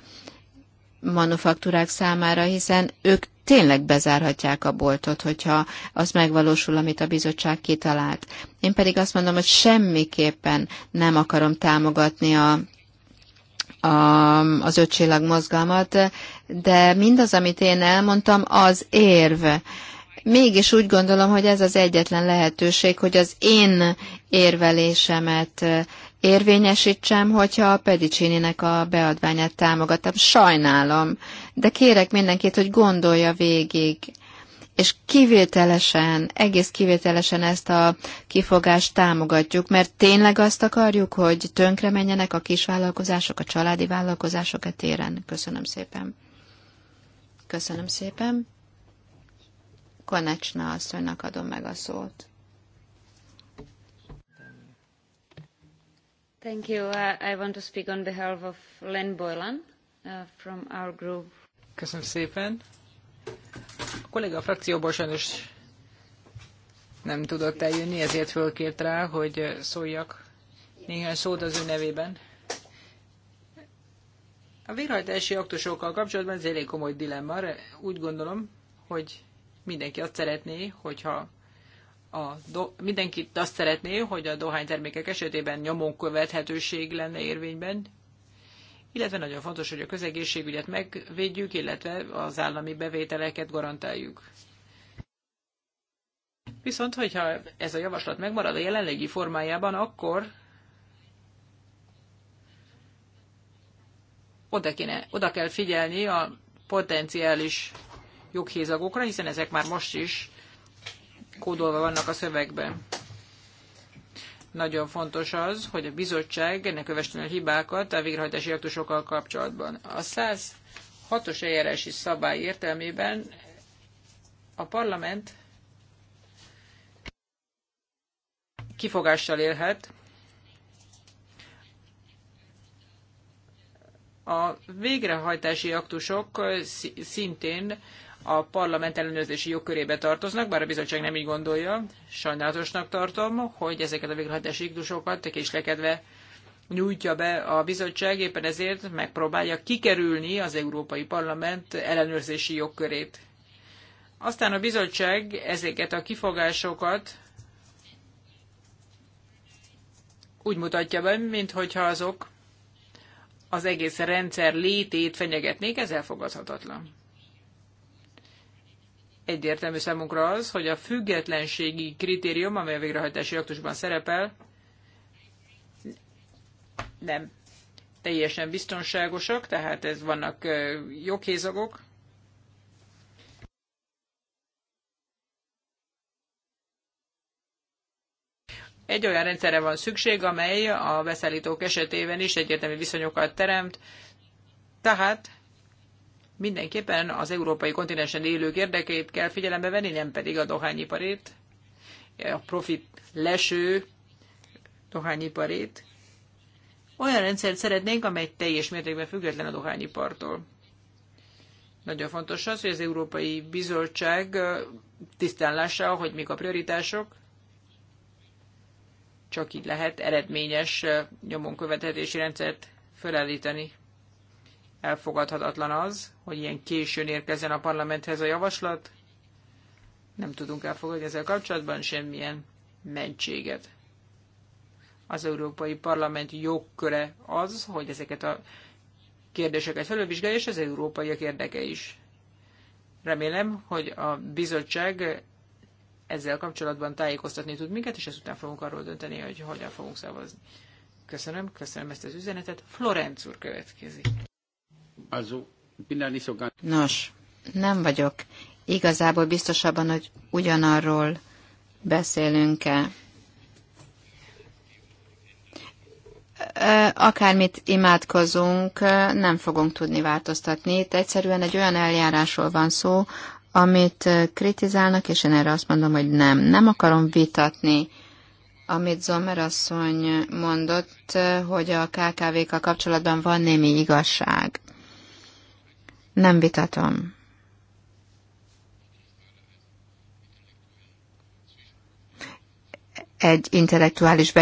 manufaktúrák számára, hiszen ők tényleg bezárhatják a boltot, hogyha az megvalósul, amit a bizottság kitalált. Én pedig azt mondom, hogy semmiképpen nem akarom támogatni a a, az ötcsillag mozgalmat, de mindaz, amit én elmondtam, az érv. Mégis úgy gondolom, hogy ez az egyetlen lehetőség, hogy az én érvelésemet eh, érvényesítsem, hogyha a Pedicininek a beadványát támogatom. Sajnálom, de kérek mindenkit, hogy gondolja végig és kivételesen, egész kivételesen ezt a kifogást támogatjuk, mert tényleg azt akarjuk, hogy tönkre menjenek a kisvállalkozások, a családi vállalkozások a e téren. Köszönöm szépen. Köszönöm szépen. Konecsna asszonynak adom meg a szót. Thank you. Uh, I want to speak on behalf of Len Boylan uh, from our group. Köszönöm szépen. A kolléga a frakcióból sajnos nem tudott eljönni, ezért fölkért rá, hogy szóljak néhány szót az ő nevében. A végrehajtási aktusokkal kapcsolatban ez elég komoly dilemma. Úgy gondolom, hogy mindenki azt szeretné, hogyha a do, mindenki azt szeretné, hogy a dohánytermékek esetében nyomon követhetőség lenne érvényben, illetve nagyon fontos, hogy a közegészségügyet megvédjük, illetve az állami bevételeket garantáljuk. Viszont, hogyha ez a javaslat megmarad a jelenlegi formájában, akkor oda, kéne, oda kell figyelni a potenciális joghézagokra, hiszen ezek már most is kódolva vannak a szövegben. Nagyon fontos az, hogy a bizottság ne kövessen el hibákat a végrehajtási aktusokkal kapcsolatban. A 106-os eljárási szabály értelmében a parlament kifogással élhet A végrehajtási aktusok szintén a parlament ellenőrzési jogkörébe tartoznak, bár a bizottság nem így gondolja. Sajnálatosnak tartom, hogy ezeket a végrehajtási aktusokat késlekedve nyújtja be a bizottság, éppen ezért megpróbálja kikerülni az Európai Parlament ellenőrzési jogkörét. Aztán a bizottság ezeket a kifogásokat úgy mutatja be, hogyha azok az egész rendszer létét fenyegetnék, ez elfogadhatatlan. Egyértelmű számunkra az, hogy a függetlenségi kritérium, amely a végrehajtási aktusban szerepel, nem teljesen biztonságosak, tehát ez vannak joghézagok, Egy olyan rendszerre van szükség, amely a beszállítók esetében is egyértelmű viszonyokat teremt, tehát mindenképpen az európai kontinensen élők érdekeit kell figyelembe venni, nem pedig a dohányiparét, a profit leső dohányiparét. Olyan rendszert szeretnénk, amely teljes mértékben független a dohányipartól. Nagyon fontos az, hogy az Európai Bizottság tisztán lássa, hogy mik a prioritások, csak így lehet eredményes nyomonkövetetési rendszert felállítani. Elfogadhatatlan az, hogy ilyen későn érkezzen a parlamenthez a javaslat. Nem tudunk elfogadni ezzel kapcsolatban semmilyen mentséget. Az Európai Parlament jogköre az, hogy ezeket a kérdéseket felülvizsgálja, és az európaiak érdeke is. Remélem, hogy a bizottság ezzel kapcsolatban tájékoztatni tud minket, és ezután fogunk arról dönteni, hogy hogyan fogunk szavazni. Köszönöm, köszönöm ezt az üzenetet. Florenc úr következik. Nos, nem vagyok igazából biztos abban, hogy ugyanarról beszélünk-e. Akármit imádkozunk, nem fogunk tudni változtatni. Itt egyszerűen egy olyan eljárásról van szó, amit kritizálnak, és én erre azt mondom, hogy nem. Nem akarom vitatni, amit Zomer asszony mondott, hogy a KKV-kkal kapcsolatban van némi igazság. Nem vitatom. egy intellektuális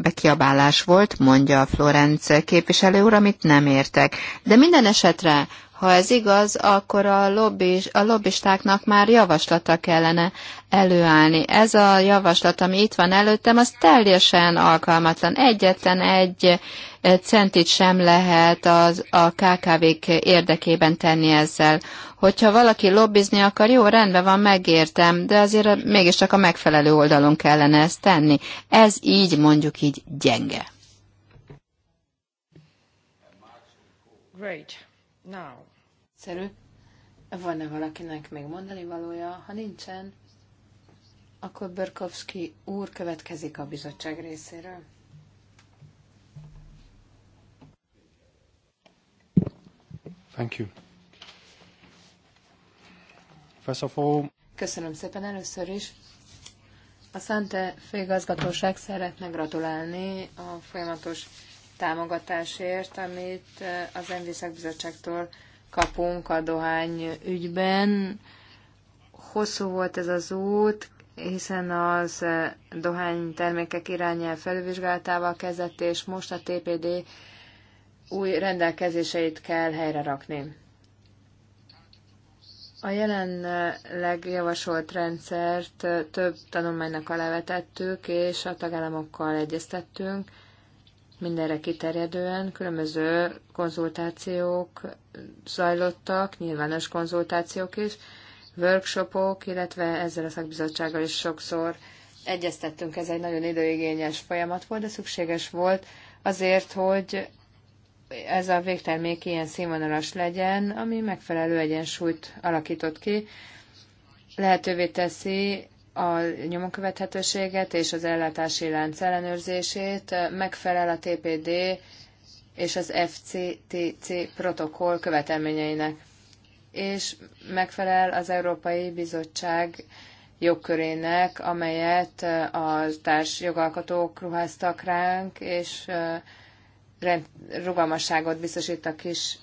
bekiabálás volt, mondja a Florence képviselő úr, amit nem értek. De minden esetre ha ez igaz, akkor a, lobbis, a lobbistáknak már javaslata kellene előállni. Ez a javaslat, ami itt van előttem, az teljesen alkalmatlan. Egyetlen egy e, centit sem lehet az, a KKV-k érdekében tenni ezzel. Hogyha valaki lobbizni akar, jó, rendben van, megértem, de azért mégiscsak a megfelelő oldalon kellene ezt tenni. Ez így mondjuk így gyenge. Great. Now egyszerű. Van-e valakinek még mondani valója? Ha nincsen, akkor Börkovski úr következik a bizottság részéről. Thank you. First of all... Köszönöm szépen először is. A Szente Főigazgatóság szeretne gratulálni a folyamatos támogatásért, amit az Envészek bizottságtól kapunk a dohány ügyben. Hosszú volt ez az út, hiszen az dohány termékek irányel felvizsgálatával kezdett, és most a TPD új rendelkezéseit kell helyre rakni. A jelenleg javasolt rendszert több tanulmánynak alávetettük, és a tagállamokkal egyeztettünk, mindenre kiterjedően különböző konzultációk zajlottak, nyilvános konzultációk is, workshopok, illetve ezzel a szakbizottsággal is sokszor egyeztettünk. Ez egy nagyon időigényes folyamat volt, de szükséges volt azért, hogy ez a végtermék ilyen színvonalas legyen, ami megfelelő egyensúlyt alakított ki, lehetővé teszi a nyomonkövethetőséget és az ellátási lánc ellenőrzését megfelel a TPD és az FCTC protokoll követelményeinek, és megfelel az Európai Bizottság jogkörének, amelyet a társ jogalkotók ruháztak ránk, és rugalmasságot biztosít a kis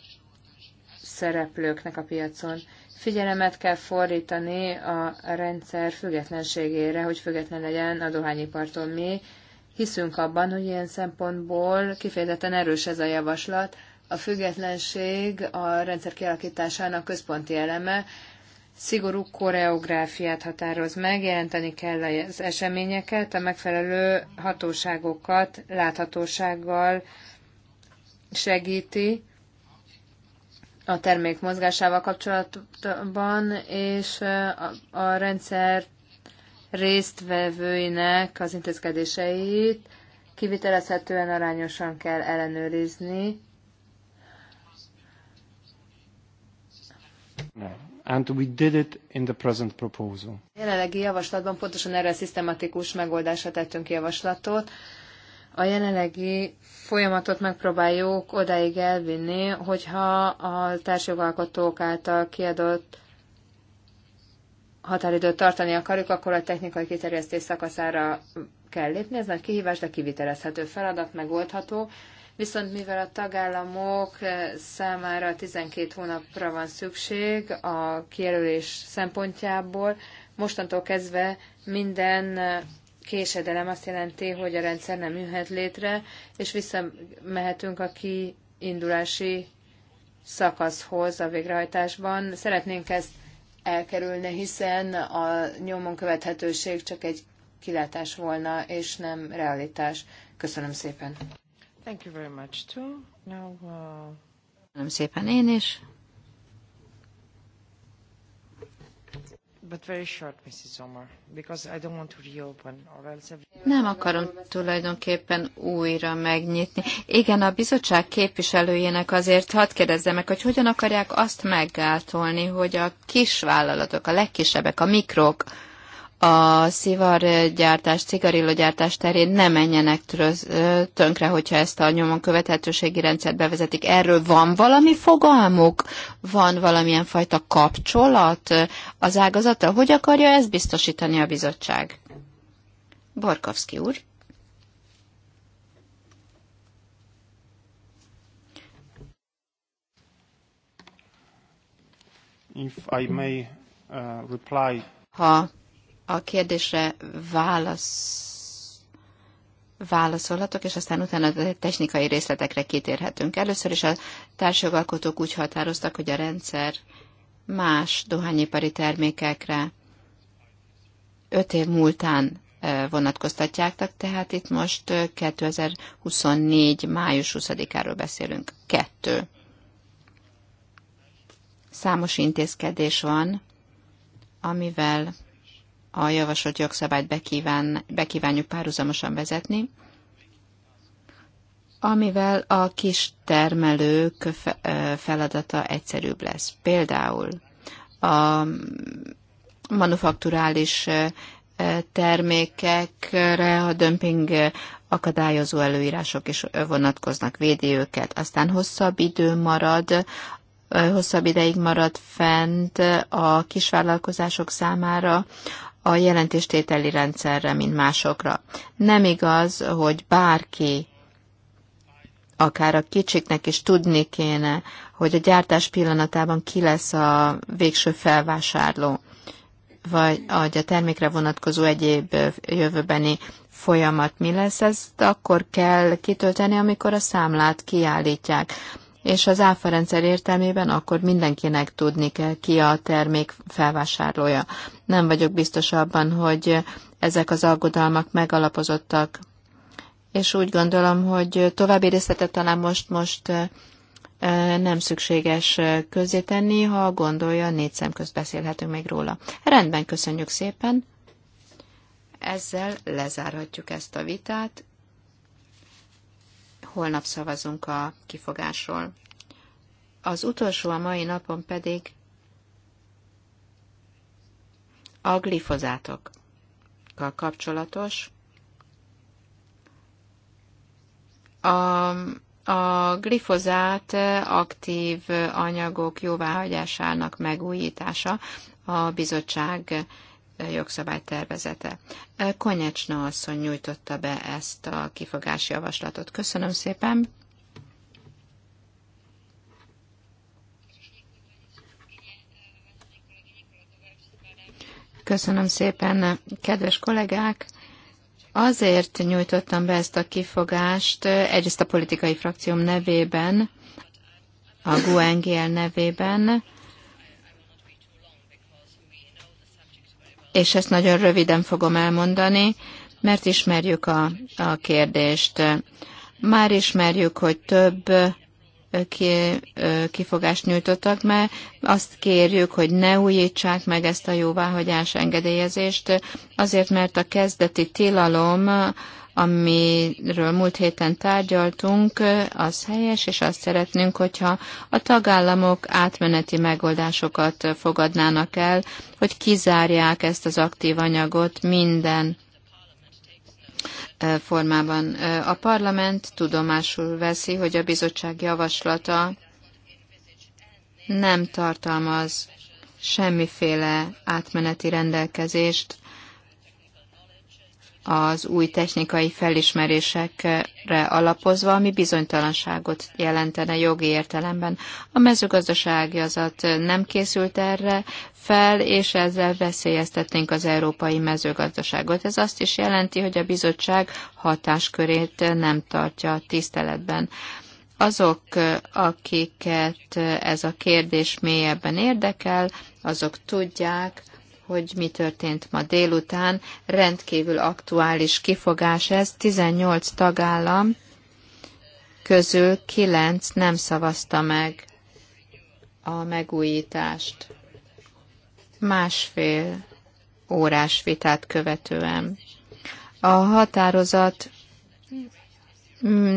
szereplőknek a piacon figyelemet kell fordítani a rendszer függetlenségére, hogy független legyen a dohányipartól mi. Hiszünk abban, hogy ilyen szempontból kifejezetten erős ez a javaslat. A függetlenség a rendszer kialakításának központi eleme, szigorú koreográfiát határoz meg, jelenteni kell az eseményeket, a megfelelő hatóságokat láthatósággal segíti, a termék mozgásával kapcsolatban, és a, a rendszer résztvevőinek az intézkedéseit kivitelezhetően arányosan kell ellenőrizni. And we did it in the present proposal. Jelenlegi javaslatban pontosan erre a szisztematikus megoldásra tettünk javaslatot a jelenlegi folyamatot megpróbáljuk odáig elvinni, hogyha a társjogalkotók által kiadott határidőt tartani akarjuk, akkor a technikai kiterjesztés szakaszára kell lépni. Ez nagy kihívás, de kivitelezhető feladat, megoldható. Viszont mivel a tagállamok számára 12 hónapra van szükség a kijelölés szempontjából, mostantól kezdve minden késedelem azt jelenti, hogy a rendszer nem jöhet létre, és visszamehetünk a kiindulási szakaszhoz a végrehajtásban. Szeretnénk ezt elkerülni, hiszen a nyomon követhetőség csak egy kilátás volna, és nem realitás. Köszönöm szépen. Thank you very much too. Now, uh... Köszönöm szépen én is. Nem akarom tulajdonképpen újra megnyitni. Igen, a bizottság képviselőjének azért hadd kérdezze meg, hogy hogyan akarják azt meggátolni, hogy a kisvállalatok, a legkisebbek, a mikrok, a szivargyártás, cigarillogyártás terén ne menjenek tönkre, hogyha ezt a nyomon követhetőségi rendszert bevezetik. Erről van valami fogalmuk? Van valamilyen fajta kapcsolat az ágazata? Hogy akarja ezt biztosítani a bizottság? Borkovszki úr. If I may, uh, reply. Ha a kérdésre válasz válaszolhatok, és aztán utána a technikai részletekre kitérhetünk. Először is a társjogalkotók úgy határoztak, hogy a rendszer más dohányipari termékekre öt év múltán vonatkoztatják, tehát itt most 2024. május 20-áról beszélünk. Kettő. Számos intézkedés van, amivel a javasolt jogszabályt bekíván, bekívánjuk párhuzamosan vezetni, amivel a kis termelők feladata egyszerűbb lesz. Például a manufakturális termékekre a dömping akadályozó előírások is vonatkoznak, védi őket. Aztán hosszabb idő marad, hosszabb ideig marad fent a kisvállalkozások számára a jelentéstételi rendszerre, mint másokra. Nem igaz, hogy bárki, akár a kicsiknek is tudni kéne, hogy a gyártás pillanatában ki lesz a végső felvásárló, vagy a termékre vonatkozó egyéb jövőbeni folyamat mi lesz, ezt akkor kell kitölteni, amikor a számlát kiállítják és az áfa rendszer értelmében akkor mindenkinek tudni kell, ki a termék felvásárlója. Nem vagyok biztos abban, hogy ezek az aggodalmak megalapozottak, és úgy gondolom, hogy további részletet talán most, most nem szükséges közétenni ha gondolja, négy szem közt beszélhetünk még róla. Rendben, köszönjük szépen. Ezzel lezárhatjuk ezt a vitát holnap szavazunk a kifogásról. Az utolsó a mai napon pedig a glifozátokkal kapcsolatos. A, a glifozát aktív anyagok jóváhagyásának megújítása a bizottság jogszabálytervezete. Konyecsna asszony nyújtotta be ezt a kifogási javaslatot. Köszönöm szépen! Köszönöm szépen, kedves kollégák! Azért nyújtottam be ezt a kifogást, egyrészt a politikai frakcióm nevében, a GUNGL nevében, és ezt nagyon röviden fogom elmondani, mert ismerjük a, a kérdést. Már ismerjük, hogy több ki, kifogást nyújtottak, mert azt kérjük, hogy ne újítsák meg ezt a jóváhagyás engedélyezést, azért mert a kezdeti tilalom amiről múlt héten tárgyaltunk, az helyes, és azt szeretnénk, hogyha a tagállamok átmeneti megoldásokat fogadnának el, hogy kizárják ezt az aktív anyagot minden eh, formában. Eh, a parlament tudomásul veszi, hogy a bizottság javaslata nem tartalmaz semmiféle átmeneti rendelkezést az új technikai felismerésekre alapozva, ami bizonytalanságot jelentene jogi értelemben. A mezőgazdasági azat nem készült erre fel, és ezzel veszélyeztetnénk az európai mezőgazdaságot. Ez azt is jelenti, hogy a bizottság hatáskörét nem tartja tiszteletben azok, akiket ez a kérdés mélyebben érdekel, azok tudják, hogy mi történt ma délután. Rendkívül aktuális kifogás ez. 18 tagállam közül 9 nem szavazta meg a megújítást. Másfél órás vitát követően. A határozat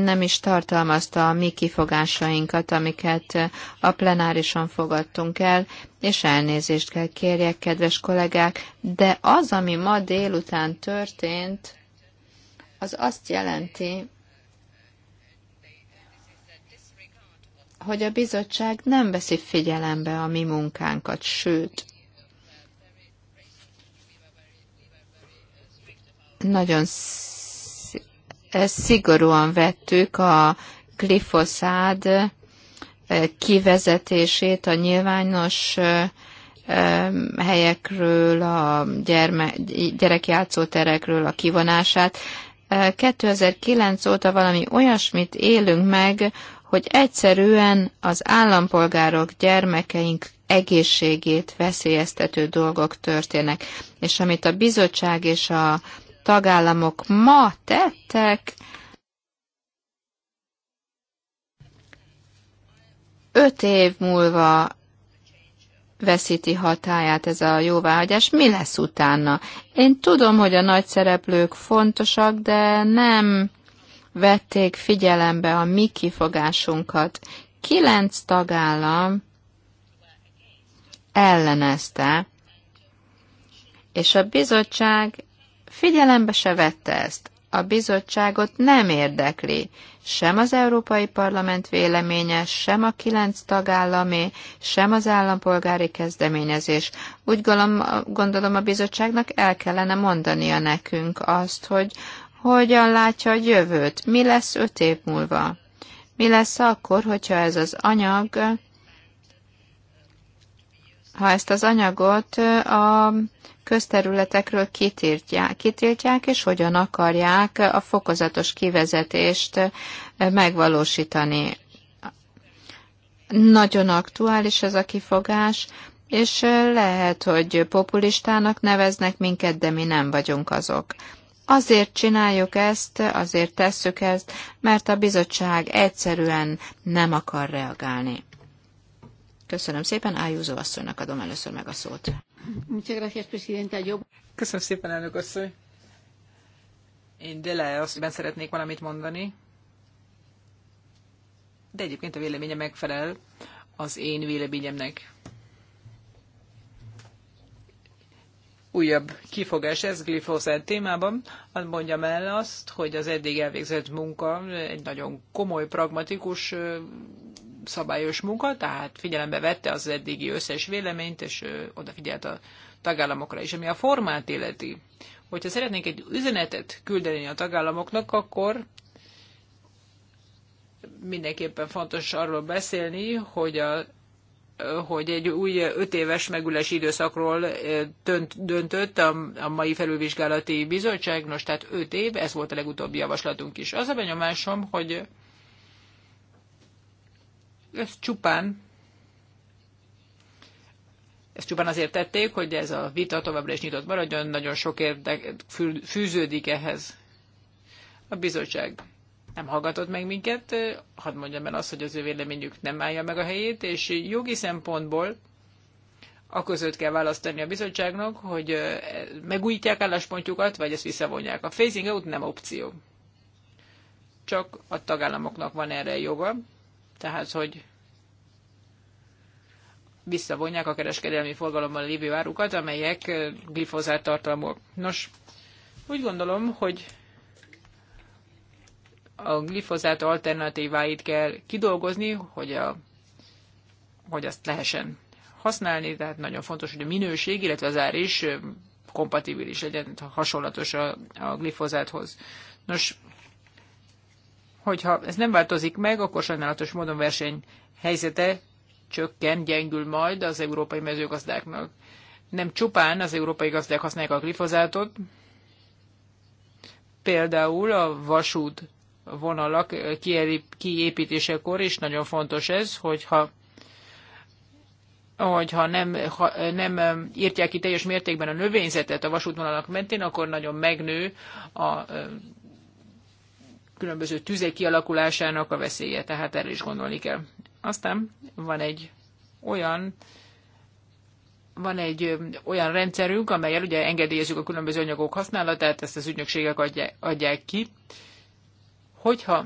nem is tartalmazta a mi kifogásainkat, amiket eh, a plenárison fogadtunk el, és elnézést kell kérjek, kedves kollégák, de az, ami ma délután történt, az azt jelenti, hogy a bizottság nem veszi figyelembe a mi munkánkat, sőt, nagyon szigorúan vettük a glifoszád kivezetését a nyilvános helyekről, a gyerme, gyerekjátszóterekről a kivonását. 2009 óta valami olyasmit élünk meg, hogy egyszerűen az állampolgárok, gyermekeink egészségét veszélyeztető dolgok történnek. És amit a bizottság és a tagállamok ma tettek, öt év múlva veszíti hatáját ez a jóváhagyás, mi lesz utána? Én tudom, hogy a nagy szereplők fontosak, de nem vették figyelembe a mi kifogásunkat. Kilenc tagállam ellenezte, és a bizottság figyelembe se vette ezt. A bizottságot nem érdekli, sem az Európai Parlament véleménye, sem a kilenc tagállamé, sem az állampolgári kezdeményezés. Úgy gondolom a bizottságnak el kellene mondania nekünk azt, hogy hogyan látja a jövőt, mi lesz öt év múlva. Mi lesz akkor, hogyha ez az anyag ha ezt az anyagot a közterületekről kitiltják, kitiltják és hogyan akarják a fokozatos kivezetést megvalósítani. Nagyon aktuális ez a kifogás, és lehet, hogy populistának neveznek minket, de mi nem vagyunk azok. Azért csináljuk ezt, azért tesszük ezt, mert a bizottság egyszerűen nem akar reagálni. Köszönöm szépen, Ájúzó asszonynak adom először meg a szót. Köszönöm szépen, elnök asszony. Én Dele asszonyban szeretnék valamit mondani, de egyébként a véleménye megfelel az én véleményemnek. Újabb kifogás ez glifoszát témában. Hát mondjam el azt, hogy az eddig elvégzett munka egy nagyon komoly, pragmatikus szabályos munka, tehát figyelembe vette az eddigi összes véleményt, és odafigyelt a tagállamokra is. Ami a formát illeti, hogyha szeretnénk egy üzenetet küldeni a tagállamoknak, akkor mindenképpen fontos arról beszélni, hogy a hogy egy új öt éves megülési időszakról döntött a, mai felülvizsgálati bizottság, nos tehát öt év, ez volt a legutóbbi javaslatunk is. Az a benyomásom, hogy ez csupán ezt csupán azért tették, hogy ez a vita továbbra is nyitott maradjon, nagyon sok érdek fűződik ehhez. A bizottság nem hallgatott meg minket, hadd mondjam el azt, hogy az ő véleményük nem állja meg a helyét, és jogi szempontból a között kell választani a bizottságnak, hogy megújítják álláspontjukat, vagy ezt visszavonják. A phasing out nem opció. Csak a tagállamoknak van erre joga tehát hogy visszavonják a kereskedelmi forgalommal lévő árukat, amelyek glifozát tartalmúak. Nos, úgy gondolom, hogy a glifozát alternatíváit kell kidolgozni, hogy, a, hogy azt lehessen használni, tehát nagyon fontos, hogy a minőség, illetve az ár is kompatibilis legyen, hasonlatos a, a glifozáthoz. Nos, hogyha ez nem változik meg, akkor sajnálatos módon verseny helyzete csökken, gyengül majd az európai mezőgazdáknak. Nem csupán az európai gazdák használják a glifozátot, például a vasút vonalak kiépítésekor is nagyon fontos ez, hogyha hogyha nem, ha nem írtják ki teljes mértékben a növényzetet a vasútvonalak mentén, akkor nagyon megnő a különböző tüzek kialakulásának a veszélye, tehát erre is gondolni kell. Aztán van egy olyan van egy olyan rendszerünk, amelyel ugye engedélyezzük a különböző anyagok használatát, ezt az ügynökségek adják, adják ki. Hogyha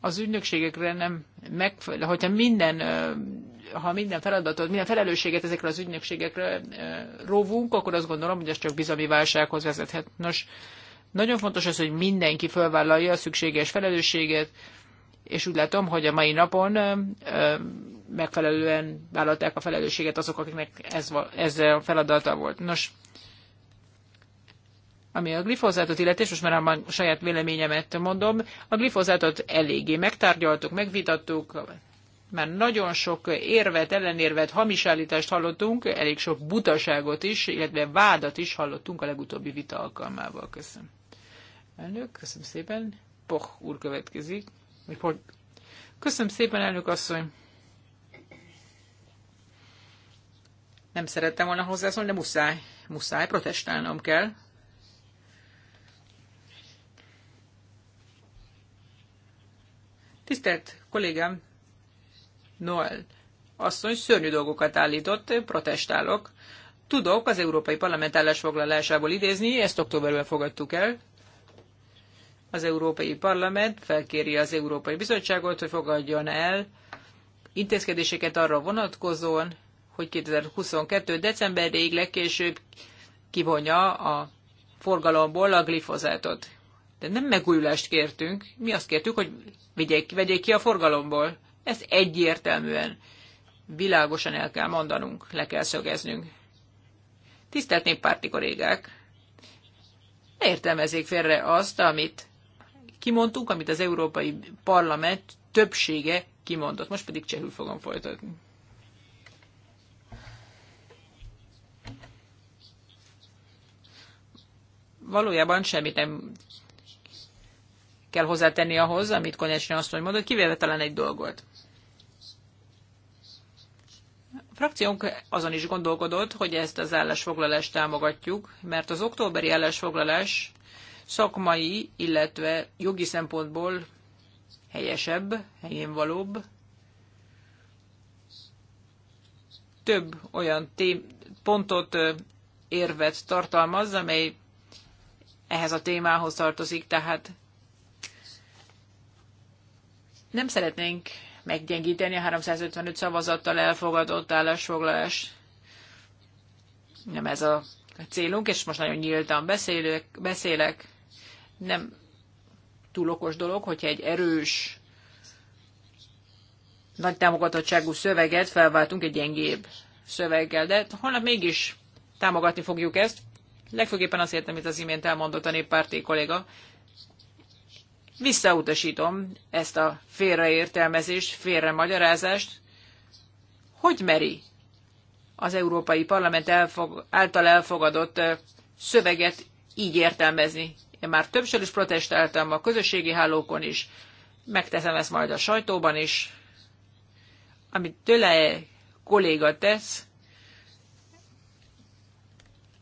az ügynökségekre nem megfelelő, hogyha minden, ha minden feladatot, minden felelősséget ezekre az ügynökségekre róvunk, akkor azt gondolom, hogy ez csak bizalmi válsághoz vezethet. Nos, nagyon fontos az, hogy mindenki felvállalja a szükséges felelősséget, és úgy látom, hogy a mai napon megfelelően vállalták a felelősséget azok, akiknek ez, ez a feladata volt. Nos, ami a glifozátot illeti, és most már a saját véleményemet mondom, a glifozátot eléggé megtárgyaltuk, megvitattuk, már nagyon sok érvet, ellenérvet, hamis állítást hallottunk, elég sok butaságot is, illetve vádat is hallottunk a legutóbbi vita alkalmával. Köszönöm. Elnök, köszönöm szépen. Poch úr következik. Köszönöm szépen, elnök asszony. Nem szerettem volna hozzászólni, de muszáj. Muszáj, protestálnom kell. Tisztelt kollégám, Noel asszony szörnyű dolgokat állított, protestálok. Tudok az Európai Parlament állásfoglalásából idézni, ezt októberben fogadtuk el az Európai Parlament felkéri az Európai Bizottságot, hogy fogadjon el intézkedéseket arra vonatkozóan, hogy 2022. decemberéig legkésőbb kivonja a forgalomból a glifozátot. De nem megújulást kértünk, mi azt kértük, hogy vigyék, vegyék ki a forgalomból. Ezt egyértelműen, világosan el kell mondanunk, le kell szögeznünk. Tisztelt néppárti kollégák! Ne értelmezzék félre azt, amit kimondtunk, amit az Európai Parlament többsége kimondott. Most pedig csehül fogom folytatni. Valójában semmit nem kell hozzátenni ahhoz, amit Konyecsnyi asszony mondott, kivéve talán egy dolgot. A frakciónk azon is gondolkodott, hogy ezt az állásfoglalást támogatjuk, mert az októberi állásfoglalás szakmai, illetve jogi szempontból helyesebb, helyén valóbb. Több olyan pontot, érvet tartalmaz, amely ehhez a témához tartozik, tehát nem szeretnénk meggyengíteni a 355 szavazattal elfogadott állásfoglalás. Nem ez a célunk, és most nagyon nyíltan beszélek, beszélek nem túl okos dolog, hogyha egy erős, nagy támogatottságú szöveget felváltunk egy gyengébb szöveggel, de holnap mégis támogatni fogjuk ezt, legfőképpen azért, amit az imént elmondott a néppárti kolléga, visszautasítom ezt a félreértelmezést, félremagyarázást, hogy meri az Európai Parlament elfog, által elfogadott szöveget így értelmezni. Én már többször is protestáltam a közösségi hálókon is, megteszem ezt majd a sajtóban is. Amit tőle kolléga tesz,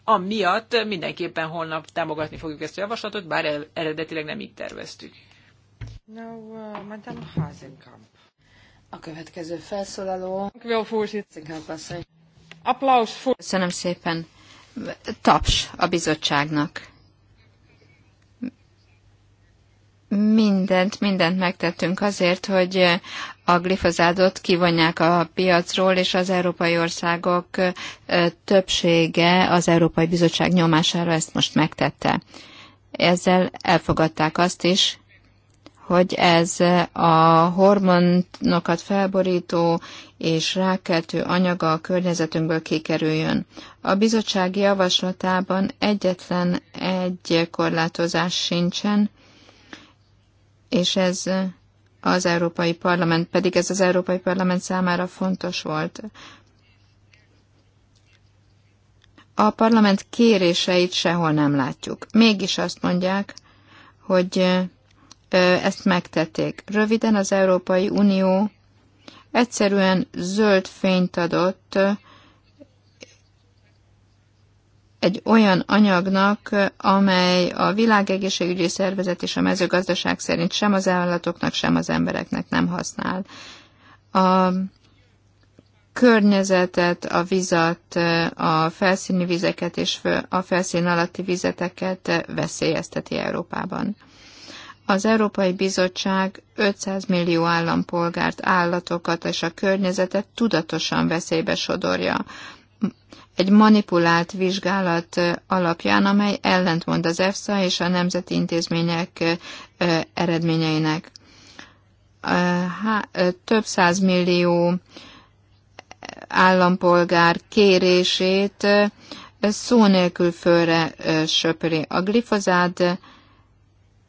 amiatt mindenképpen holnap támogatni fogjuk ezt a javaslatot, bár eredetileg nem így terveztük. No, uh, Madame Hazenkamp. A következő felszólaló. Applaus. Köszönöm szépen. Taps a bizottságnak. mindent, mindent megtettünk azért, hogy a glifozádot kivonják a piacról, és az európai országok többsége az Európai Bizottság nyomására ezt most megtette. Ezzel elfogadták azt is, hogy ez a hormonokat felborító és rákeltő anyaga a környezetünkből kikerüljön. A bizottság javaslatában egyetlen egy korlátozás sincsen, és ez az Európai Parlament, pedig ez az Európai Parlament számára fontos volt. A parlament kéréseit sehol nem látjuk. Mégis azt mondják, hogy ezt megtették. Röviden az Európai Unió egyszerűen zöld fényt adott egy olyan anyagnak, amely a világegészségügyi szervezet és a mezőgazdaság szerint sem az állatoknak, sem az embereknek nem használ. A környezetet, a vizet, a felszíni vizeket és a felszín alatti vizeteket veszélyezteti Európában. Az Európai Bizottság 500 millió állampolgárt, állatokat és a környezetet tudatosan veszélybe sodorja egy manipulált vizsgálat alapján, amely ellentmond az EFSA és a nemzeti intézmények eredményeinek. Több száz millió állampolgár kérését szó nélkül fölre söpöri. A glifozád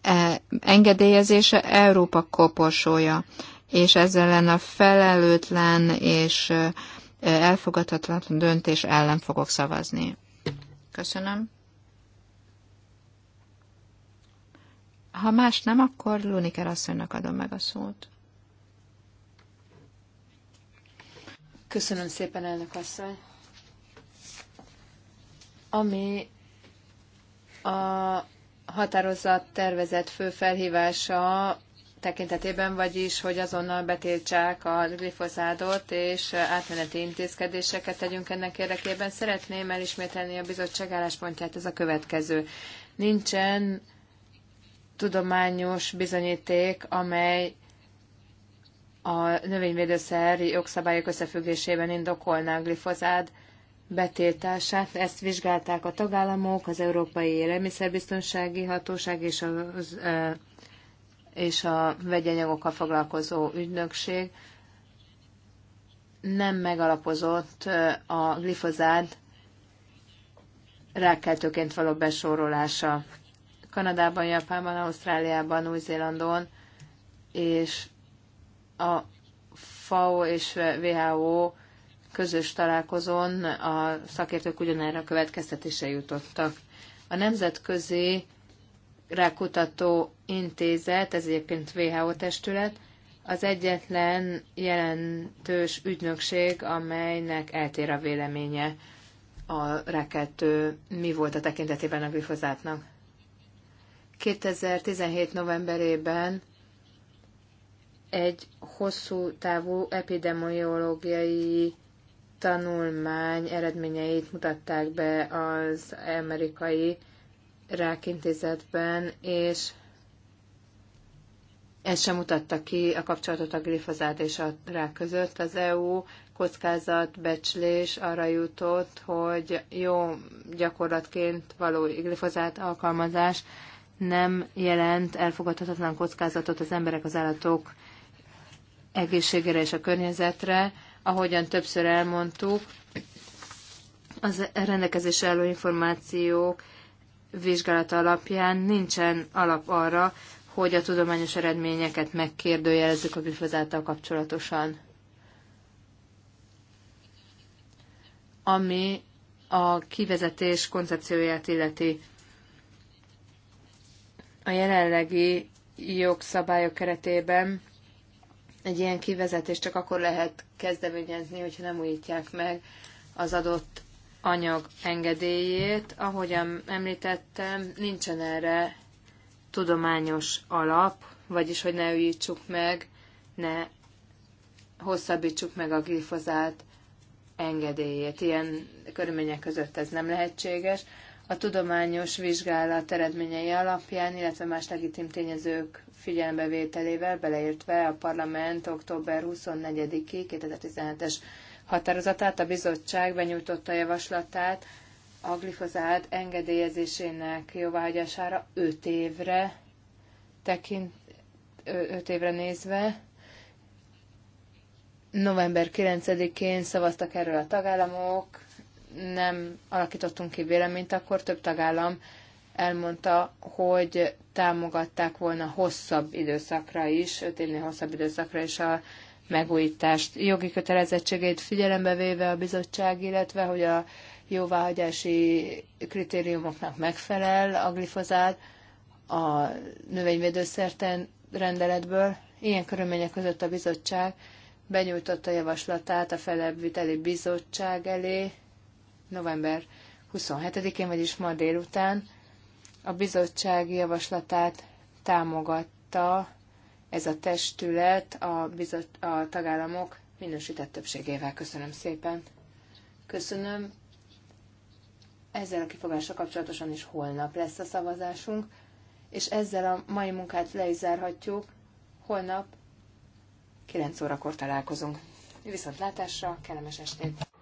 e, engedélyezése Európa koporsója, és ezzel ellen a felelőtlen és elfogadhatatlan döntés ellen fogok szavazni. Köszönöm. Ha más nem, akkor Luniker asszonynak adom meg a szót. Köszönöm szépen, elnök asszony. Ami a határozat tervezett fő felhívása tekintetében, vagyis, hogy azonnal betiltsák a glifozádot, és átmeneti intézkedéseket tegyünk ennek érdekében. Szeretném elismételni a bizottság álláspontját, ez a következő. Nincsen tudományos bizonyíték, amely a növényvédőszer jogszabályok összefüggésében indokolná a glifozád betiltását. Ezt vizsgálták a tagállamok, az Európai Élelmiszerbiztonsági Hatóság és az és a vegyanyagokkal foglalkozó ügynökség nem megalapozott a glifozát rákkeltőként való besorolása. Kanadában, Japánban, Ausztráliában, Új-Zélandon és a FAO és WHO közös találkozón a szakértők ugyanerre a következtetése jutottak. A nemzetközi rákutató intézet, ez egyébként WHO testület, az egyetlen jelentős ügynökség, amelynek eltér a véleménye a rákeltő e mi volt a tekintetében a glifozátnak. 2017. novemberében egy hosszú távú epidemiológiai tanulmány eredményeit mutatták be az amerikai rákintézetben, és ez sem mutatta ki a kapcsolatot a glifozát és a rák között. Az EU kockázatbecslés arra jutott, hogy jó gyakorlatként való glifozát alkalmazás nem jelent elfogadhatatlan kockázatot az emberek, az állatok egészségére és a környezetre. Ahogyan többször elmondtuk, az rendelkezésre álló információk vizsgálata alapján nincsen alap arra, hogy a tudományos eredményeket megkérdőjelezzük a glifozáttal kapcsolatosan. Ami a kivezetés koncepcióját illeti. A jelenlegi jogszabályok keretében egy ilyen kivezetést csak akkor lehet kezdeményezni, hogyha nem újítják meg az adott anyag engedélyét. Ahogyan említettem, nincsen erre tudományos alap, vagyis hogy ne üljítsuk meg, ne hosszabbítsuk meg a glifozát engedélyét. Ilyen körülmények között ez nem lehetséges. A tudományos vizsgálat eredményei alapján, illetve más legitim tényezők figyelembevételével, beleértve a parlament október 24-i 2017-es határozatát, a bizottság benyújtotta javaslatát a glifozát engedélyezésének jóváhagyására 5 évre tekint, 5 évre nézve. November 9-én szavaztak erről a tagállamok, nem alakítottunk ki véleményt, akkor több tagállam elmondta, hogy támogatták volna hosszabb időszakra is, öt évnél hosszabb időszakra is a megújítást. Jogi kötelezettségét figyelembe véve a bizottság, illetve hogy a jóváhagyási kritériumoknak megfelel a glifozát a növényvédőszerten rendeletből. Ilyen körülmények között a bizottság benyújtotta javaslatát a felebbviteli bizottság elé november 27-én, vagyis ma délután. A bizottság javaslatát támogatta ez a testület a, bizot, a tagállamok minősített többségével. Köszönöm szépen. Köszönöm. Ezzel a kifogással kapcsolatosan is holnap lesz a szavazásunk, és ezzel a mai munkát le is zárhatjuk. Holnap 9 órakor találkozunk. Viszontlátásra, kellemes estét!